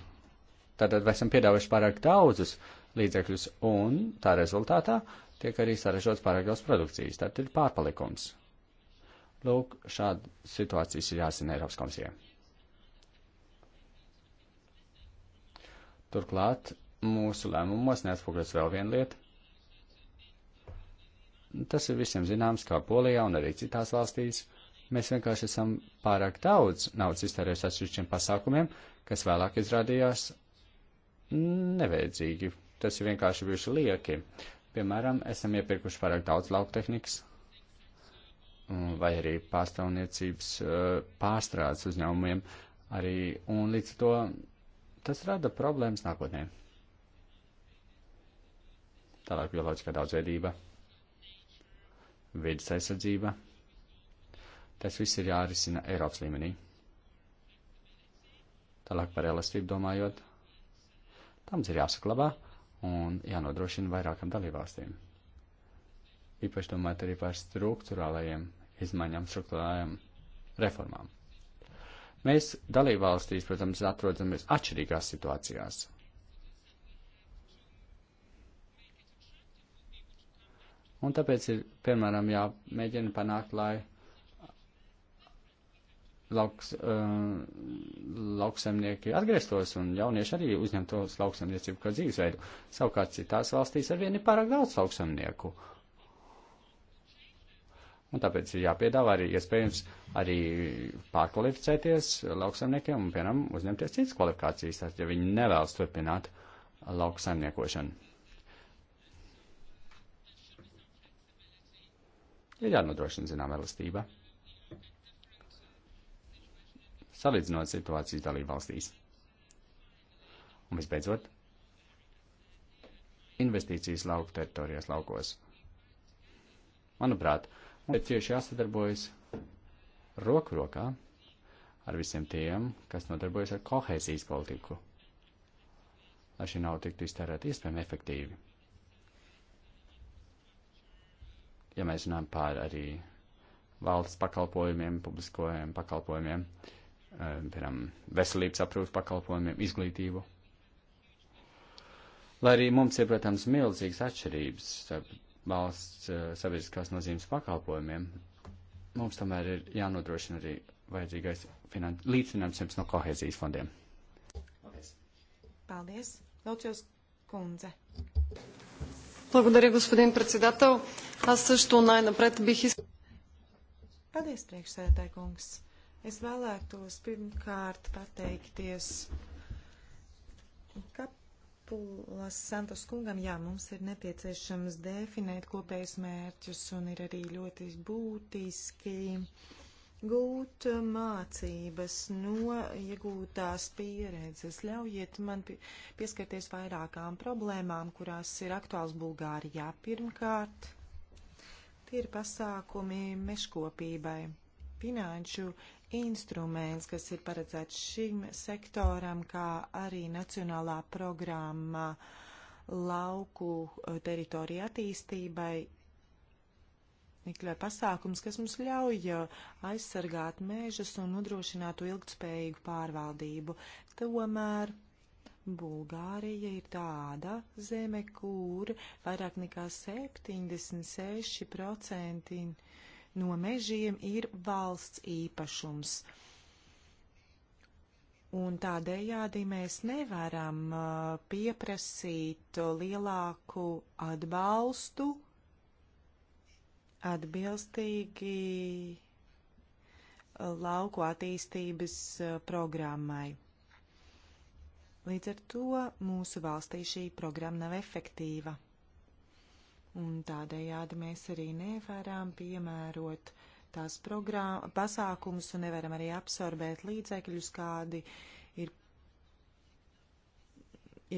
Tātad esam piedāvājuši pārāk daudzus līdzekļus, un tā rezultātā tiek arī sarežģīts pārāk daudz produkcijas. Tad ir pārpalikums. Lūk, šāda situācijas ir jāzina Eiropas komisijai. Turklāt mūsu lēmumos neatspūgļas vēl viena lieta. Tas ir visiem zināms, kā Polijā un arī citās valstīs. Mēs vienkārši esam pārāk daudz naudas iztērējuši atsevišķiem pasākumiem, kas vēlāk izrādījās neveidzīgi. Tas ir vienkārši bijuši lieki. Piemēram, esam iepirkuši pārāk daudz lauktehnikas vai arī pārstāvniecības eh, pārstrādes uzņēmumiem arī, un līdz to tas rada problēmas nākotnē. Tālāk bioloģiskā daudzveidība, vidas aizsardzība. Tas viss ir jārisina Eiropas līmenī. Tālāk par elastību domājot. Tam ir jāsaklabā un jānodrošina vairākam dalībvalstīm. Īpaši domājot arī par struktūrālajiem izmaiņām, struktūrālajām reformām. Mēs dalībvalstīs, protams, atrodamies atšķirīgās situācijās. Un tāpēc ir, piemēram, jāmēģina panākt, lai lauks, uh, lauksemnieki atgrieztos un jaunieši arī uzņemtos lauksemniecību kā dzīvesveidu. Savukārt citās valstīs arvien ir pārāk daudz lauksemnieku. Un tāpēc ir jāpiedāvā arī iespējams arī pārkvalificēties lauksemniekiem un, piemēram, uzņemties citas kvalifikācijas, tās, ja viņi nevēlas turpināt lauksemniekošanu. Ir jānodrošina zināma elastība salīdzinot situāciju dalību valstīs. Un visbeidzot, investīcijas lauku teritorijās laukos. Manuprāt, mums cieši jāsadarbojas roku rokā ar visiem tiem, kas nodarbojas ar kohēzijas politiku, lai šī nav tiktu iztērēta iespējami efektīvi. Ja mēs runājam par arī valsts pakalpojumiem, publiskojiem pakalpojumiem, uh, Eh, piemēram, veselības aprūpas pakalpojumiem, izglītību. Lai arī mums ir, protams, milzīgas atšķirības starp valsts eh, sabiedriskās nozīmes pakalpojumiem, mums tomēr ir jānodrošina arī vajadzīgais finan līdzfinansējums no kohēzijas fondiem. Paldies. Paldies. Lūdzos kundze. Благодаря, господин председател. Аз също най-напред бих искал. Къде е стрекшата, Кунгс? Es vēlētos pirmkārt pateikties Kapulas Santos kungam. Jā, mums ir nepieciešams definēt kopējas mērķus un ir arī ļoti būtiski gūt mācības no iegūtās pieredzes. Ļaujiet man pieskarties vairākām problēmām, kurās ir aktuāls Bulgārijā. Pirmkārt, tie ir pasākumi meškopībai, finanšu instruments, kas ir paredzēts šim sektoram, kā arī nacionālā programma lauku eh, teritoriju attīstībai. Iekļauj pasākums, kas mums ļauj eh, aizsargāt mēžus un nodrošinātu ilgtspējīgu pārvaldību. Tomēr Bulgārija ir tāda zeme, kur vairāk nekā 76% no mežiem ir valsts īpašums. Un tādējādi mēs nevaram uh, pieprasīt lielāku atbalstu atbilstīgi uh, lauku attīstības uh, programmai. Līdz ar to mūsu valstī šī programma nav efektīva. Un tādējādi mēs arī nevaram piemērot tās pasākumus un nevaram arī absorbēt līdzekļus, kādi ir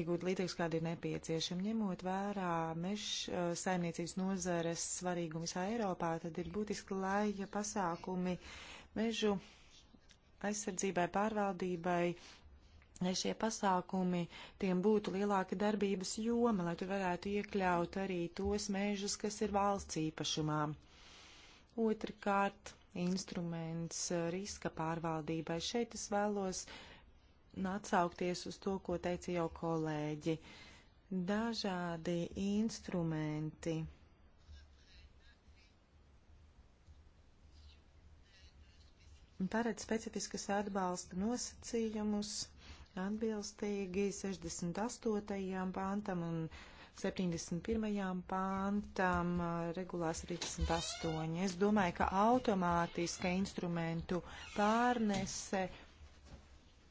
iegūt līdzekļus, kādi ir nepieciešami. Ņemot vērā meža eh, saimniecības nozares svarīgumu visā Eiropā, tad ir būtiski, lai pasākumi mežu aizsardzībai, pārvaldībai lai šie pasākumi, tiem būtu lielāka darbības joma, lai tur varētu iekļaut arī tos mēžus, kas ir valsts īpašumā. Otrakārt, instruments eh, riska pārvaldībai. Šeit es vēlos atsaukties uz to, ko teica jau kolēģi. Dažādi instrumenti. Paredz specifiskas atbalsta nosacījumus atbilstīgi 68. pāntam un 71. pāntam regulās 38. Es domāju, ka automātiska instrumentu pārnese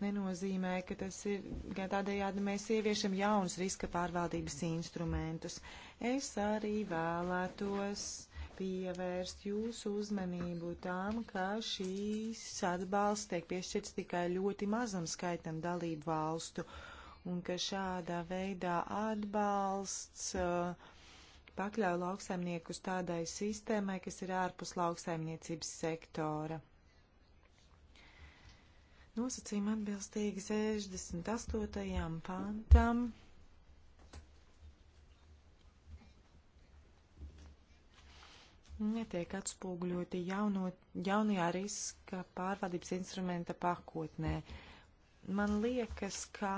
nenozīmē, ka tas ir, ka tādējādi mēs ieviešam jaunus riska pārvaldības instrumentus. Es arī vēlētos pievērst jūsu uzmanību tām, ka šīs atbalsts tiek piešķirts tikai ļoti mazam skaitam dalību valstu un ka šādā veidā atbalsts uh, pakļauj lauksaimniekus tādai sistēmai, kas ir ārpus lauksaimniecības sektora. Nosacījuma atbilstīgi 68. pantam. Mm. netiek atspoguļoti jauno, jaunajā riska pārvaldības instrumenta pakotnē. Man liekas, ka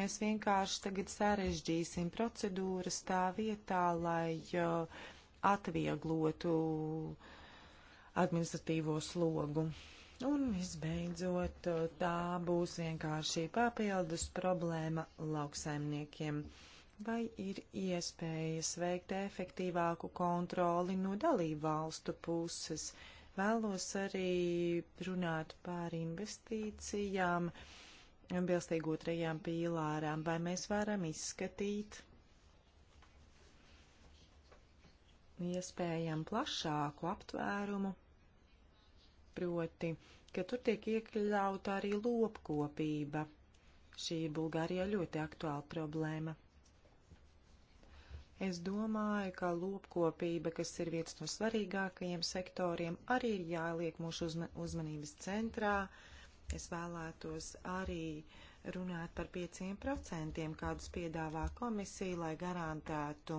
mēs vienkārši tagad sarežģīsim procedūras tā vietā, lai atvieglotu administratīvo slogu. Un visbeidzot, tā būs vienkārši papildus problēma lauksaimniekiem. Uh, Vai ir iespējas veikt efektīvāku kontroli no dalību valstu puses? Vēlos arī runāt par investīcijām, bilstīgi otrajām pīlārām, vai mēs varam izskatīt iespējam plašāku aptvērumu, proti, ka tur tiek iekļauta arī lopkopība. Šī Bulgārijā ļoti aktuāla problēma. Es domāju, ka lopkopība, kas ir viens no svarīgākajiem sektoriem, arī ir jāliek mūsu uzmanības centrā. Es vēlētos arī runāt par 5%, kādus piedāvā komisija, lai garantētu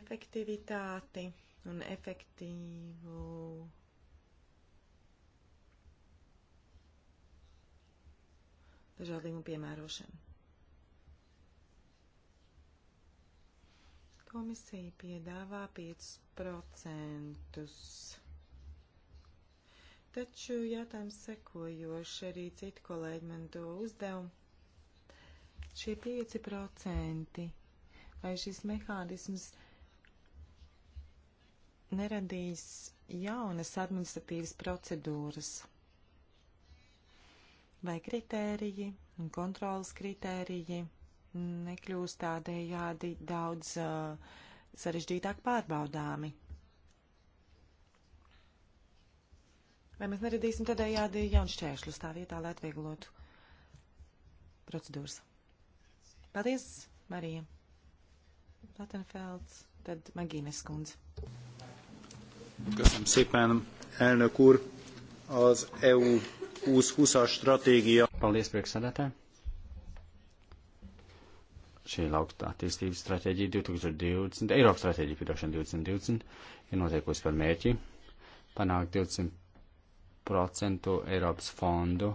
efektivitāti un efektīvu dažādu līgumu piemērošanu. Komisija piedāvā 5%. Taču jautājums sekojoši arī citu kolēģi man to uzdev. Šie 5% vai šis mehānisms neradīs jaunas administratīvas procedūras vai kritēriji un kontrolas kritēriji nekļūst tādējādi daudz uh, sarežģītāk pārbaudāmi. Vai mēs neradīsim tādējādi jaunu šķēršļus tā vietā, lai atvieglotu procedūras? Paldies, Marija. Platenfelds, tad Magīnes kundze. Köszönöm szépen, elnök úr! Az EU 2020-as stratégia. Paldies, priekšsēdētāji! šī lauka attīstības stratēģija 2020, Eiropas stratēģija, piedošana 2020 ir noteikusi par mērķi panākt 20% Eiropas fondu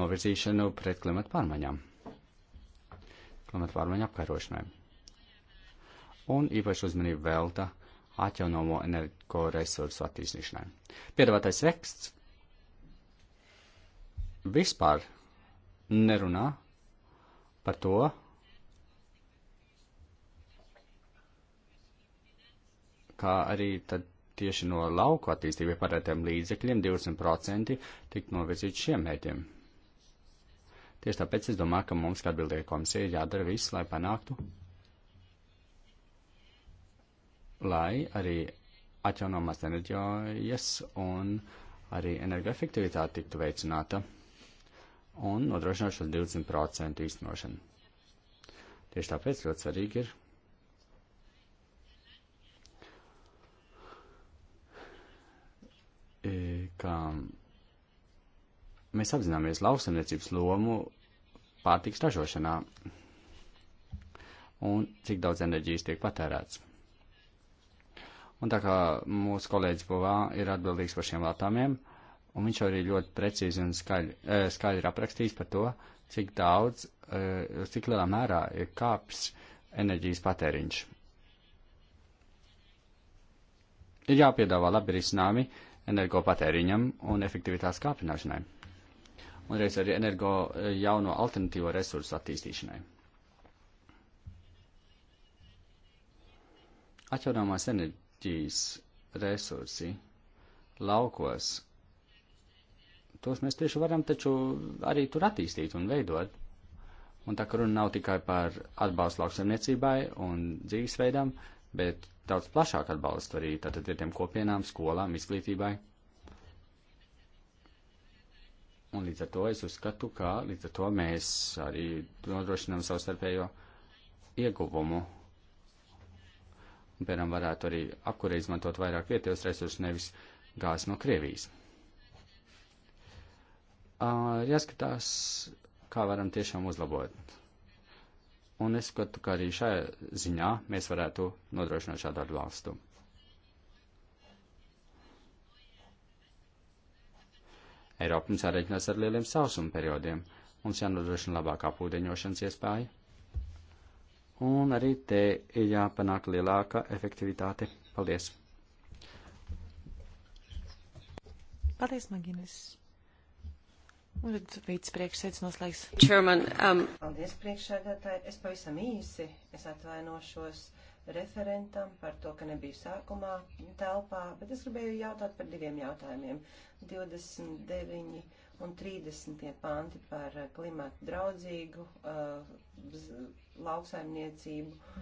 novirzīšanu pret klimatu pārmaiņām, klimatu pārmaiņu apkarošanai. Un īpaši uzmanību velta atjaunomo energo resursu attīstīšanai. Piedāvātais teksts vispār nerunā par to, kā arī tad tieši no lauku attīstībai paredzētiem līdzekļiem 20% tik novirzīt šiem mērķiem. Tieši tāpēc es domāju, ka mums, kā atbildīgai komisijai, jādara viss, lai panāktu, lai arī atjaunomās enerģijas un arī energoefektivitāte tiktu veicināta un nodrošināt šo 20% īstenošanu. Tieši tāpēc ļoti svarīgi ir ka mēs apzināmies lauksaimniecības lomu pārtiks ražošanā un cik daudz enerģijas tiek patērēts. Un tā kā mūsu kolēģis Bovā ir atbildīgs par šiem jautājumiem, un viņš arī ļoti precīzi un skaļi, e, skaļi ir aprakstījis par to, cik daudz, e, cik lielā mērā ir kāps enerģijas patēriņš. Ir jāpiedāvā labi risinājumi, energopatēriņam un efektivitātes kāpināšanai, un reiz arī energo e, jauno alternatīvo resursu attīstīšanai. Atjaunāmās enerģijas resursi laukos, tos mēs tieši varam taču arī tur attīstīt un veidot. Un tā kā runa nav tikai par atbalstu lauksaimniecībai un dzīvesveidam, bet daudz plašāk atbalstu arī tātad ir tiem kopienām, skolām, izglītībai. Un līdz ar to es uzskatu, ka līdz ar to mēs arī nodrošinām savstarpējo ieguvumu. Un, piemēram, varētu arī apkurē izmantot vairāk vietējos resursus, nevis gāzi no Krievijas. Uh, jāskatās, kā varam tiešām uzlabot Un es skatu, ka arī šajā ziņā mēs varētu nodrošināt šādu atbalstu. Eiropa mums jārēķinās ar lieliem sausuma periodiem. Mums jānodrošina labākā pūdeņošanas iespēja. Un arī te ir jāpanāk lielāka efektivitāte. Paldies! Paldies, Maginis! Un tad vicepriekšsēdus noslēgs. Chairman, um... Paldies priekšsēdētāji. Es pavisam īsi es atvainošos referentam par to, ka nebiju sākumā telpā, bet es gribēju jautāt par diviem jautājumiem. 29 un 30 panti par klimatu draudzīgu uh, lauksaimniecību.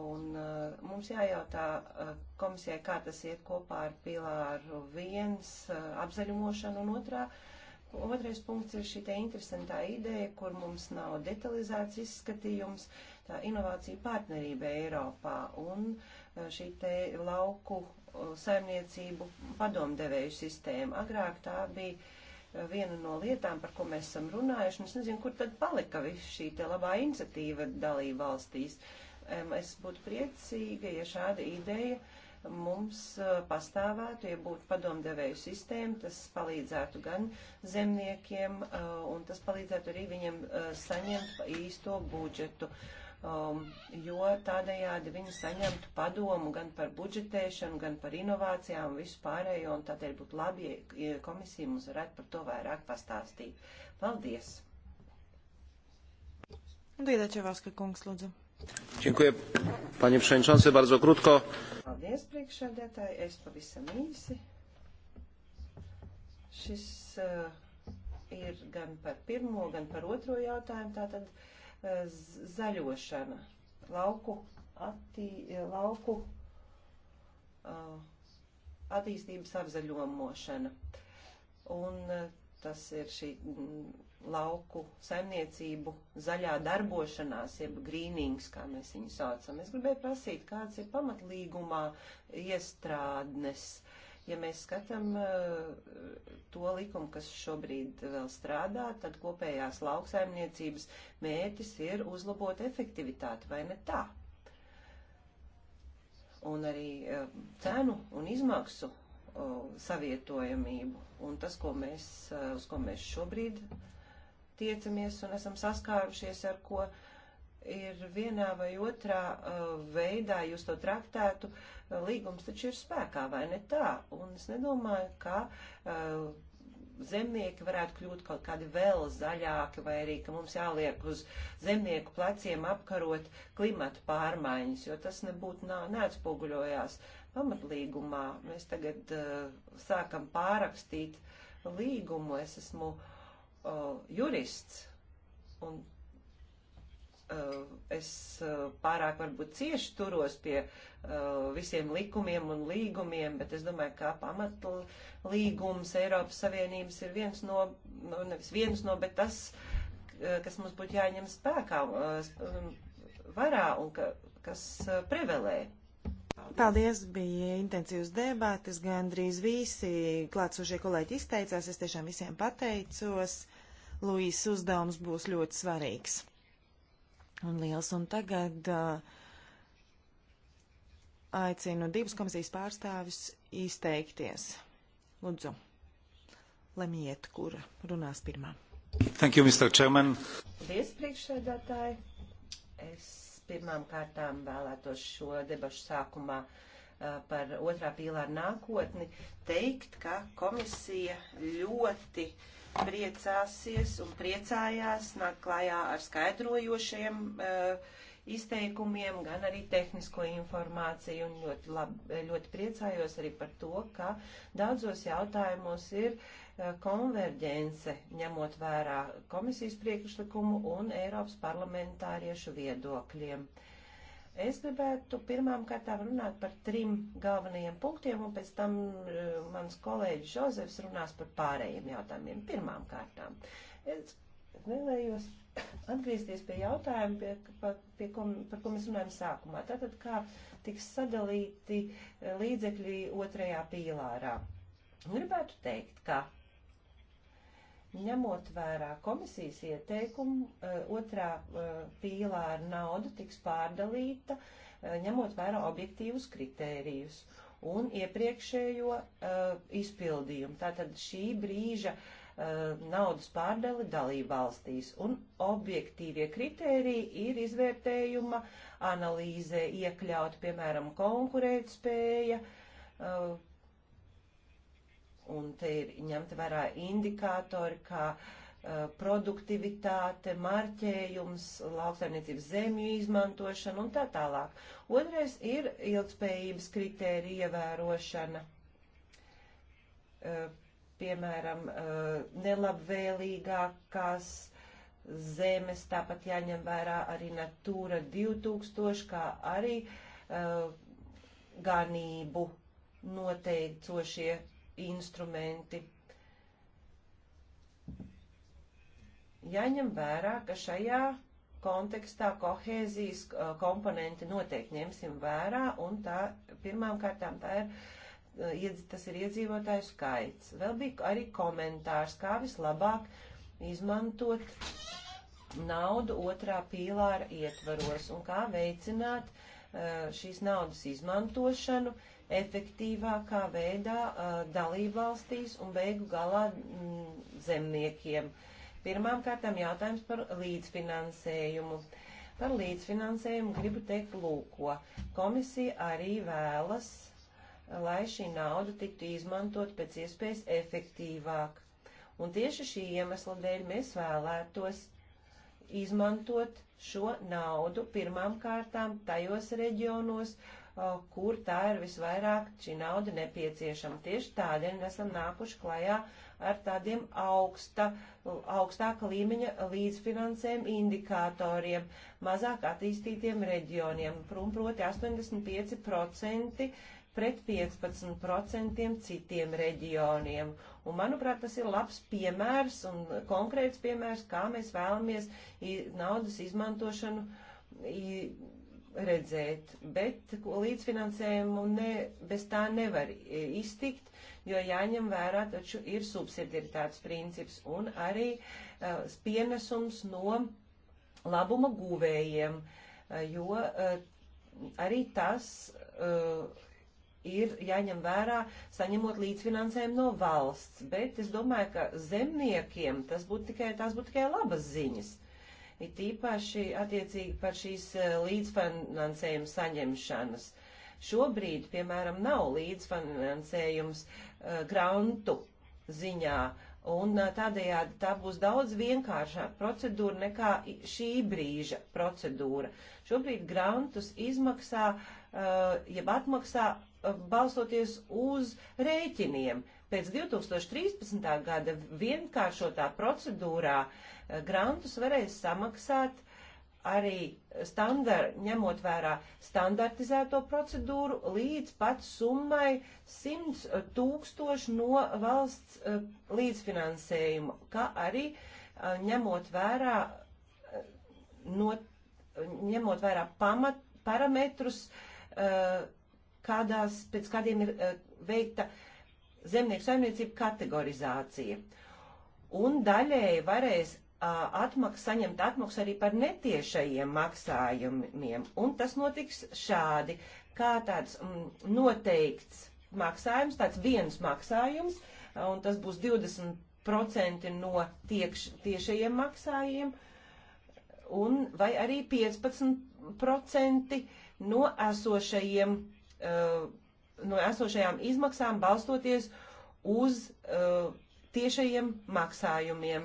Un uh, mums jājautā uh, komisijai, kā tas iet kopā ar pilāru viens uh, apzaļumošanu un otrā. Uh, Otrais punkts ir šī interesantā ideja, kur mums nav detalizēts izskatījums, tā inovācija partnerība Eiropā un e, šī te lauku e, saimniecību padomdevēju sistēma. Agrāk tā bija e, viena no lietām, par ko mēs esam runājuši, un es nezinu, kur tad palika viss šī te labā iniciatīva dalība valstīs. Es būtu priecīga, ja šāda ideja uh, mums eh, pastāvētu, ja būtu padomdevēju sistēma, tas palīdzētu gan zemniekiem eh, un tas palīdzētu arī viņiem eh, saņemt īsto budžetu. Um, jo tādējādi viņi saņemtu padomu gan par budžetēšanu, gan par inovācijām un visu pārējo, un tādēļ būtu labi, ja komisija mums varētu par to vairāk pastāstīt. Paldies! Dīdēčevās, ka kungs lūdzu. Činkuja, paņem šeinšansi, bardzo krutko. Paldies, priekšsēdētāji, es pavisam īsi. Šis uh, ir gan par pirmo, gan par otro jautājumu, tātad uh, zaļošana, lauku, attī, eh, lauku uh, attīstības apzaļomošana. Un uh, tas ir šī. Mm, lauku saimniecību zaļā darbošanās, jeb grīnings, kā mēs viņu saucam. Es gribēju prasīt, kāds ir pamatlīgumā iestrādnes. Ja mēs skatām eh, to likumu, kas šobrīd vēl strādā, tad kopējās lauksaimniecības mērķis ir uzlabot efektivitāti, vai ne tā? Un arī eh, cenu un izmaksu eh, savietojamību. Un tas, ko mēs, uz ko mēs šobrīd tiecamies un esam saskārušies ar ko ir vienā vai otrā uh, veidā jūs to traktētu, uh, līgums taču ir spēkā, vai ne tā? Un es nedomāju, ka uh, zemnieki varētu kļūt kaut kādi vēl zaļāki, vai arī, ka mums jāliek uz zemnieku pleciem apkarot klimatu pārmaiņas, jo tas nebūtu nā, neatspoguļojās pamatlīgumā. Mēs tagad uh, sākam pārakstīt līgumu. Es esmu uh, uh, jurists, un uh, es uh, pārāk varbūt cieši turos pie uh, visiem likumiem un līgumiem, bet es domāju, ka pamatlīgums Eiropas Savienības ir viens no, nu, nevis viens no, bet tas, kas mums būtu jāņem spēkā, uh, varā un ka, kas uh, prevelē. Paldies, bija intensīvas debatas, gandrīz visi klātsošie kolēģi izteicās, es tiešām visiem pateicos. Luīs uzdevums būs ļoti svarīgs un liels. Un tagad uh, aicinu divas komisijas pārstāvis izteikties. Lūdzu, lemiet, kura runās pirmā. Thank you, Mr. Chairman. Paldies, priekšsēdētāji. Es Pirmām kārtām vēlētos šo debašu sākumā par otrā pīlāra nākotni teikt, ka komisija ļoti priecāsies un priecājās nāk klājā ar skaidrojošiem uh, izteikumiem, gan arī tehnisko informāciju. Un ļoti, lab, ļoti priecājos arī par to, ka daudzos jautājumos ir eh, konverģence, ņemot vērā komisijas priekšlikumu un Eiropas parlamentāriešu viedokļiem. Es gribētu pirmām kārtām runāt par trim galvenajiem punktiem, un pēc tam eh, mans kolēģis Žozefs runās par pārējiem jautājumiem. Pirmām kārtām. Es vēlējos atgriezties pie jautājuma, pie, pa, pie ko, par ko mēs runājam sākumā. Tātad, kā tiks sadalīti eh, līdzekļi otrajā pīlārā. Gribētu teikt, ka ņemot vērā komisijas ieteikumu, eh, otrā eh, pīlāra nauda tiks pārdalīta, ņemot vērā objektīvus kritērijus un iepriekšējo izpildījumu. Tātad šī brīža uh, Eh, naudas pārdali dalībvalstīs. Un objektīvie kritēriji ir izvērtējuma analīzē iekļaut, piemēram, konkurētspēja. Eh, un te ir ņemta vērā indikātori, kā eh, produktivitāte, marķējums, lauksaimniecības zemju izmantošana un tā tālāk. Otrais ir ilgspējības kritērija ievērošana piemēram, eh, nelabvēlīgākās zemes, tāpat jāņem vērā arī Natūra 2000, kā arī eh, ganību noteicošie instrumenti. Jāņem vērā, ka šajā kontekstā kohēzijas eh, komponenti noteikti ņemsim vērā, un tā pirmām kārtām tā ir uh, Eh, tas ir iedzīvotāju skaits. Vēl bija arī komentārs, kā vislabāk izmantot naudu otrā pīlāra ietvaros un kā veicināt uh, šīs naudas izmantošanu efektīvākā veidā uh, dalībvalstīs un beigu galā mm, zemniekiem. Pirmām kārtām jautājums par līdzfinansējumu. Par līdzfinansējumu gribu teikt lūko. Komisija arī vēlas lai šī nauda tiktu izmantot pēc iespējas efektīvāk. Un tieši šī iemesla dēļ mēs vēlētos izmantot šo naudu pirmām kārtām tajos reģionos, kur tā ir visvairāk šī nauda nepieciešama. Tieši tādēļ mēs esam nākuši klajā ar tādiem augsta, augstāka līmeņa līdzfinansējuma indikatoriem mazāk attīstītiem reģioniem. Proti 85% pret 15% citiem reģioniem. Un, manuprāt, tas ir labs piemērs un konkrēts piemērs, kā mēs vēlamies naudas izmantošanu redzēt, bet līdzfinansējumu ne, bez tā nevar iztikt, jo jāņem vērā taču ir subsidiaritātes princips un arī uh, pienesums no labuma guvējiem, uh, jo uh, arī tas uh, ir jāņem vērā, saņemot līdzfinansējumu no valsts. Bet es domāju, ka zemniekiem tas būtu tikai, tās būtu tikai labas ziņas. Ir tīpaši attiecīgi par šīs e, līdzfinansējuma saņemšanas. Šobrīd, piemēram, nav līdzfinansējums uh, grantu ziņā. Un e, tādējādi tā būs daudz vienkāršāka procedūra nekā šī brīža procedūra. Šobrīd grantus izmaksā, jeb atmaksā Eh, balstoties uz rēķiniem. Pēc 2013. gada vienkāršotā procedūrā eh, grantus varēs samaksāt arī standart, ņemot vērā standartizēto procedūru līdz pat summai 100 tūkstoši no valsts eh, līdzfinansējuma, kā arī ņemot vērā, no, ņemot vērā pamat parametrus, uh, kādās, pēc kādiem ir eh, veikta zemnieku saimniecību kategorizācija. Un daļēji varēs atmaks, saņemt atmaksu arī par netiešajiem maksājumiem. Un tas notiks šādi, kā tāds m, mm, noteikts maksājums, tāds viens maksājums, un tas būs 20% no tiekš, tiešajiem maksājiem, un vai arī 15% no esošajiem maksājumiem Uh, no esošajām izmaksām balstoties uz uh, tiešajiem maksājumiem.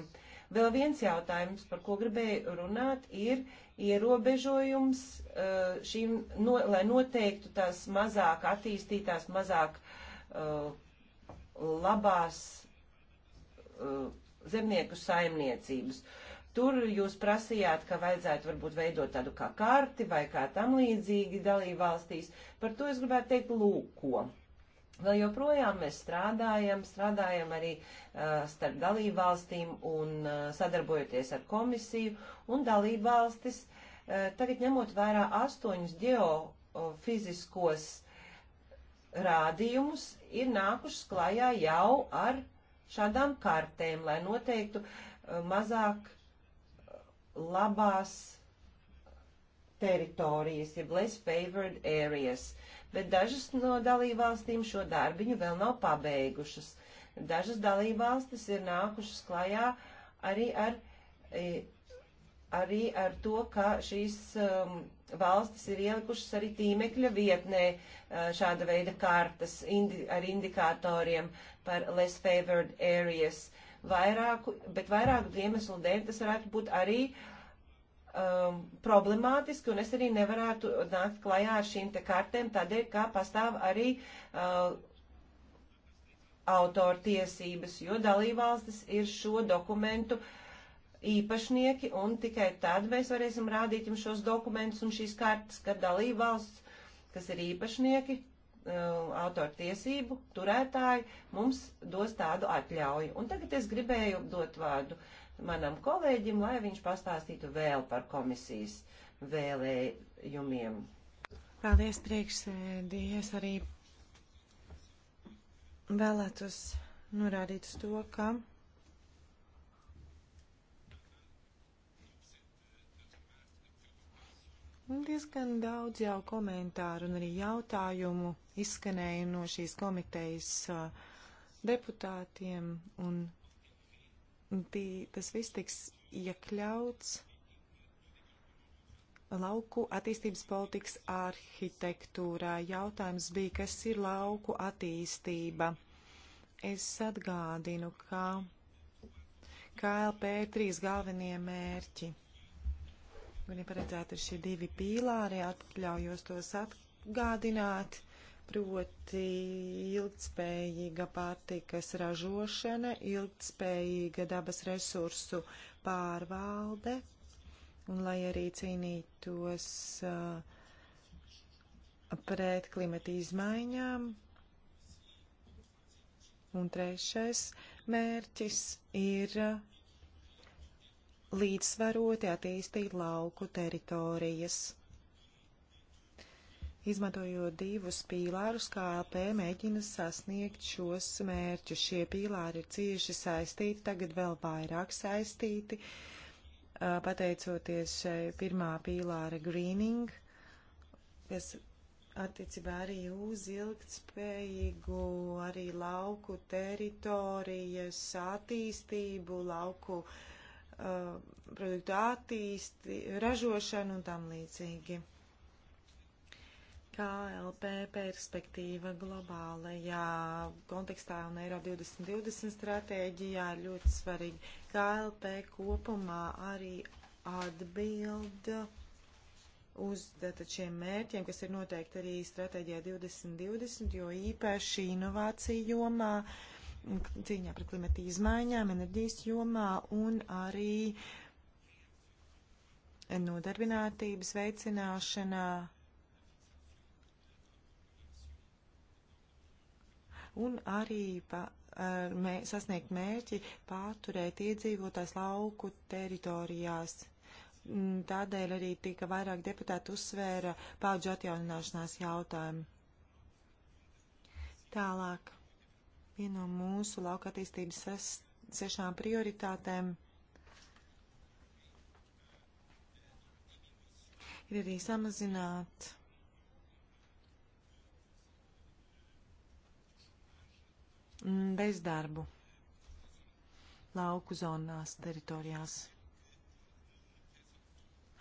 Vēl viens jautājums, par ko gribēju runāt, ir ierobežojums uh, šīm, no, lai noteiktu tās mazāk attīstītās, mazāk uh, labās uh, zemnieku saimniecības. Uh, Tur jūs prasījāt, ka vajadzētu varbūt veidot tādu kā karti vai kā tam līdzīgi dalībvalstīs. Par to es gribētu teikt lūko. Vēl joprojām mēs strādājam, strādājam arī uh, starp dalībvalstīm un uh, sadarbojoties ar komisiju un dalībvalstis. Uh, tagad ņemot vērā astoņus geofiziskos rādījumus, ir nākušas klajā jau ar šādām kartēm, lai noteiktu uh, mazāk labās teritorijas, jeb less favored areas, bet dažas no dalībvalstīm šo darbiņu vēl nav pabeigušas. Dažas dalībvalstis ir nākušas klajā arī ar, e, arī ar to, ka šīs um, valstis ir ielikušas arī tīmekļa vietnē e, šāda veida kartas indi, ar indikatoriem par less favored areas. Uh, vairāku, bet vairāku iemeslu dēļ tas varētu būt arī um, problemātiski, un es arī nevarētu nākt klajā ar šīm te kartēm, tādēļ, kā pastāv arī uh, autortiesības, jo dalībvalstis ir šo dokumentu īpašnieki, un tikai tad mēs varēsim rādīt jums šos dokumentus un šīs kartas, ka dalībvalsts, kas ir īpašnieki, Eh, autortiesību turētāji mums dos tādu atļauju. Un tagad es gribēju dot vārdu manam kolēģim, lai viņš pastāstītu vēl par komisijas vēlējumiem. Paldies, priekšsēdījies arī vēlētos norādīt uz to, ka Diezgan daudz jau komentāru un arī jautājumu izskanēja no šīs komitejas uh, deputātiem, un tī, tas viss tiks iekļauts lauku attīstības politikas arhitektūrā. Jautājums bija, kas ir lauku attīstība. Es atgādinu, ka KLP ir trīs galvenie mērķi Viņiem paredzēti ir šie divi pīlāri, atļaujos tos atgādināt, proti ilgtspējīga pārtikas ražošana, ilgtspējīga dabas resursu pārvalde, un lai arī cīnītos uh, pret klimata izmaiņām. Un trešais mērķis ir uh, līdzsvaroti attīstīt lauku teritorijas. Izmantojot divus pīlārus, KLP mēģina sasniegt šos mērķus. Šie pīlāri ir cieši saistīti, tagad vēl vairāk saistīti, pateicoties šai pirmā pīlāra greening, kas attiecībā arī uz ilgtspējīgu arī lauku teritorijas attīstību, lauku uh, uh, produktu attīsti, ražošanu un tam līdzīgi. KLP perspektīva globālajā kontekstā un Eiro 2020 stratēģijā ir ļoti svarīga. KLP kopumā arī atbilda uz tātad, šiem mērķiem, kas ir noteikti arī stratēģijā 2020, jo īpaši inovāciju jomā uh, cīņā pret klimata izmaiņām, enerģijas jomā un arī nodarbinātības veicināšanā. Un arī pa, ar, mē, sasniegt mērķi pārturēt iedzīvotājs lauku teritorijās. Mm, tādēļ arī tika vairāk deputāti uzsvēra paudžu atjaunināšanās jautājumu. Tālāk. Viena no mūsu lauka attīstības ses, sešām prioritātēm ir arī samazināt bezdarbu lauku zonās teritorijās.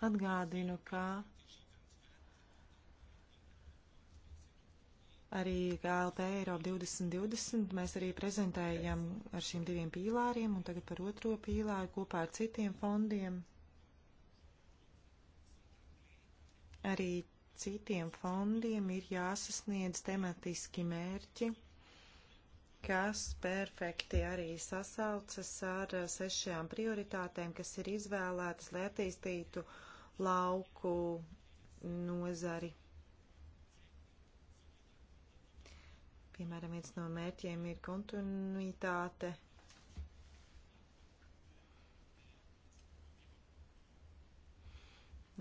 Atgādinu, ka Arī KLP Eiropa 2020 mēs arī prezentējam ar šiem diviem pīlāriem un tagad par otro pīlāru kopā ar citiem fondiem. Arī citiem fondiem ir jāsasniedz tematiski mērķi, kas perfekti arī sasaucas ar eh, sešajām prioritātēm, kas ir izvēlētas, lai attīstītu lauku nozari. Piemēram, viens no mērķiem ir kontinuitāte.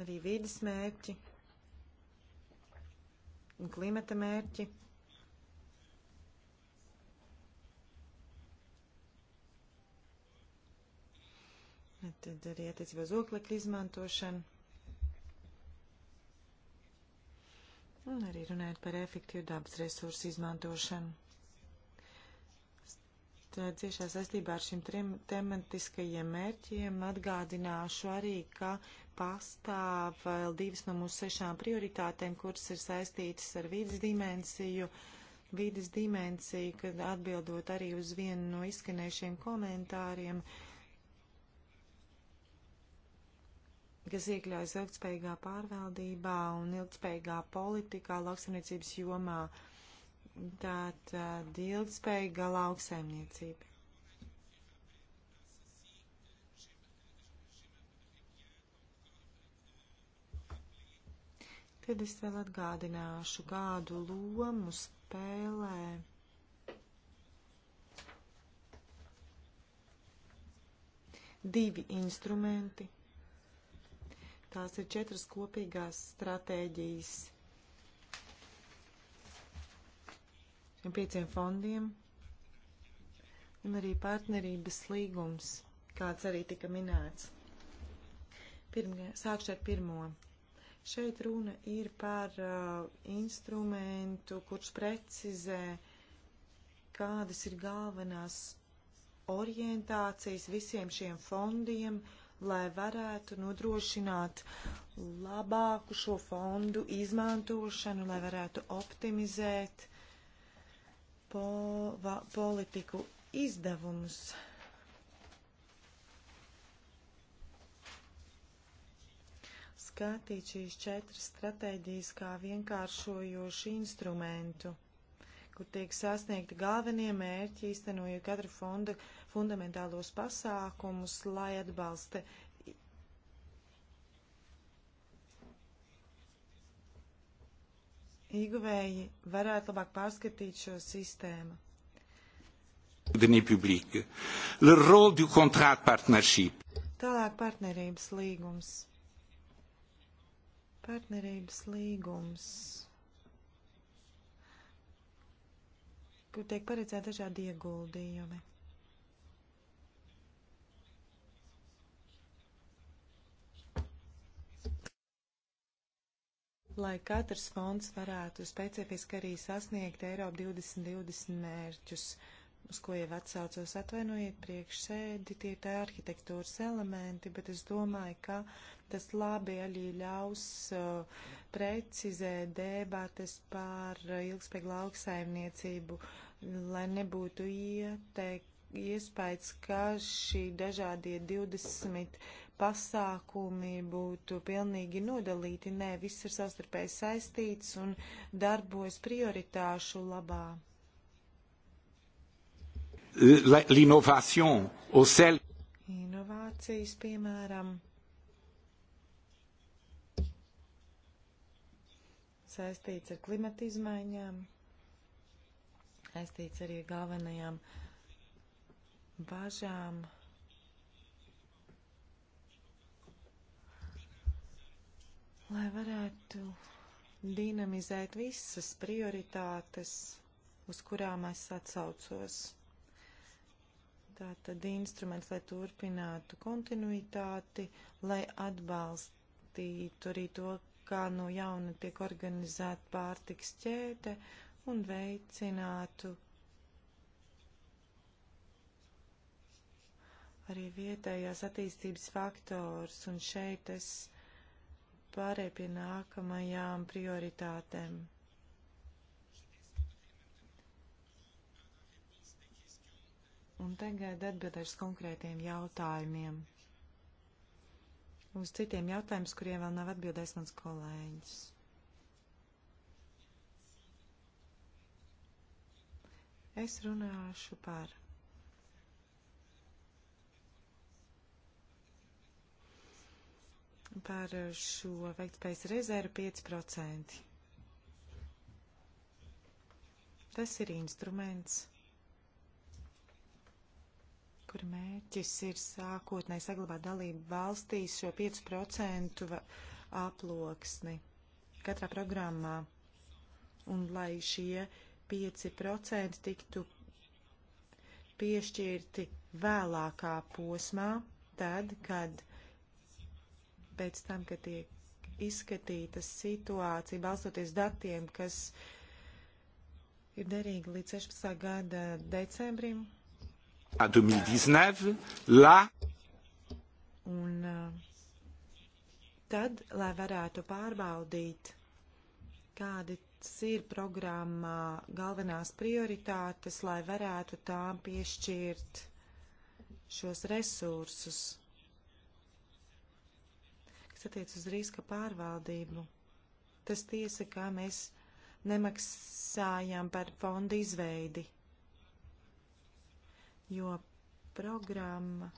Arī vidas mērķi un klimata mērķi. Tad arī attiecībā uz oglekļa izmantošanu. un arī runājot par efektīvu dabas resursu izmantošanu. Tad ciešā saistībā ar šiem trim tematiskajiem mērķiem atgādināšu arī, ka pastāv vēl divas no mūsu sešām prioritātēm, kuras ir saistītas ar vidas dimensiju. Vidas dimensija, kad atbildot arī uz vienu no izskanējušiem komentāriem, uh, kas iekļaujas ilgspējīgā pārvaldībā un ilgspējīgā politikā lauksaimniecības jomā. Tātad ilgspējīga lauksaimniecība. Tad es vēl atgādināšu, kādu lomu spēlē. Divi instrumenti Tās ir četras kopīgās stratēģijas. Šiem pieciem fondiem un arī partnerības līgums, kāds arī tika minēts. Pirmā, sākšu ar pirmo. Šeit runa ir par uh, instrumentu, kurš precizē, kādas ir galvenās orientācijas visiem šiem fondiem, uh, lai varētu nodrošināt labāku šo fondu izmantošanu, lai varētu optimizēt po, va, politiku izdevumus. Skatīt šīs četras stratēģijas kā vienkāršojošu instrumentu, kur tiek sasniegti galvenie mērķi, īstenojot katru fondu uh, fundamentālos pasākumus, lai atbalsta ieguvēji varētu labāk pārskatīt šo sistēmu. Tālāk partnerības līgums. Partnerības līgums, kur tiek paredzēti dažādi ieguldījumi. lai katrs fonds varētu specifiski arī sasniegt Eiropa 2020 mērķus, uz ko jau atsaucos atvainojiet priekšsēdi, tie ir tā arhitektūras elementi, bet es domāju, ka tas labi arī ļaus uh, precizēt debates par ilgspējīgu lauksaimniecību, lai nebūtu ieteikti iespējas, ka šī dažādie 20 pasākumi būtu pilnīgi nodalīti. Nē, viss ir savstarpēji saistīts un darbojas prioritāšu labā. Euh, Inovācijas, piemēram, saistīts ar klimata izmaiņām, saistīts arī galvenajām bažām. lai varētu dinamizēt visas prioritātes, uz kurām es atsaucos. Tātad instruments, lai turpinātu kontinuitāti, lai atbalstītu arī to, kā no jauna tiek organizēta pārtiks ķēde un veicinātu arī vietējās attīstības faktors, un šeit es pārēj pie nākamajām prioritātēm. Un tagad atbildēšu konkrētiem jautājumiem. Uz citiem jautājumus, kuriem vēl nav atbildējis mans kolēģis. Es runāšu par par šo veiktspējas rezervu 5%. Tas ir instruments, kur mērķis ir sākotnēji saglabāt dalību valstīs šo 5% aploksni katrā programmā. Un lai šie 5% tiktu piešķirti vēlākā posmā, tad, kad pēc tam, kad tiek izskatīta situācija, balstoties datiem, kas ir derīgi līdz 16. gada decembrim. 2019, la... Un tad, lai varētu pārbaudīt, kādas ir programmā galvenās prioritātes, lai varētu tām piešķirt šos resursus kas attiec uz riska pārvaldību. Tas tiesa, kā mēs nemaksājām par fondu izveidi, jo programma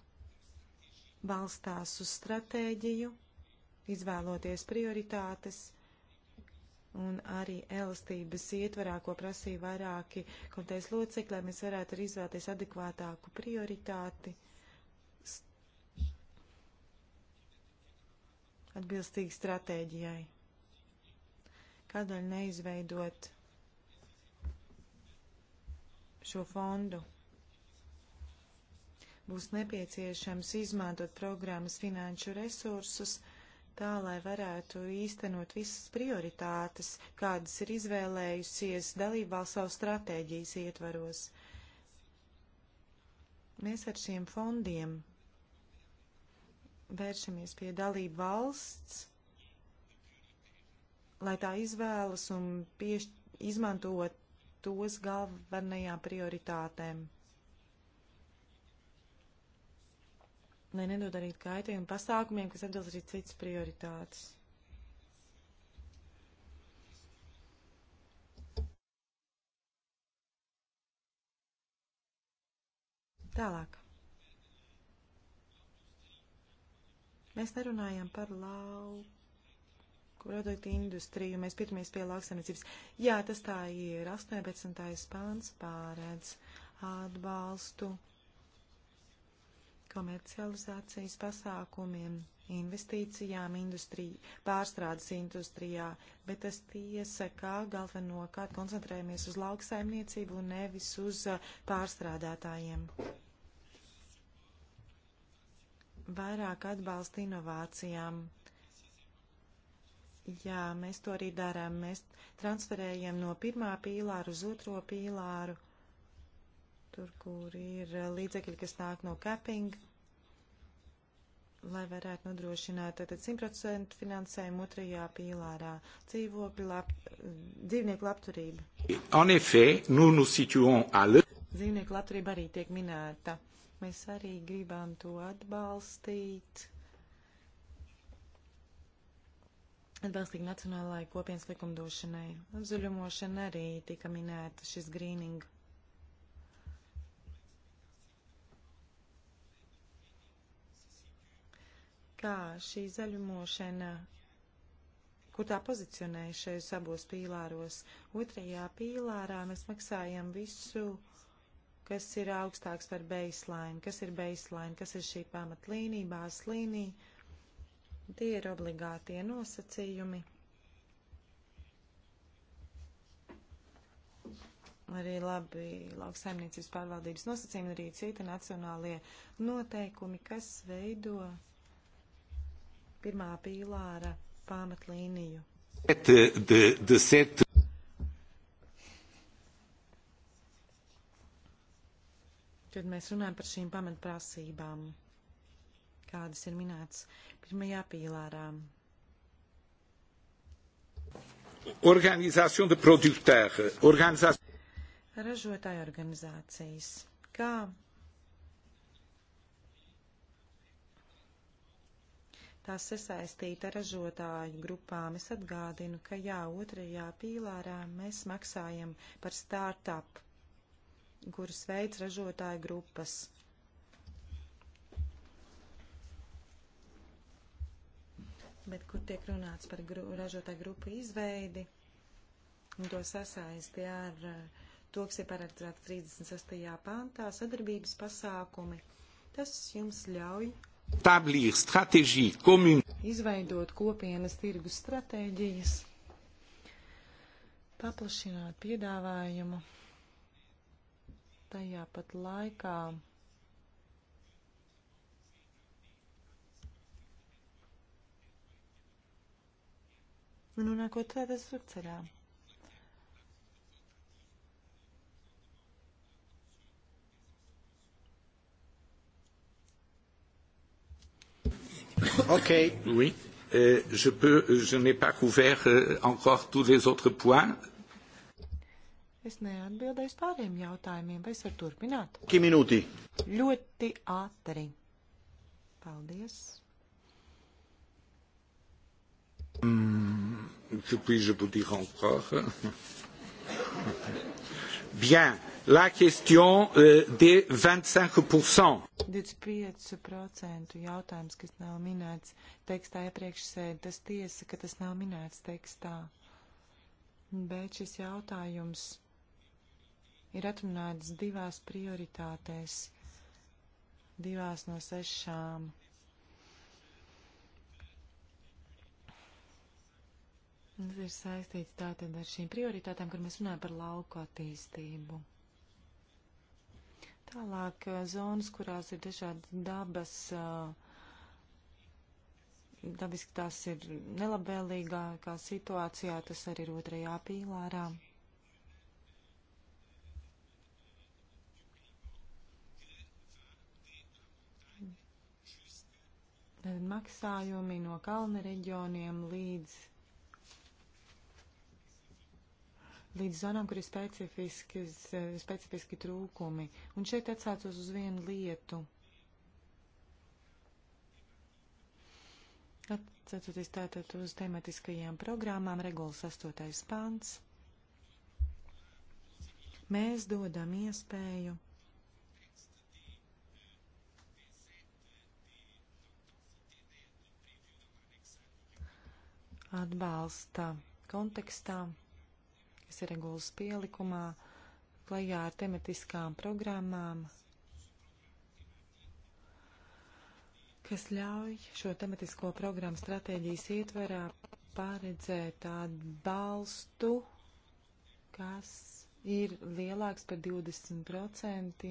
balstās uz stratēģiju, izvēloties prioritātes un arī elastības ietvarā, ko prasīja vairāki komitejas locekļi, lai mēs varētu arī izvēlēties adekvātāku prioritāti atbilstīgi stratēģijai. Kādēļ neizveidot šo fondu? Būs nepieciešams izmantot programmas finanšu resursus tā, lai varētu īstenot visas prioritātes, kādas ir izvēlējusies dalībvalsts savu stratēģijas ietvaros. Mēs ar šiem fondiem vēršamies pie dalību valsts, lai tā izvēlas un pieš, izmantot tos galvenajām prioritātēm. Lai nedod arī kaitējumu pasākumiem, kas atbilst arī citas prioritātes. Tālāk. Mēs nerunājam par lauku produktu industriju, mēs pietamies pie lauksaimniecības. Jā, tas tā ir. 18. pāns pārēdz atbalstu komercializācijas pasākumiem, investīcijām industrija, pārstrādes industrijā, bet tas tiesa, kā galvenokārt koncentrējamies uz lauksaimniecību un nevis uz pārstrādātājiem vairāk atbalsta inovācijām. Jā, mēs to arī darām. Mēs transferējam no pirmā pīlāra uz otro pīlāru, tur, kur ir līdzekļi, kas nāk no capping, lai varētu nodrošināt tātad 100% finansējumu otrajā pīlārā dzīvokļu lab, dzīvnieku labturību. En effet, nous nous situons à le... Dzīvnieku labturība arī tiek minēta. Uh, Mēs arī gribam to atbalstīt. Atbalstīgi nacionālajai kopienas likumdošanai. Apzaļumošana arī tika minēta šis grīning. Kā šī zaļumošana kur tā pozicionēja šajos abos pīlāros. Otrajā pīlārā mēs maksājam visu kas ir augstāks par baseline, kas ir baseline, kas ir šī pamatlīnija, bāzlīnija. Tie ir obligātie nosacījumi. Arī labi lauksaimniecības pārvaldības nosacījumi, arī citi nacionālie noteikumi, kas veido pirmā pīlāra pamatlīniju. De, de, de set Tad mēs runājam par šīm pamatprasībām, kādas ir minētas pirmajā pīlārā. Organizācija de productēra. Organizācija. Ražotāju organizācijas. Kā tās sasaistīta ražotāju grupām. Es atgādinu, ka jā, otrajā pīlārā mēs maksājam par startup kuras veids ražotāju grupas. Bet kur tiek runāts par gru, ražotāju grupu izveidi un to sasaisti ar to, kas ir paredzēts 36. pāntā, sadarbības pasākumi. Tas jums ļauj izveidot kopienas tirgus stratēģijas, paplašināt piedāvājumu. Tajā pat laikā nonākot tādā zugceļā. Ok, oui. Euh, je peux, je n'ai pas couvert euh, encore tous les autres points. Es neatbildēju pāriem jautājumiem, vai es varu turpināt? Ki minūti? Ļoti ātri. Paldies. Mm, puis je vous dire encore. Bien, la question euh, des 25%. 25% jautājums, kas nav minēts tekstā iepriekšsēd, tas tiesa, ka tas nav minēts tekstā. Bet šis jautājums ir atrunātas divās prioritātēs, divās no sešām. Tas ir saistīts tātad ar šīm prioritātēm, kur mēs runājam par lauku attīstību. Tālāk eh, zonas, kurās ir dažādas dabas, eh, dabiski tās ir nelabvēlīgākā situācijā, tas arī ir otrajā pīlārā. maksājumi no kalna reģioniem līdz, līdz zonām, kur ir specifiski trūkumi. Un šeit atsācos uz vienu lietu. Atcaucoties tātad uz tematiskajām programmām, regulas 8. pants, mēs dodam iespēju atbalsta kontekstā, kas ir regulas pielikumā, klajā ar tematiskām programmām, kas ļauj šo tematisko programmu stratēģijas ietverā paredzēt atbalstu, kas ir lielāks par 20%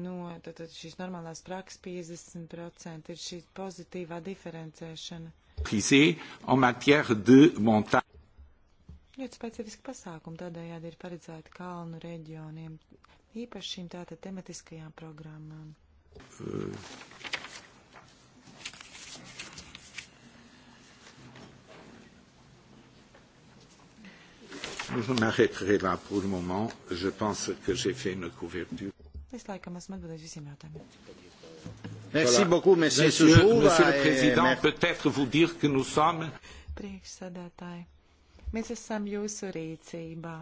no tad, tad šīs normālās prakses 50% ir šī pozitīvā diferencēšana prisé en matière de montagne. Ļoti specifiski pasākumi tādējādi ir paredzēti kalnu reģioniem, īpaši šīm tātad tematiskajām programmām. Uh. Je m'arrêterai là pour le moment. Je pense que j'ai fait une couverture. Es laikam esmu atbildējis visiem jautājumiem. Merci voilà. beaucoup, Monsieur, monsieur, Suzuva, monsieur le Président. Et... Peut-être vous dire que nous sommes. Priekšsēdētāji, mēs esam jūsu rīcībā,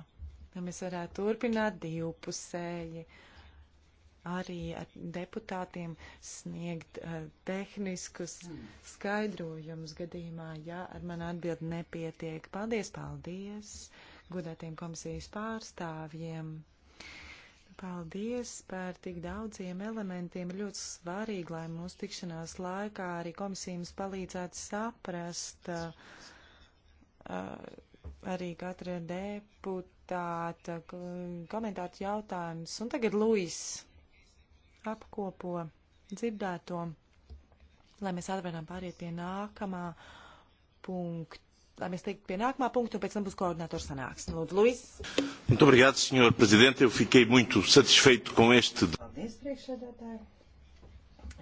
lai mēs varētu turpināt divpusēji arī ar deputātiem sniegt uh, tehniskus skaidrojumus gadījumā, ja ar man atbild nepietiek. Paldies, paldies godātiem komisijas pārstāvjiem. Paldies par tik daudziem elementiem. Ļoti svarīgi, lai mūsu tikšanās laikā arī komisijums palīdzētu saprast uh, arī katra deputāta komentāru jautājums. Un tagad Luis apkopo dzirdēto, lai mēs atvaram pāriet pie nākamā punkta lai mēs teiktu pie nākamā punkta, un pēc tam būs koordinātors sanāksme. Lūdzu, Luis. Muito obrigado, senhor presidente. Eu fiquei muito satisfeito com este. Paldies, priekšsēdētāji.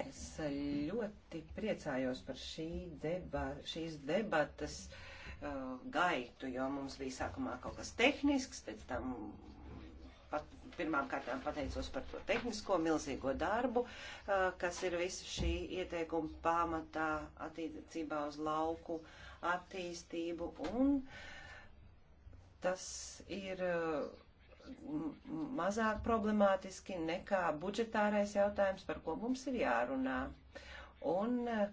Es ļoti priecājos par šī deba, šīs debatas uh, gaitu, jo mums bija sākumā kaut kas tehnisks, pēc tam pat, pirmām kārtām pateicos par to tehnisko milzīgo darbu, uh, kas ir visu šī ieteikuma pamatā attiecībā uz lauku uh, attīstību un tas ir uh, mazāk problemātiski nekā budžetārais jautājums, par ko mums ir jārunā. Un uh,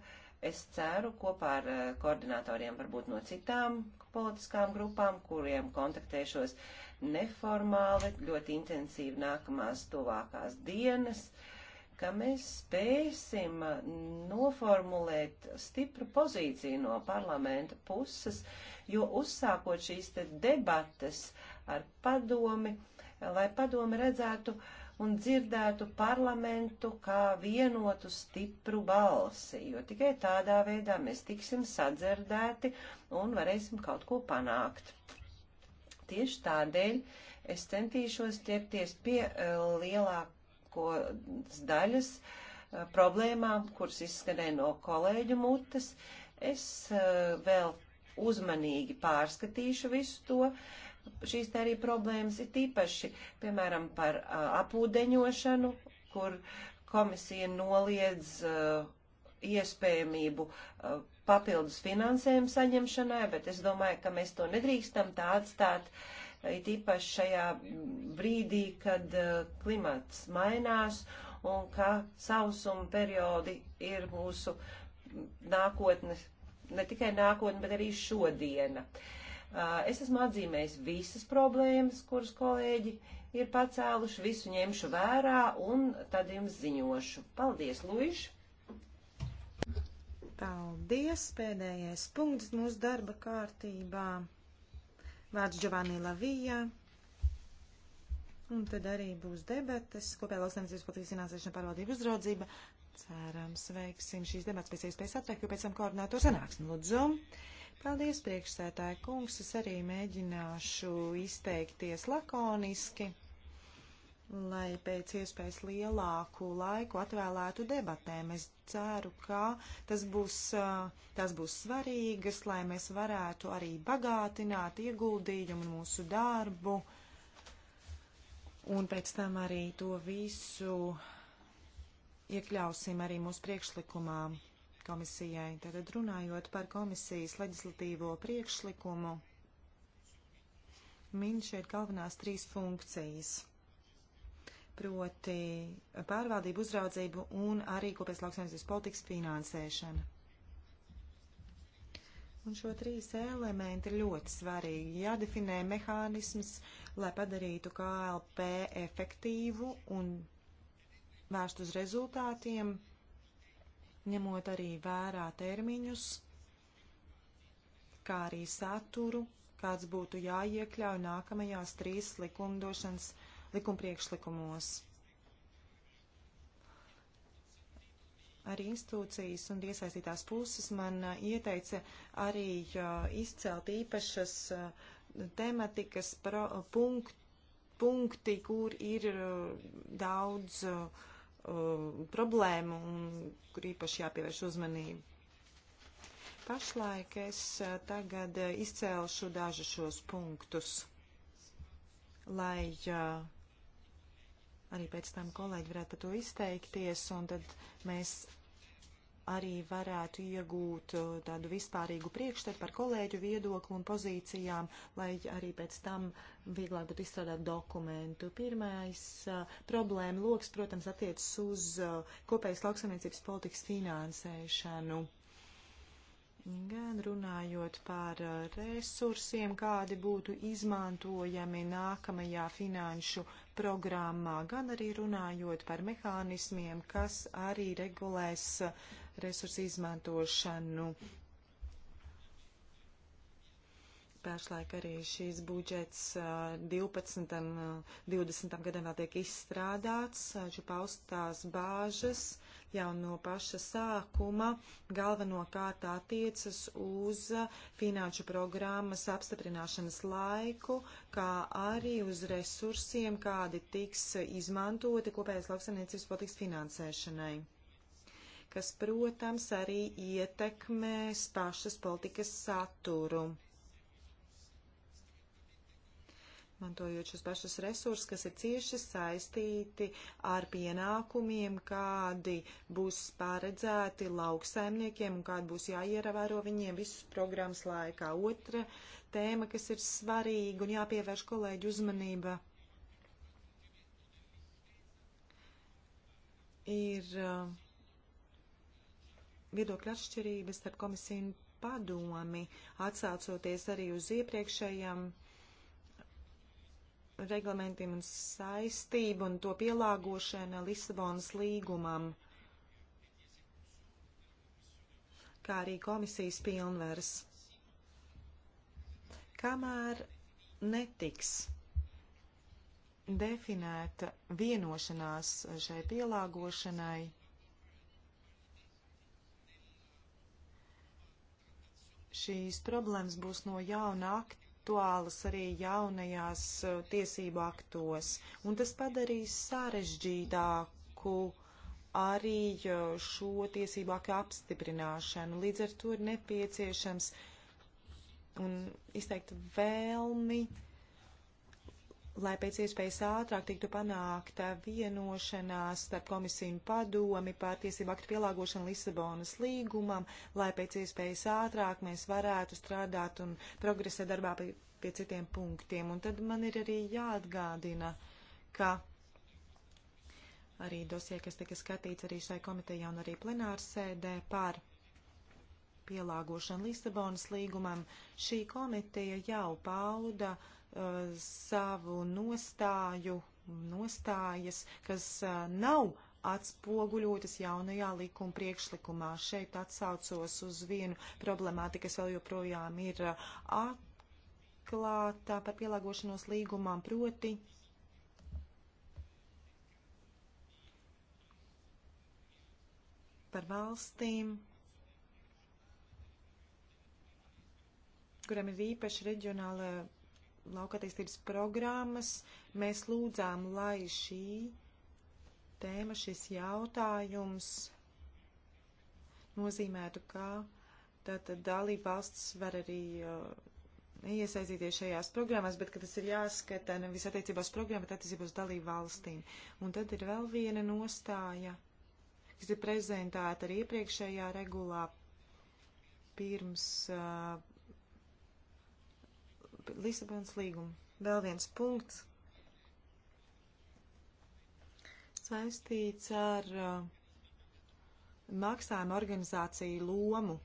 es ceru kopā ar uh, koordinatoriem varbūt no citām politiskām grupām, kuriem kontaktēšos neformāli, ļoti intensīvi nākamās tuvākās dienas. Uh, ka mēs spēsim noformulēt stipru pozīciju no parlamenta puses, jo uzsākot šīs te debates ar padomi, lai padomi redzētu un dzirdētu parlamentu kā vienotu stipru balsi, jo tikai tādā veidā mēs tiksim sadzirdēti un varēsim kaut ko panākt. Tieši tādēļ es centīšos ķerties pie uh, eh, lielāk lielākos daļas eh, problēmām, kuras izskanēja no kolēģu mutes. Es eh, vēl uzmanīgi pārskatīšu visu to. Šīs te arī problēmas ir tīpaši, piemēram, par eh, apūdeņošanu, kur komisija noliedz iespējamību papildus finansējumu saņemšanai, bet es domāju, ka mēs to nedrīkstam tā atstāt uh, it īpaši šajā brīdī, kad uh, klimats mainās un ka sausuma periodi ir mūsu nākotne, ne tikai nākotne, bet arī šodiena. Uh, es esmu atzīmējis visas problēmas, kuras kolēģi ir pacēluši, visu ņemšu vērā un tad jums ziņošu. Paldies, Luīši! Paldies! Pēdējais punkts mūsu darba kārtībā. Vārds Giovanni Lavija. Un tad arī būs debates. Kopējā lauksaimniecības politikas zināšana pārvaldība uzraudzība. Cerams, veiksim šīs debatas pēc iespējas ātrāk, jo pēc tam koordinātoru sanāksim. Lūdzu. Paldies, priekšsētāji kungs. Es arī mēģināšu izteikties lakoniski lai pēc iespējas lielāku laiku atvēlētu debatēm. Es ceru, ka tas būs, tas būs svarīgas, lai mēs varētu arī bagātināt ieguldījumu mūsu darbu un pēc tam arī to visu iekļausim arī mūsu priekšlikumā komisijai. Tātad runājot par komisijas leģislatīvo priekšlikumu, min šeit galvenās trīs funkcijas proti pārvaldību, uzraudzību un arī kopējas lauksaimniecības politikas finansēšana. Un šo trīs elementi ir ļoti svarīgi. Jādefinē mehānisms, lai padarītu KLP efektīvu un vērst uz rezultātiem, ņemot arī vērā termiņus, kā arī saturu, kāds būtu jāiekļauj nākamajās trīs likumdošanas likumpriekšlikumos. Arī institūcijas un iesaistītās puses man uh, ieteica arī uh, izcelt īpašas uh, tematikas pro, punkt, punkti, kur ir daudz uh, problēmu un kur īpaši jāpievērš uzmanība. Pašlaik es tagad izcēlšu dažus šos punktus, lai uh, Arī pēc tam kolēģi varētu par to izteikties, un tad mēs arī varētu iegūt uh, tādu vispārīgu priekšstatu par kolēģu viedokli un pozīcijām, lai arī pēc tam vieglāk būtu izstrādāt dokumentu. Pirmais uh, problēma loks, protams, attiecas uz uh, kopējas lauksaimniecības politikas finansēšanu. Gan runājot par uh, resursiem, kādi būtu izmantojami nākamajā finanšu programmā, gan arī runājot par mehānismiem, kas arī regulēs resursu izmantošanu. Pašlaik arī šīs budžets 12. 20. gadam vēl tiek izstrādāts, paustās bāžas jau no paša sākuma galvenokārt attiecas uz finanšu programmas apstiprināšanas laiku, kā arī uz resursiem, kādi tiks izmantoti kopējas lauksaimniecības politikas finansēšanai kas, protams, arī ietekmēs pašas politikas saturu mantojot šos pašus resursus, kas ir cieši saistīti ar pienākumiem, kādi būs paredzēti lauksaimniekiem un kādi būs jāievēro viņiem visas programmas laikā. Otra tēma, kas ir svarīga un jāpievērš kolēģi uzmanība, ir uh, viedokļa atšķirības starp komisiju un padomi, atsācoties arī uz iepriekšējām reglamentiem un saistību un to pielāgošana Lisabonas līgumam, kā arī komisijas pilnvers. Kamēr netiks definēta vienošanās šai pielāgošanai, šīs problēmas būs no jauna aktuālas aktuālas arī jaunajās uh, tiesību aktos, un tas padarīs sarežģītāku arī uh, šo tiesību aktu apstiprināšanu. Līdz ar to ir nepieciešams un izteikt vēlmi uh, lai pēc iespējas ātrāk tiktu panākta vienošanās starp komisiju un padomi par tiesību aktu pielāgošanu Lisabonas līgumam, lai pēc iespējas ātrāk mēs varētu strādāt un progresēt darbā pie, pie citiem punktiem. Un tad man ir arī jāatgādina, ka arī dosie, kas tika skatīts arī šai komitejā un arī plenārsēdē par pielāgošanu Lisabonas līgumam, šī komiteja jau pauda uh, savu nostāju, nostājas, kas nav atspoguļotas jaunajā likuma priekšlikumā. Šeit atsaucos uz vienu problemātiku, kas vēl joprojām ir atklāta par pielāgošanos līgumām, proti. par valstīm, kuram ir īpaši reģionāla lauka attīstības programmas, mēs lūdzām, lai šī tēma, šis jautājums nozīmētu, ka tātad dalība valsts var arī uh, iesaistīties šajās programmās, bet, ka tas ir jāskata nevis attiecībās programma, bet attiecībās dalību valstīm. Un tad ir vēl viena nostāja, kas ir prezentēta arī iepriekšējā regulā pirms uh, Lisabonas līgumu. Vēl viens punkts saistīts ar uh, maksājuma organizāciju lomu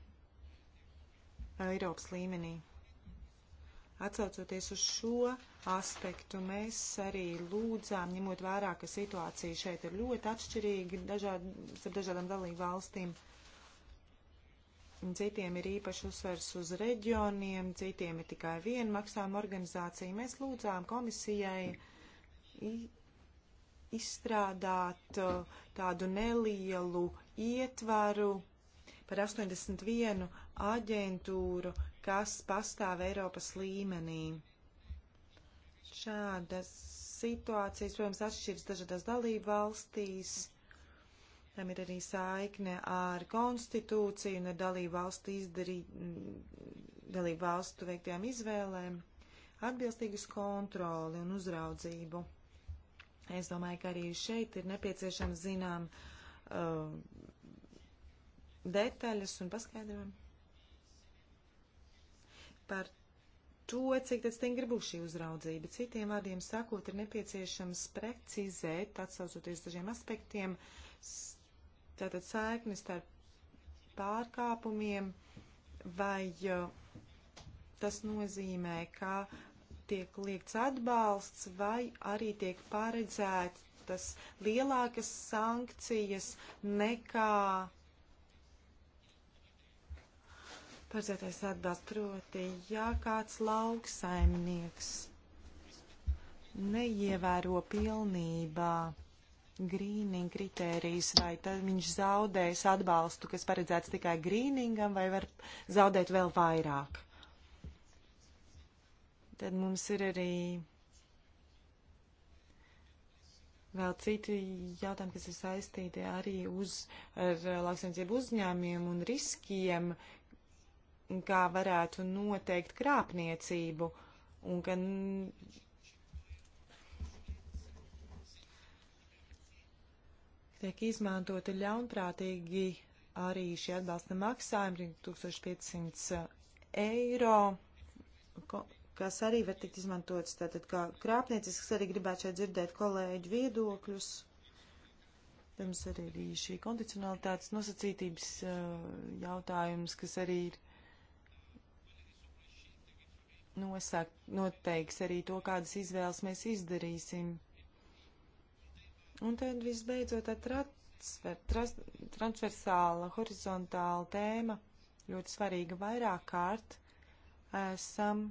Eiropas līmenī. Atcaucoties uz šo aspektu, mēs arī lūdzām, ņemot vērā, ka situācija šeit ir ļoti atšķirīga dažād, starp dažādām dalību valstīm. Uh, Citiem ir īpaši uzsvers uz reģioniem, citiem ir tikai viena maksājuma organizācija. Mēs lūdzām komisijai izstrādāt uh, tādu nelielu ietvaru par 81 aģentūru, kas pastāv Eiropas līmenī. Šādas situācijas, protams, atšķiras dažādās dalību valstīs. Tam ir arī saikne ar konstitūciju un ar dalību valstu izdarīt, dalību valstu veiktajām izvēlēm, atbilstīgas kontroli un uzraudzību. Es domāju, ka arī šeit ir nepieciešams zinām uh, detaļas un paskaidrojumi par to, cik tad stingri būs šī uzraudzība. Citiem vārdiem sakot, ir nepieciešams precizēt, atsaucoties dažiem aspektiem, tātad saiknis starp pārkāpumiem, vai tas nozīmē, ka tiek liekts atbalsts, vai arī tiek paredzētas lielākas sankcijas nekā paredzētais atbalsts. Proti, ja kāds lauksaimnieks neievēro pilnībā grīning kritērijs, vai tad viņš zaudēs atbalstu, kas paredzēts tikai grīningam, vai var zaudēt vēl vairāk. Tad mums ir arī vēl citi jautājumi, kas ir saistīti arī uz, ar lauksaimniecību uzņēmiem un riskiem, kā varētu noteikt krāpniecību un ka tiek izmantoti ļaunprātīgi arī šie atbalsta maksājumi, 1500 eiro, ko, kas arī var tikt izmantots tātad kā krāpniecisks, arī gribētu šeit dzirdēt kolēģu viedokļus. Pirms arī ir šī kondicionalitātes nosacītības jautājums, kas arī ir nosaka, noteiks arī to, kādas izvēles mēs izdarīsim. Un tad visbeidzot tā transfer, tras, transversāla, horizontāla tēma, ļoti svarīga vairāk kārt, esam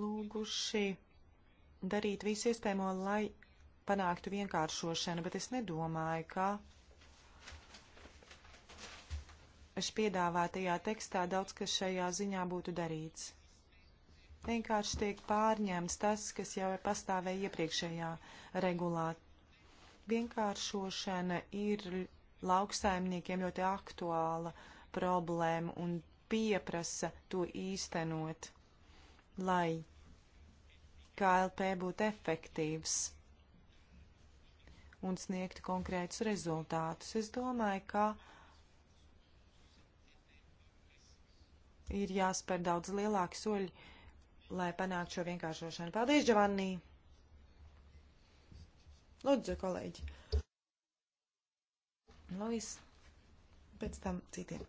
lūguši darīt visu iespējamo, lai panāktu vienkāršošanu, bet es nedomāju, ka es piedāvātajā tekstā daudz kas šajā ziņā būtu darīts vienkārši tiek pārņemts tas, kas jau pastāvēja iepriekšējā regulā. Vienkāršošana ir lauksaimniekiem ļoti aktuāla problēma un pieprasa to īstenot, lai KLP būtu efektīvs un sniegtu konkrētus rezultātus. Es domāju, ka ir jāspēr daudz lielāki soļi lai panāktu šo vienkāršošanu. Paldies, Giovanni! Lūdzu, kolēģi! Lois, nu, pēc tam citiem.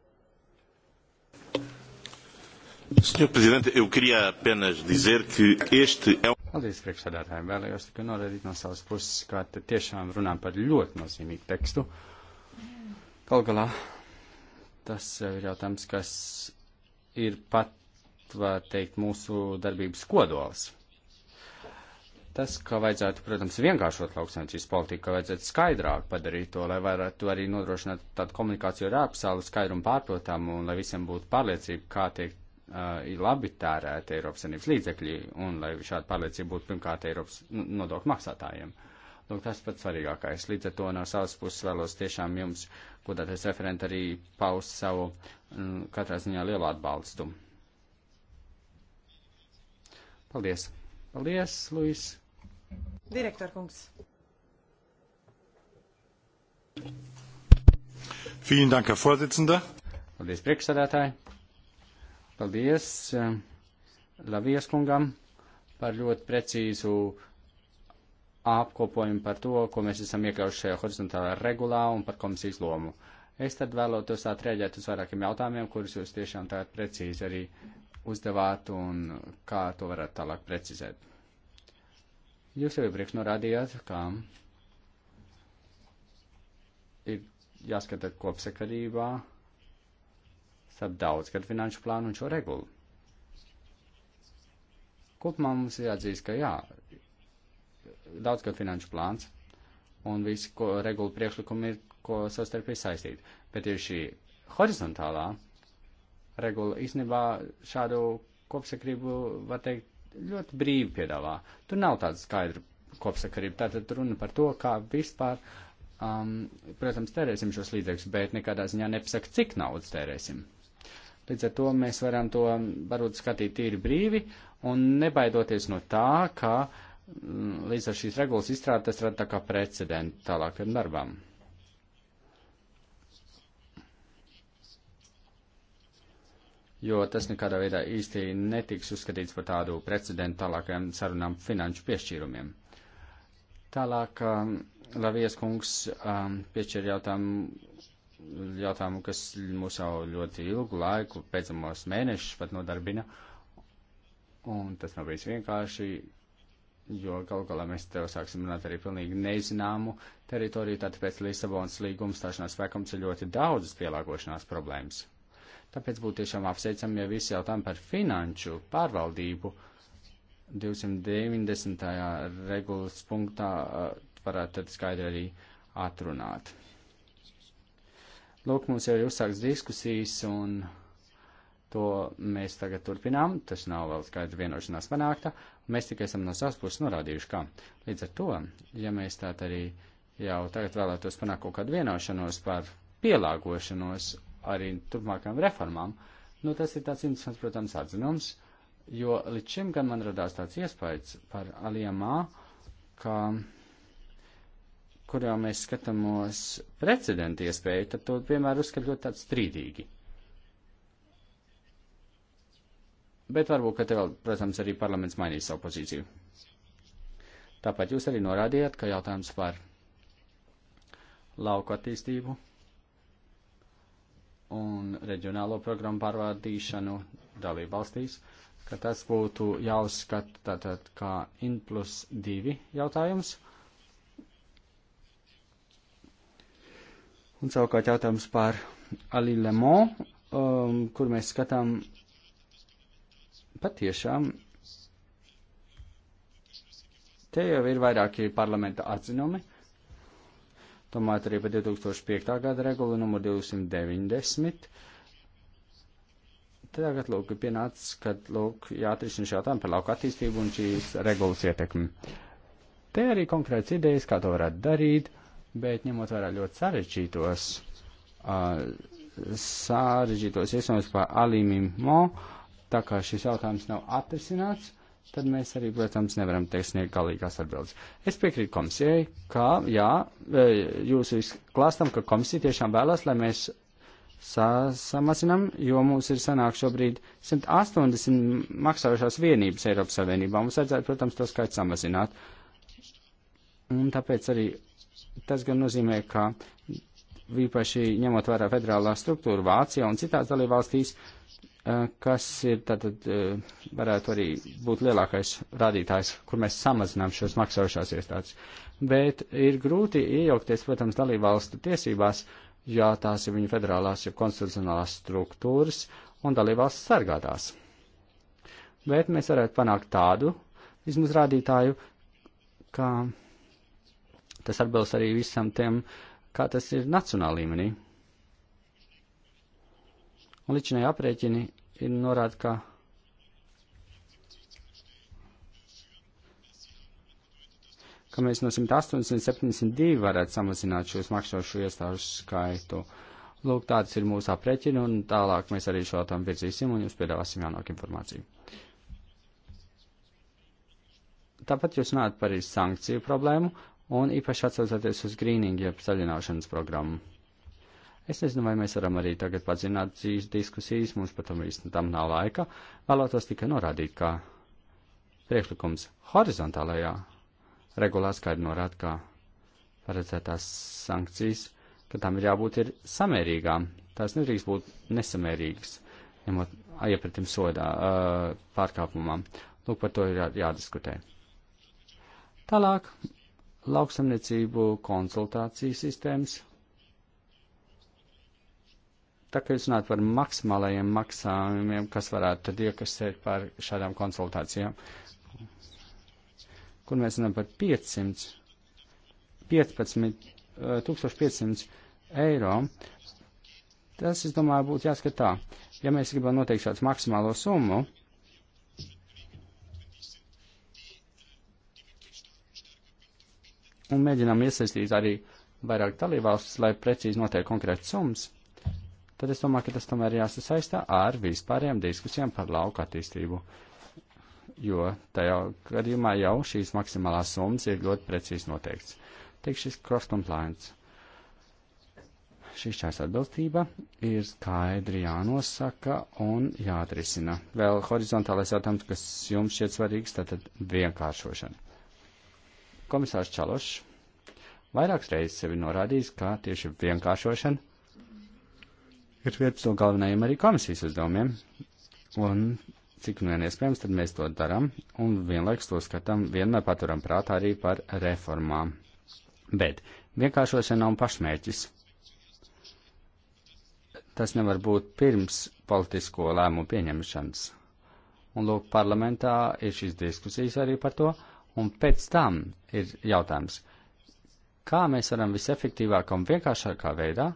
Senhor Presidente, eu queria apenas dizer que este é um. Paldies, priekšsēdētājiem. Vēlējos tikai norādīt no savas puses, ka tiešām runām par ļoti nozīmīgu tekstu. Galu galā tas eh, ir jautājums, kas ir pat var teikt, mūsu darbības kodols. Tas, ka vajadzētu, protams, vienkāršot lauksaimniecības politiku, ka vajadzētu skaidrāk padarīt to, lai varētu arī nodrošināt tādu komunikāciju ar ārpasauli skaidru un pārprotamu, un lai visiem būtu pārliecība, kā tiek uh, labi tērēt Eiropas Savienības līdzekļi, un lai šāda pārliecība būtu pirmkārt Eiropas nodokļu maksātājiem. Lūk, tas pats svarīgākais. Līdz ar to no savas puses vēlos tiešām jums, godātais referenti, arī paust savu m, katrā ziņā lielu atbalstu. Paldies! Paldies, Luis! Direktor kungs! Vielen Dank, Herr Vorsitzender. Paldies, priekšsēdētāji. Paldies um, Lavijas kungam par ļoti precīzu apkopojumu par to, ko mēs esam iekļaujuši šajā horizontālā regulā un par komisijas lomu. Es tad vēlētos atreaģēt uz vairākiem jautājumiem, kurus jūs tiešām tā precīzi arī uzdevāt un kā to varētu tālāk precizēt. Jūs jau iepriekš norādījāt, ka ir jāskatā kopsakarībā starp daudzgadu finanšu plānu un šo regulu. Kopumā mums jāatzīst, ka jā, daudzgadu finanšu plāns un visi ko, regulu priekšlikumi ir ko savstarpēji saistīti, bet ir šī horizontālā regula īstenībā šādu kopsakrību, var teikt, ļoti brīvi piedāvā. Tur nav tāda skaidra kopsakrība. Tātad runa par to, kā vispār, um, protams, tērēsim šos līdzekļus, bet nekādā ziņā nepasaka, cik naudas tērēsim. Līdz ar to mēs varam to varbūt skatīt tīri brīvi un nebaidoties no tā, ka mm, līdz ar šīs regulas izstrādes tas rada tā kā precedentu tālākiem darbām. jo tas nekādā veidā īsti netiks uzskatīts par tādu precedentu tālākajām sarunām finanšu piešķīrumiem. Tālāk um, Lavijas kungs um, piešķir jautājumu, jautājumu, kas mūs jau ļoti ilgu laiku, pēcamos mēnešus pat nodarbina, un tas nav bijis vienkārši, jo galu galā mēs tev sāksim runāt arī pilnīgi nezināmu teritoriju, tāpēc Lisabonas līgums stāšanās spēkam ir ļoti daudzas pielāgošanās problēmas. Tāpēc būtu tiešām apsveicami, ja visi jautājumi par finanšu pārvaldību 290. regulas punktā uh, varētu tad skaidri arī atrunāt. Lūk, mums jau ir uzsāks diskusijas, un to mēs tagad turpinām. Tas nav vēl skaidra vienošanās panākta. Mēs tikai esam no savas puses norādījuši, kā. Līdz ar to, ja mēs tā arī jau tagad vēlētos panākt kaut kādu vienošanos par pielāgošanos arī turpmākajām reformām. Nu, tas ir tāds interesants, protams, atzinums, jo līdz šim gan man radās tāds iespējas par aliemā, ka, kurā mēs skatāmies precedentu iespēju, tad to, piemēram, uzskat ļoti tāds strīdīgi. Bet varbūt, ka te vēl, protams, arī parlaments mainīs savu pozīciju. Tāpat jūs arī norādījāt, ka jautājums par lauku attīstību un reģionālo programmu pārvaldīšanu dalībvalstīs, ka tas būtu jāuzskata tātad kā in plus 2 jautājums. Un savukārt jautājums par Ali Lemo, um, kur mēs skatām patiešām. Te jau ir vairāki parlamenta atzinumi domājot arī par 2005. gada regulu numur 290. Tagad, lūk, ir pienācis, kad, lūk, jāatrisina šī jautājuma par lauku attīstību un šīs regulas ietekmi. Te arī konkrēts idejas, kā to varētu darīt, bet ņemot vērā ļoti sarežģītos, uh, sarežģītos iesaujumus par alīmimo, tā kā šis jautājums nav atrisināts, tad mēs arī, protams, nevaram teikt sniegt galīgās atbildes. Es piekrītu komisijai, ka, jā, e, jūs izklāstam, ka komisija tiešām vēlas, lai mēs samazinam, jo mums ir sanāk šobrīd 180 maksājušās vienības Eiropas Savienībā. Mums vajadzētu, protams, to skaitu samazināt. Un tāpēc arī tas gan nozīmē, ka īpaši ņemot vērā federālā struktūra Vācijā un citās dalībvalstīs, valstīs, Eh, kas ir tātad eh, varētu arī būt lielākais rādītājs, kur mēs samazinām šos maksājušās iestādes. Bet ir grūti iejaukties, protams, dalībvalstu tiesībās, jo tās ir viņu federālās, jo konstitucionālās struktūras un dalībvalsts sargātās. Bet mēs varētu panākt tādu izmaz rādītāju, ka tas atbilst arī visam tiem, kā tas ir nacionāla līmenī. Un līdšanai aprēķini ir norāda, ka ka mēs no 180 līdz 72 varētu samazināt šos maksošu iestāžu skaitu. Lūk, tāds ir mūsu aprēķini, un tālāk mēs arī šo tam virzīsim un jums piedāvāsim jaunāku informāciju. Tāpat jūs runājat par sankciju problēmu un īpaši atsaucoties uz grīningu, jeb zaļināšanas programmu. Es nezinu, vai mēs varam arī tagad padzināt šīs diskusijas, mums pat tam nav laika. Vēlētos tikai norādīt, ka priekšlikums horizontālajā regulā skaidri norāda, ka paredzētās sankcijas, ka tam ir jābūt ir samērīgām. Tās nedrīkst būt nesamērīgas, ņemot iepratim sodā uh, pārkāpumam. Lūk, par to ir jā, jādiskutē. Tālāk, lauksamniecību konsultāciju sistēmas Tā kā jūs runājat par maksimālajiem maksājumiem, kas varētu tad iekasēt par šādām konsultācijām, kur mēs runājam par 500, 15, 1500 eiro, tas, es domāju, būtu jāskat tā. Ja mēs gribam noteikt šādu maksimālo summu, un mēģinām iesaistīt arī vairāk dalībvalstis, lai precīzi noteikti konkrētas summas, tad es domāju, ka tas tomēr jāsasaistā ar vispārējām diskusijām par lauku attīstību. Jo tajā gadījumā jau šīs maksimālās summas ir ļoti precīzi noteikts. Tiek šis cross-compliance. Šīs šās atbildība ir skaidri jānosaka un jāatrisina. Vēl horizontālais jautājums, kas jums šķiet svarīgs, tātad vienkāršošana. Komisārs Čalošs vairākas reizes sevi norādījis, ka tieši vienkāršošana ir vietas to galvenajiem arī komisijas uzdevumiem. Un cik nu vien iespējams, tad mēs to darām un vienlaikus to skatām, vienmēr paturam prātā arī par reformām. Bet vienkāršošana nav pašmērķis. Tas nevar būt pirms politisko lēmumu pieņemšanas. Un lūk, parlamentā ir šīs diskusijas arī par to, un pēc tam ir jautājums, kā mēs varam visefektīvākā un vienkāršākā veidā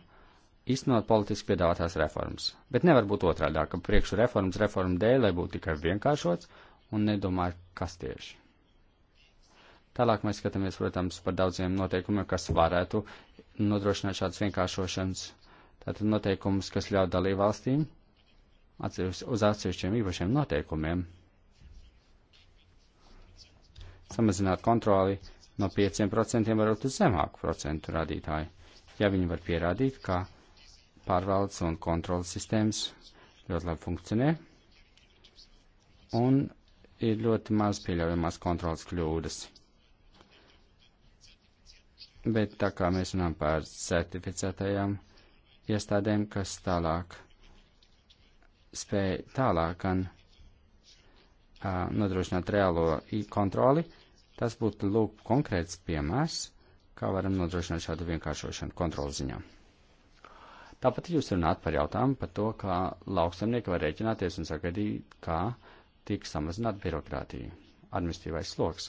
īstenot politiski piedāvātās reformas. Bet nevar būt otrādā, ka priekšu reformas reformu dēļ, lai būtu tikai vienkāršots un nedomāt, kas tieši. Tālāk mēs skatāmies, protams, par daudziem noteikumiem, kas varētu nodrošināt šādas vienkāršošanas. Tātad noteikumus, kas ļauj dalībvalstīm uz atsevišķiem īpašiem noteikumiem samazināt kontroli no 5% varbūt uz zemāku procentu rādītāju, ja viņi var pierādīt, ka pārvaldes un kontrolas sistēmas ļoti labi funkcionē. Un ir ļoti maz pieļaujamās kontrolas kļūdas. Bet tā kā mēs runājam par certificētajām iestādēm, kas tālāk spēj tālāk gan uh, nodrošināt reālo kontroli, tas būtu lūk konkrēts piemērs, kā varam nodrošināt šādu vienkāršošanu kontrolas ziņām. Tāpat jūs runāt par jautājumu par to, kā lauksamnieki var rēķināties un sagaidīt, kā tiek samazināt birokrātiju, administratīvais sloks.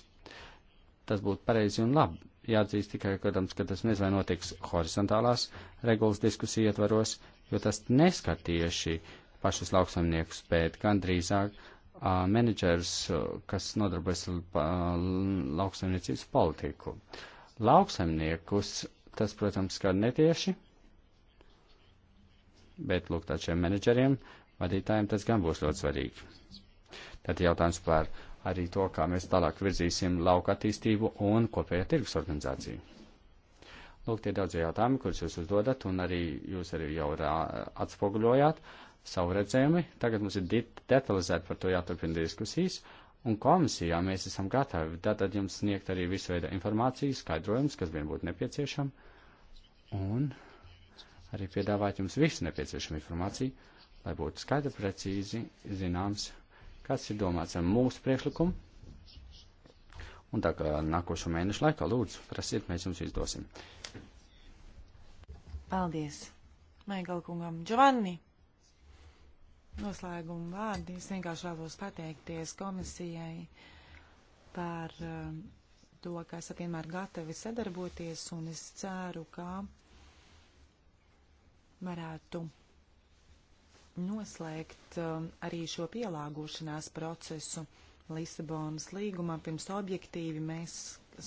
Tas būtu pareizi un labi. Jāatzīst tikai, protams, ka tas nezinu notiks horizontālās regulas diskusiju ietvaros, jo tas neskar tieši pašus lauksamniekus, bet gan drīzāk menedžers, kas nodarbojas lauksaimniecības politiku. Lauksaimniekus tas, protams, skar netieši, bet lūk tādiem menedžeriem, vadītājiem tas gan būs ļoti svarīgi. Tad jautājums par arī to, kā mēs tālāk virzīsim lauka attīstību un kopējā tirgus organizāciju. Lūk, tie daudzie jautājumi, kurus jūs uzdodat, un arī jūs arī jau atspoguļojāt savu redzējumi. Tagad mums ir detalizēti par to jāturpina diskusijas, un komisijā mēs esam gatavi tātad jums sniegt arī visu veidu informāciju, skaidrojumus, kas vien būtu nepieciešama. Un arī piedāvāt jums visu nepieciešamo informāciju, lai būtu skaidri precīzi zināms, kas ir domāts ar mūsu priekšlikumu. Un tā kā nākošo mēnešu laikā lūdzu, prasiet, mēs jums izdosim. Paldies, Maigala kungam. Giovanni, noslēguma vārdi. Es vienkārši vēlos pateikties komisijai par eh, to, ka esat vienmēr gatavi sadarboties, un es ceru, ka varētu noslēgt um, arī šo pielāgošanās procesu Lisabonas līgumā. Pirms objektīvi mēs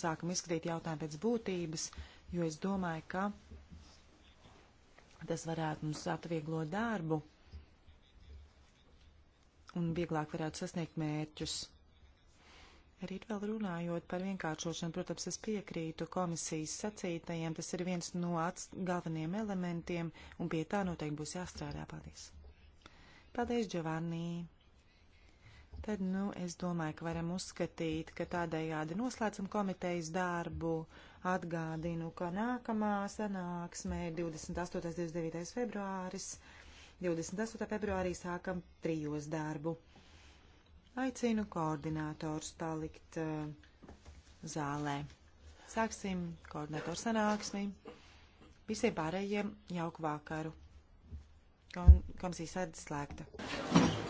sākam izskatīt jautājumu pēc būtības, jo es domāju, ka tas varētu mums atvieglot darbu un vieglāk varētu sasniegt mērķus. Rīt vēl runājot par vienkāršošanu, protams, es piekrītu komisijas sacītajiem, tas ir viens no galvenajiem elementiem, un pie tā noteikti būs jāstrādā. Paldies! Paldies, Giovanni! Tad, nu, es domāju, ka varam uzskatīt, ka tādējādi noslēdzam komitejas darbu. Atgādinu, ka nākamā sanāksme ir 28. un 29. februāris. 28. februārī sākam trijos darbu. Aicinu koordinātors palikt uh, zālē. Sāksim koordinātoru sanāksmi. Visiem pārējiem jauku vakaru. Kon komisija sēdes slēgta.